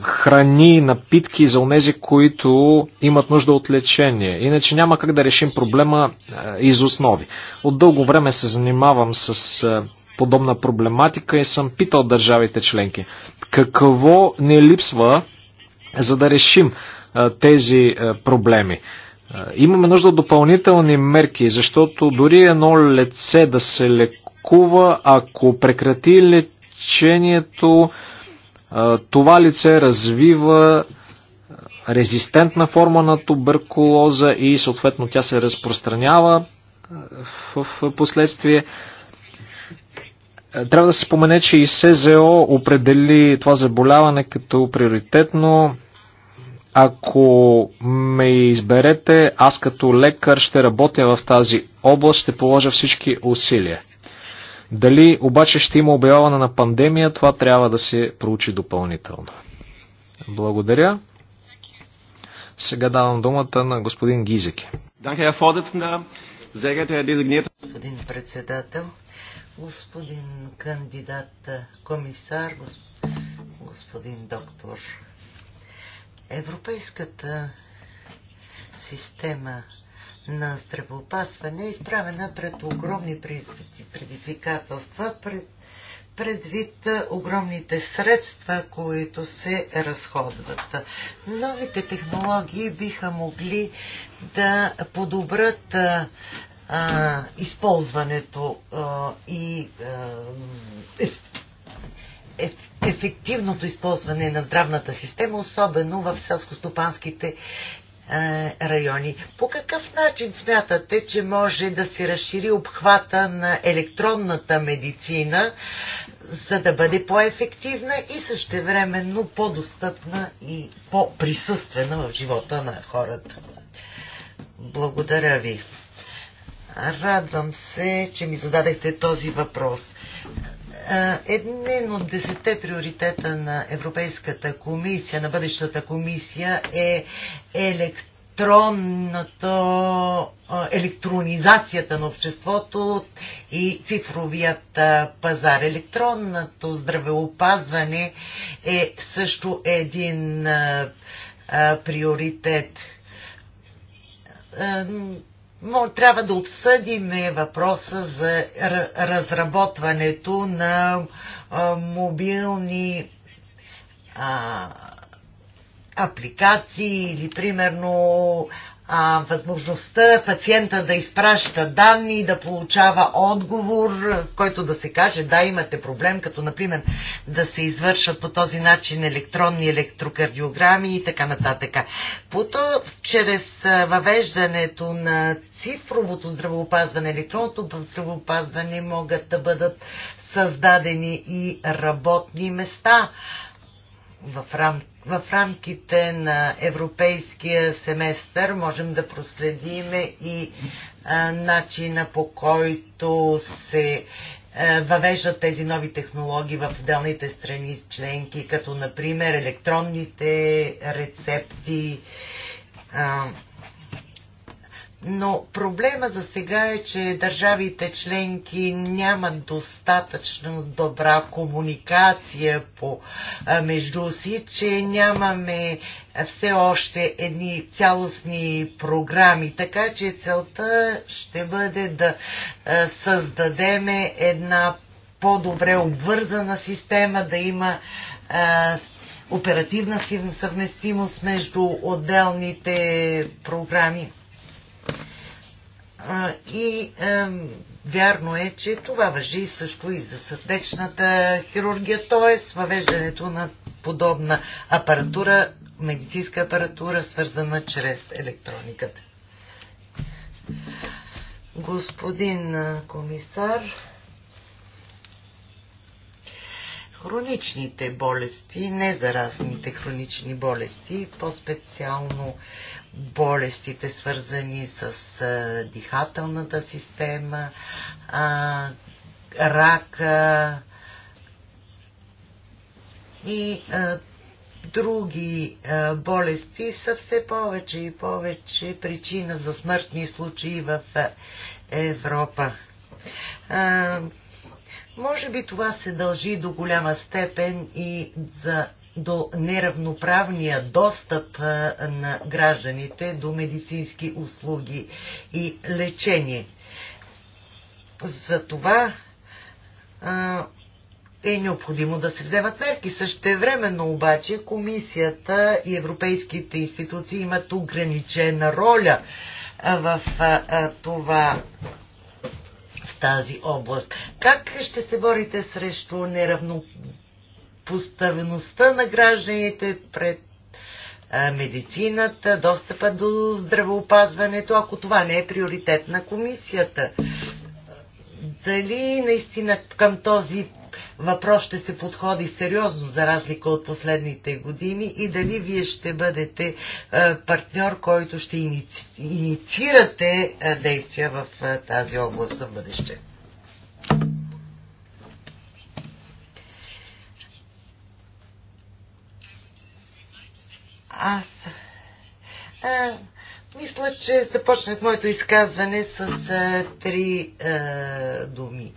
храни, напитки за онези, които имат нужда от лечение. Иначе няма как да решим проблема из основи. От дълго време се занимавам с подобна проблематика и съм питал държавите членки. Какво не липсва за да решим тези проблеми. Имаме нужда от допълнителни мерки, защото дори едно лице да се лекува, ако прекрати лечението, това лице развива резистентна форма на туберкулоза и съответно тя се разпространява в последствие. Трябва да се спомене, че и СЗО определи това заболяване като приоритетно ако ме изберете, аз като лекар ще работя в тази област, ще положа всички усилия. Дали обаче ще има обявяване на пандемия, това трябва да се проучи допълнително. Благодаря. Сега давам думата на господин Гизеки. Господин председател, господин кандидат комисар, господин доктор Европейската система на здравеопасване е изправена пред огромни предизвикателства, пред, предвид огромните средства, които се разходват. Новите технологии биха могли да подобрат а, използването а, и а, еф, еф, ефективното използване на здравната система, особено в селскостопанските е, райони. По какъв начин смятате, че може да се разшири обхвата на електронната медицина, за да бъде по-ефективна и същевременно по-достъпна и по-присъствена в живота на хората? Благодаря ви. Радвам се, че ми зададете този въпрос. Един от десетте приоритета на Европейската комисия, на бъдещата комисия е електронната електронизацията на обществото и цифровият пазар. Електронното здравеопазване е също един приоритет трябва да обсъдим въпроса за разработването на мобилни а, апликации или примерно а, възможността пациента да изпраща данни, да получава отговор, в който да се каже да имате проблем, като например да се извършат по този начин електронни електрокардиограми и така нататък. Пото, чрез въвеждането на цифровото здравеопазване, електронното здравеопазване могат да бъдат създадени и работни места в, рам, в рамките на европейския семестър можем да проследиме и а, начина по който се а, въвеждат тези нови технологии в отделните страни членки, като например електронните рецепти, а, но проблема за сега е, че държавите членки нямат достатъчно добра комуникация по, а, между си, че нямаме все още едни цялостни програми. Така че целта ще бъде да а, създадеме една по-добре обвързана система, да има а, оперативна съвместимост между отделните програми и вярно е, че това въжи също и за сърдечната хирургия, т.е. въвеждането на подобна апаратура, медицинска апаратура, свързана чрез електрониката. Господин комисар, хроничните болести, незаразните хронични болести, по-специално болестите, свързани с дихателната система, рака и други а, болести са все повече и повече причина за смъртни случаи в а, Европа. А, може би това се дължи до голяма степен и за до неравноправния достъп на гражданите до медицински услуги и лечение. Затова е необходимо да се вземат мерки. Същевременно обаче комисията и европейските институции имат ограничена роля в това в тази област. Как ще се борите срещу неравноправния поставеността на гражданите пред медицината, достъпа до здравеопазването, ако това не е приоритет на комисията. Дали наистина към този въпрос ще се подходи сериозно за разлика от последните години и дали вие ще бъдете партньор, който ще инициирате действия в тази област в бъдеще? Аз а, мисля, че започнах моето изказване с а, три а, думи.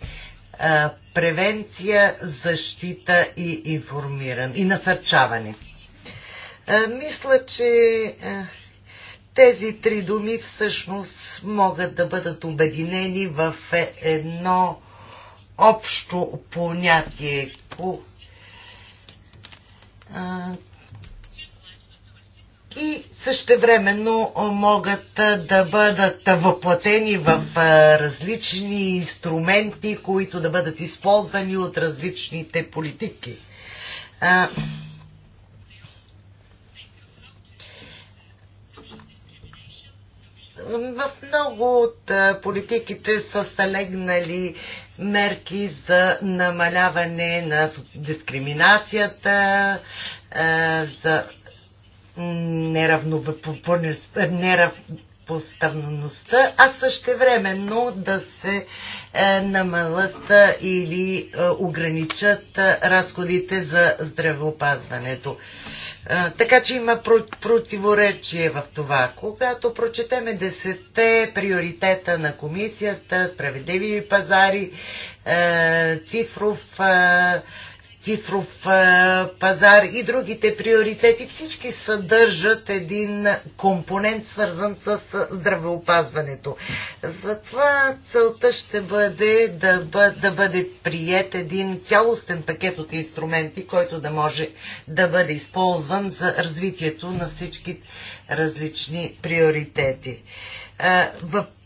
А, превенция, защита и информиране и насърчаване. А, мисля, че а, тези три думи всъщност могат да бъдат обединени в е, едно общо понятие, и същевременно могат да бъдат въплатени в различни инструменти, които да бъдат използвани от различните политики. В много от политиките са залегнали мерки за намаляване на дискриминацията, за неравнопоставността, а също времено да се е, намалят е, или е, ограничат разходите за здравеопазването. Така че има противоречие в това. Когато прочетеме десетте приоритета на комисията, справедливи пазари, цифров цифров пазар и другите приоритети, всички съдържат един компонент, свързан с здравеопазването. Затова целта ще бъде да, бъде да бъде прият един цялостен пакет от инструменти, който да може да бъде използван за развитието на всички различни приоритети.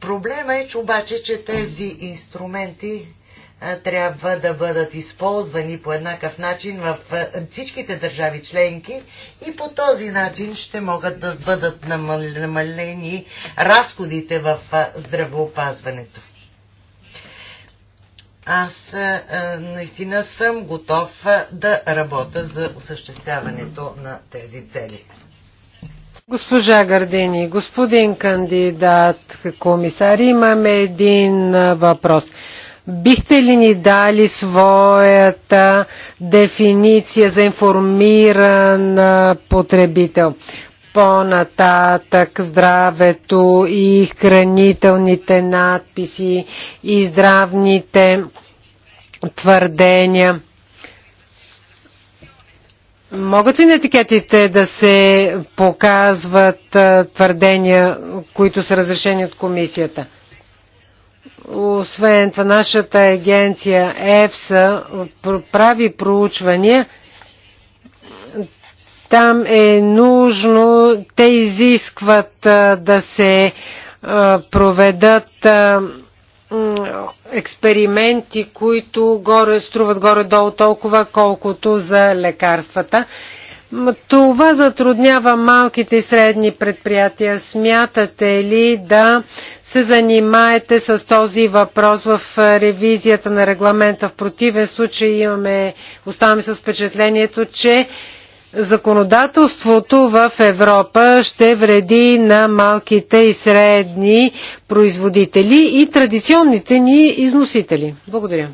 Проблема е, че обаче, че тези инструменти трябва да бъдат използвани по еднакъв начин в всичките държави членки и по този начин ще могат да бъдат намалени разходите в здравеопазването. Аз наистина съм готов да работя за осъществяването на тези цели. Госпожа Гардени, господин кандидат комисар, имаме един въпрос. Бихте ли ни дали своята дефиниция за информиран потребител? По-нататък здравето и хранителните надписи и здравните твърдения. Могат ли на етикетите да се показват твърдения, които са разрешени от комисията? Освен това, нашата агенция ЕФСА прави проучвания. Там е нужно, те изискват да се проведат експерименти, които горе, струват горе-долу толкова, колкото за лекарствата. Това затруднява малките и средни предприятия. Смятате ли да се занимаете с този въпрос в ревизията на регламента? В противен случай имаме, оставаме с впечатлението, че законодателството в Европа ще вреди на малките и средни производители и традиционните ни износители. Благодаря.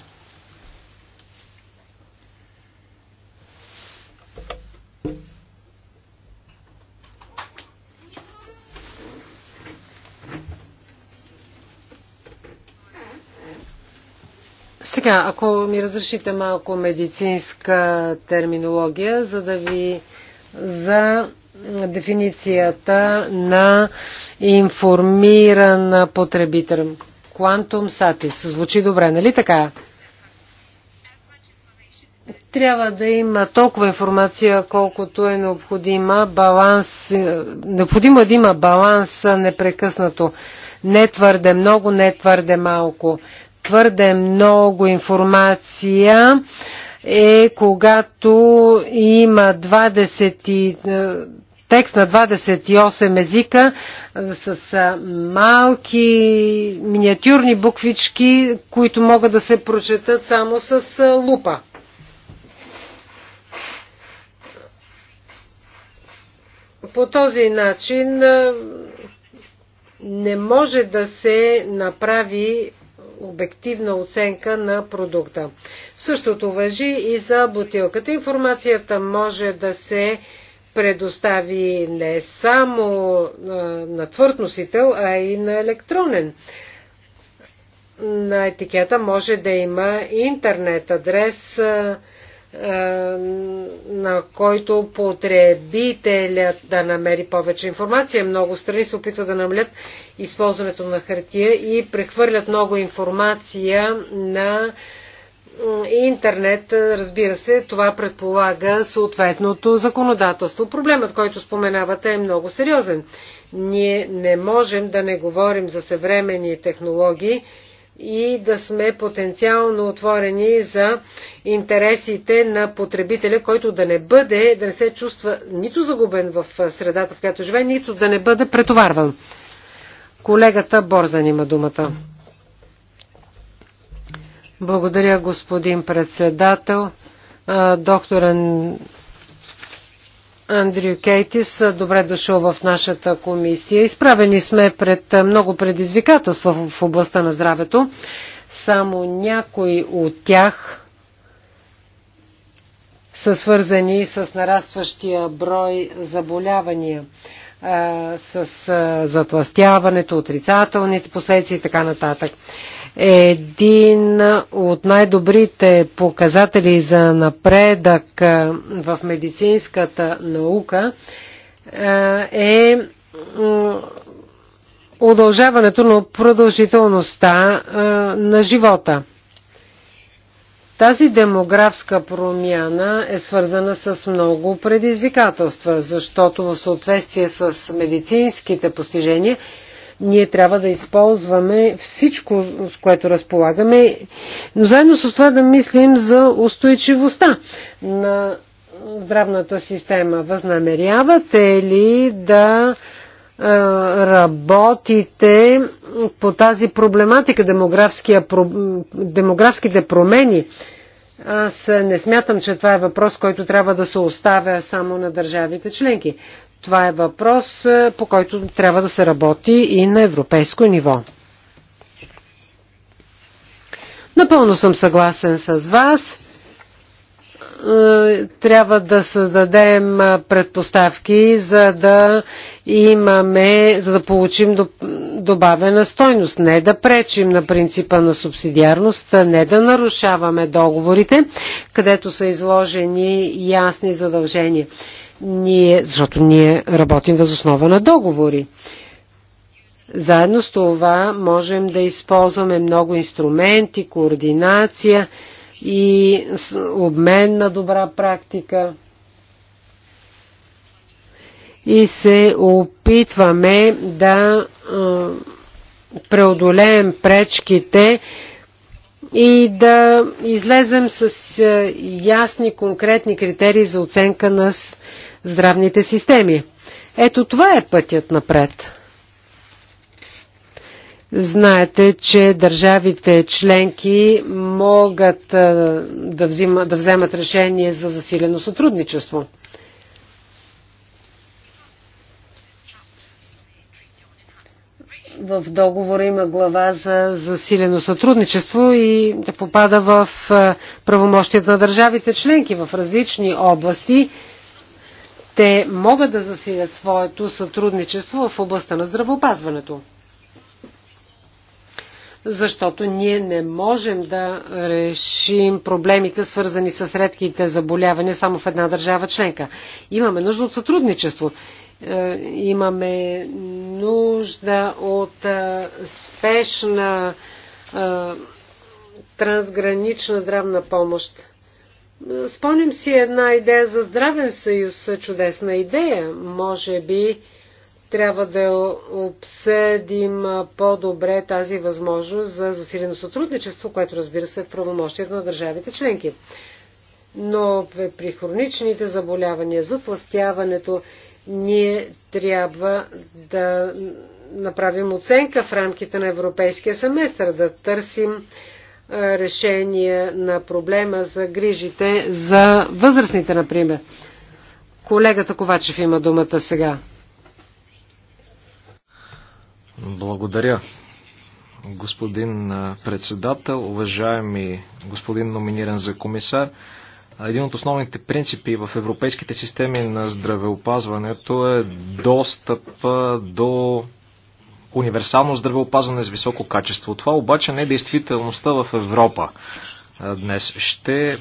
Сега, ако ми разрешите малко медицинска терминология, за да ви за дефиницията на информиран потребител. Quantum Satis. Звучи добре, нали така? Трябва да има толкова информация, колкото е необходима. Баланс, необходимо е да има баланс непрекъснато. Не твърде много, не твърде малко твърде много информация е когато има 20, е, текст на 28 езика е, с е, малки миниатюрни буквички, които могат да се прочетат само с лупа. По този начин не може да се направи обективна оценка на продукта. Същото въжи и за бутилката. Информацията може да се предостави не само на твърд носител, а и на електронен. На етикета може да има интернет адрес, на който потребителят да намери повече информация. Много страни се опитват да намалят използването на хартия и прехвърлят много информация на интернет. Разбира се, това предполага съответното законодателство. Проблемът, който споменавате, е много сериозен. Ние не можем да не говорим за съвременни технологии и да сме потенциално отворени за интересите на потребителя, който да не бъде, да не се чувства нито загубен в средата, в която живее, нито да не бъде претоварван. Колегата Борзан има думата. Благодаря, господин председател. Доктор Андрю Кейтис. Добре дошъл в нашата комисия. Изправени сме пред много предизвикателства в областта на здравето. Само някои от тях са свързани с нарастващия брой заболявания, с затластяването, отрицателните последици и така нататък един от най-добрите показатели за напредък в медицинската наука е удължаването на продължителността на живота. Тази демографска промяна е свързана с много предизвикателства, защото в съответствие с медицинските постижения ние трябва да използваме всичко, с което разполагаме, но заедно с това да мислим за устойчивостта на здравната система. Възнамерявате ли да работите по тази проблематика, демографските промени. Аз не смятам, че това е въпрос, който трябва да се оставя само на държавите членки. Това е въпрос, е, по който трябва да се работи и на европейско ниво. Напълно съм съгласен с вас. Е, трябва да създадем е, предпоставки, за да имаме, за да получим добавена стойност. Не да пречим на принципа на субсидиарност, не да нарушаваме договорите, където са изложени ясни задължения ние, защото ние работим въз основа на договори. Заедно с това можем да използваме много инструменти, координация и обмен на добра практика. И се опитваме да преодолеем пречките и да излезем с ясни, конкретни критерии за оценка на здравните системи. Ето това е пътят напред. Знаете, че държавите членки могат да, взима, да вземат решение за засилено сътрудничество. В договора има глава за засилено сътрудничество и попада в правомощията на държавите членки в различни области те могат да засилят своето сътрудничество в областта на здравопазването, Защото ние не можем да решим проблемите, свързани с редките заболявания, само в една държава членка. Имаме нужда от сътрудничество. Е, имаме нужда от е, спешна е, трансгранична здравна помощ Спомням си една идея за здравен съюз, чудесна идея. Може би трябва да обсъдим по-добре тази възможност за засилено сътрудничество, което разбира се е в правомощията на държавите членки. Но при хроничните заболявания, затластяването, ние трябва да направим оценка в рамките на европейския семестър, да търсим решение на проблема за грижите за възрастните, например. Колегата Ковачев има думата сега. Благодаря, господин председател, уважаеми господин номиниран за комисар. Един от основните принципи в европейските системи на здравеопазването е достъп до универсално здравеопазване с високо качество. Това обаче не е действителността в Европа днес. Ще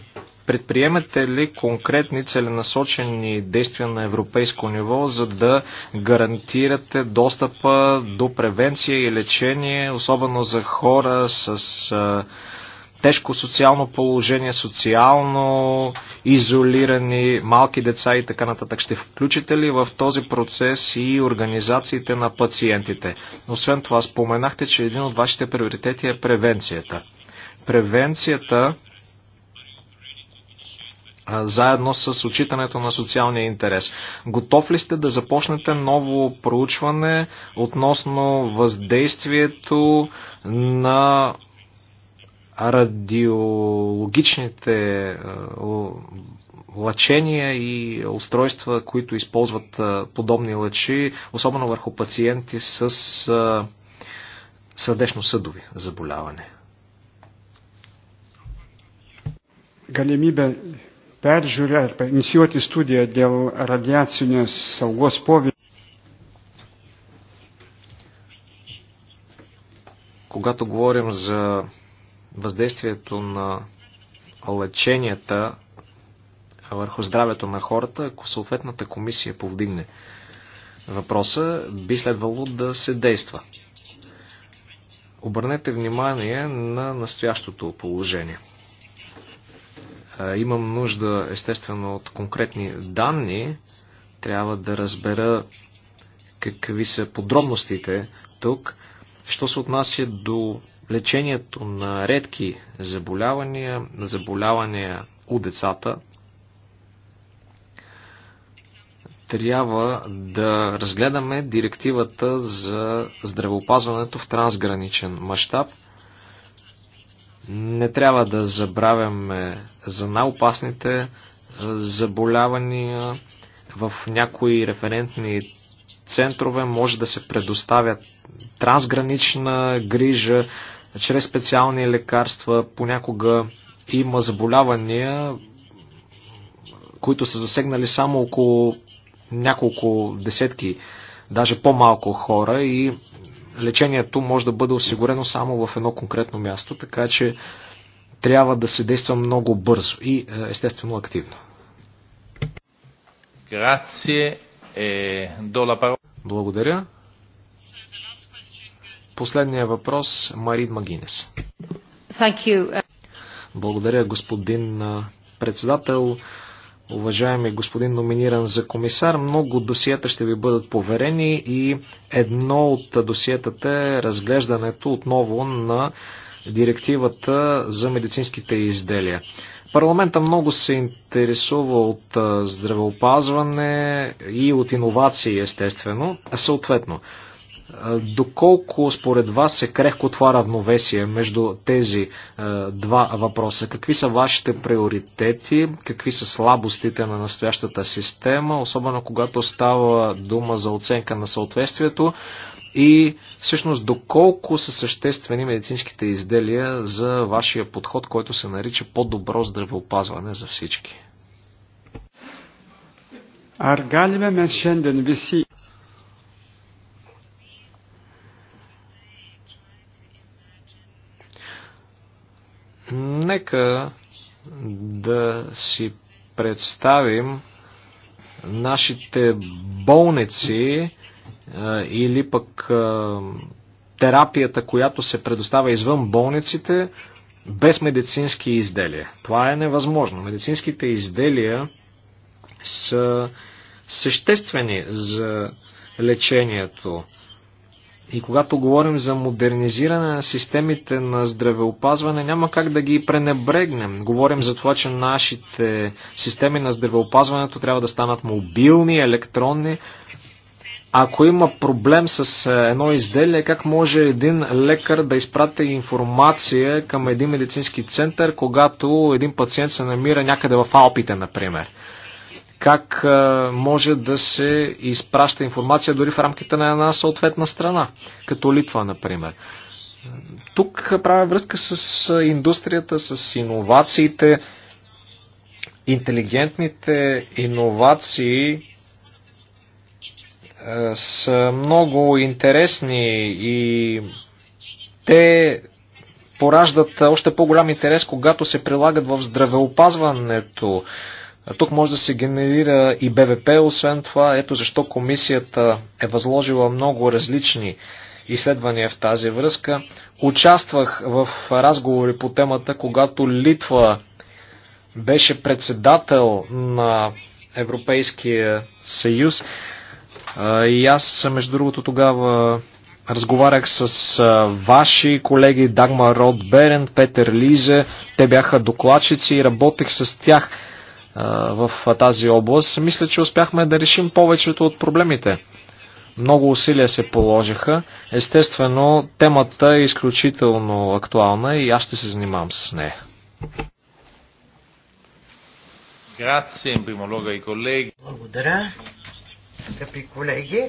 предприемете ли конкретни целенасочени действия на европейско ниво, за да гарантирате достъпа до превенция и лечение, особено за хора с тежко социално положение, социално изолирани, малки деца и така нататък. Ще включите ли в този процес и организациите на пациентите? Освен това, споменахте, че един от вашите приоритети е превенцията. Превенцията заедно с отчитането на социалния интерес. Готов ли сте да започнете ново проучване относно въздействието на радиологичните лъчения и устройства, които използват подобни лъчи, особено върху пациенти с сърдечно-съдови заболяване. Galimybė peržiūrėti arba inicijuoti studiją dėl radiacinės saugos poveikio. Когато говорим за въздействието на леченията върху здравето на хората, ако съответната комисия повдигне въпроса, би следвало да се действа. Обърнете внимание на настоящото положение. Имам нужда, естествено, от конкретни данни. Трябва да разбера какви са подробностите тук. Що се отнася до лечението на редки заболявания, на заболявания у децата, трябва да разгледаме директивата за здравеопазването в трансграничен мащаб. Не трябва да забравяме за най-опасните заболявания. В някои референтни центрове може да се предоставя трансгранична грижа, чрез специални лекарства. Понякога има заболявания, които са засегнали само около няколко десетки, даже по-малко хора и лечението може да бъде осигурено само в едно конкретно място, така че трябва да се действа много бързо и е, естествено активно. Е, Благодаря. Последния въпрос Марид Магинес. Благодаря, господин председател. Уважаеми господин номиниран за комисар, много досиета ще ви бъдат поверени и едно от досиетата е разглеждането отново на директивата за медицинските изделия. Парламента много се интересува от здравеопазване и от иновации, естествено, съответно. Доколко според вас се крехко това равновесие между тези е, два въпроса? Какви са вашите приоритети? Какви са слабостите на настоящата система, особено когато става дума за оценка на съответствието? И всъщност доколко са съществени медицинските изделия за вашия подход, който се нарича по-добро здравеопазване за всички? Ar galime mes šiandien visi Нека да си представим нашите болници или пък терапията, която се предоставя извън болниците, без медицински изделия. Това е невъзможно. Медицинските изделия са съществени за лечението. И когато говорим за модернизиране на системите на здравеопазване, няма как да ги пренебрегнем. Говорим за това, че нашите системи на здравеопазването трябва да станат мобилни, електронни. Ако има проблем с е, едно изделие, как може един лекар да изпрати информация към един медицински център, когато един пациент се намира някъде в Алпите, например? как може да се изпраща информация дори в рамките на една съответна страна, като Литва, например. Тук правя връзка с индустрията, с иновациите. Интелигентните иновации са много интересни и те пораждат още по-голям интерес, когато се прилагат в здравеопазването, тук може да се генерира и БВП, освен това. Ето защо комисията е възложила много различни изследвания в тази връзка. Участвах в разговори по темата, когато Литва беше председател на Европейския съюз. И аз, между другото, тогава разговарях с ваши колеги Дагма Род Берен, Петър Лизе. Те бяха докладчици и работех с тях в тази област, мисля, че успяхме да решим повечето от проблемите. Много усилия се положиха. Естествено, темата е изключително актуална и аз ще се занимавам с нея. Благодаря, скъпи колеги.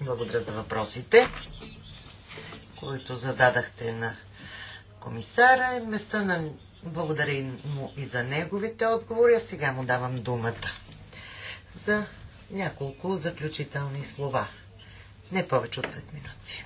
Благодаря за въпросите, които зададахте на комисара и места на благодаря му и за неговите отговори, а сега му давам думата за няколко заключителни слова. Не повече от 5 минути.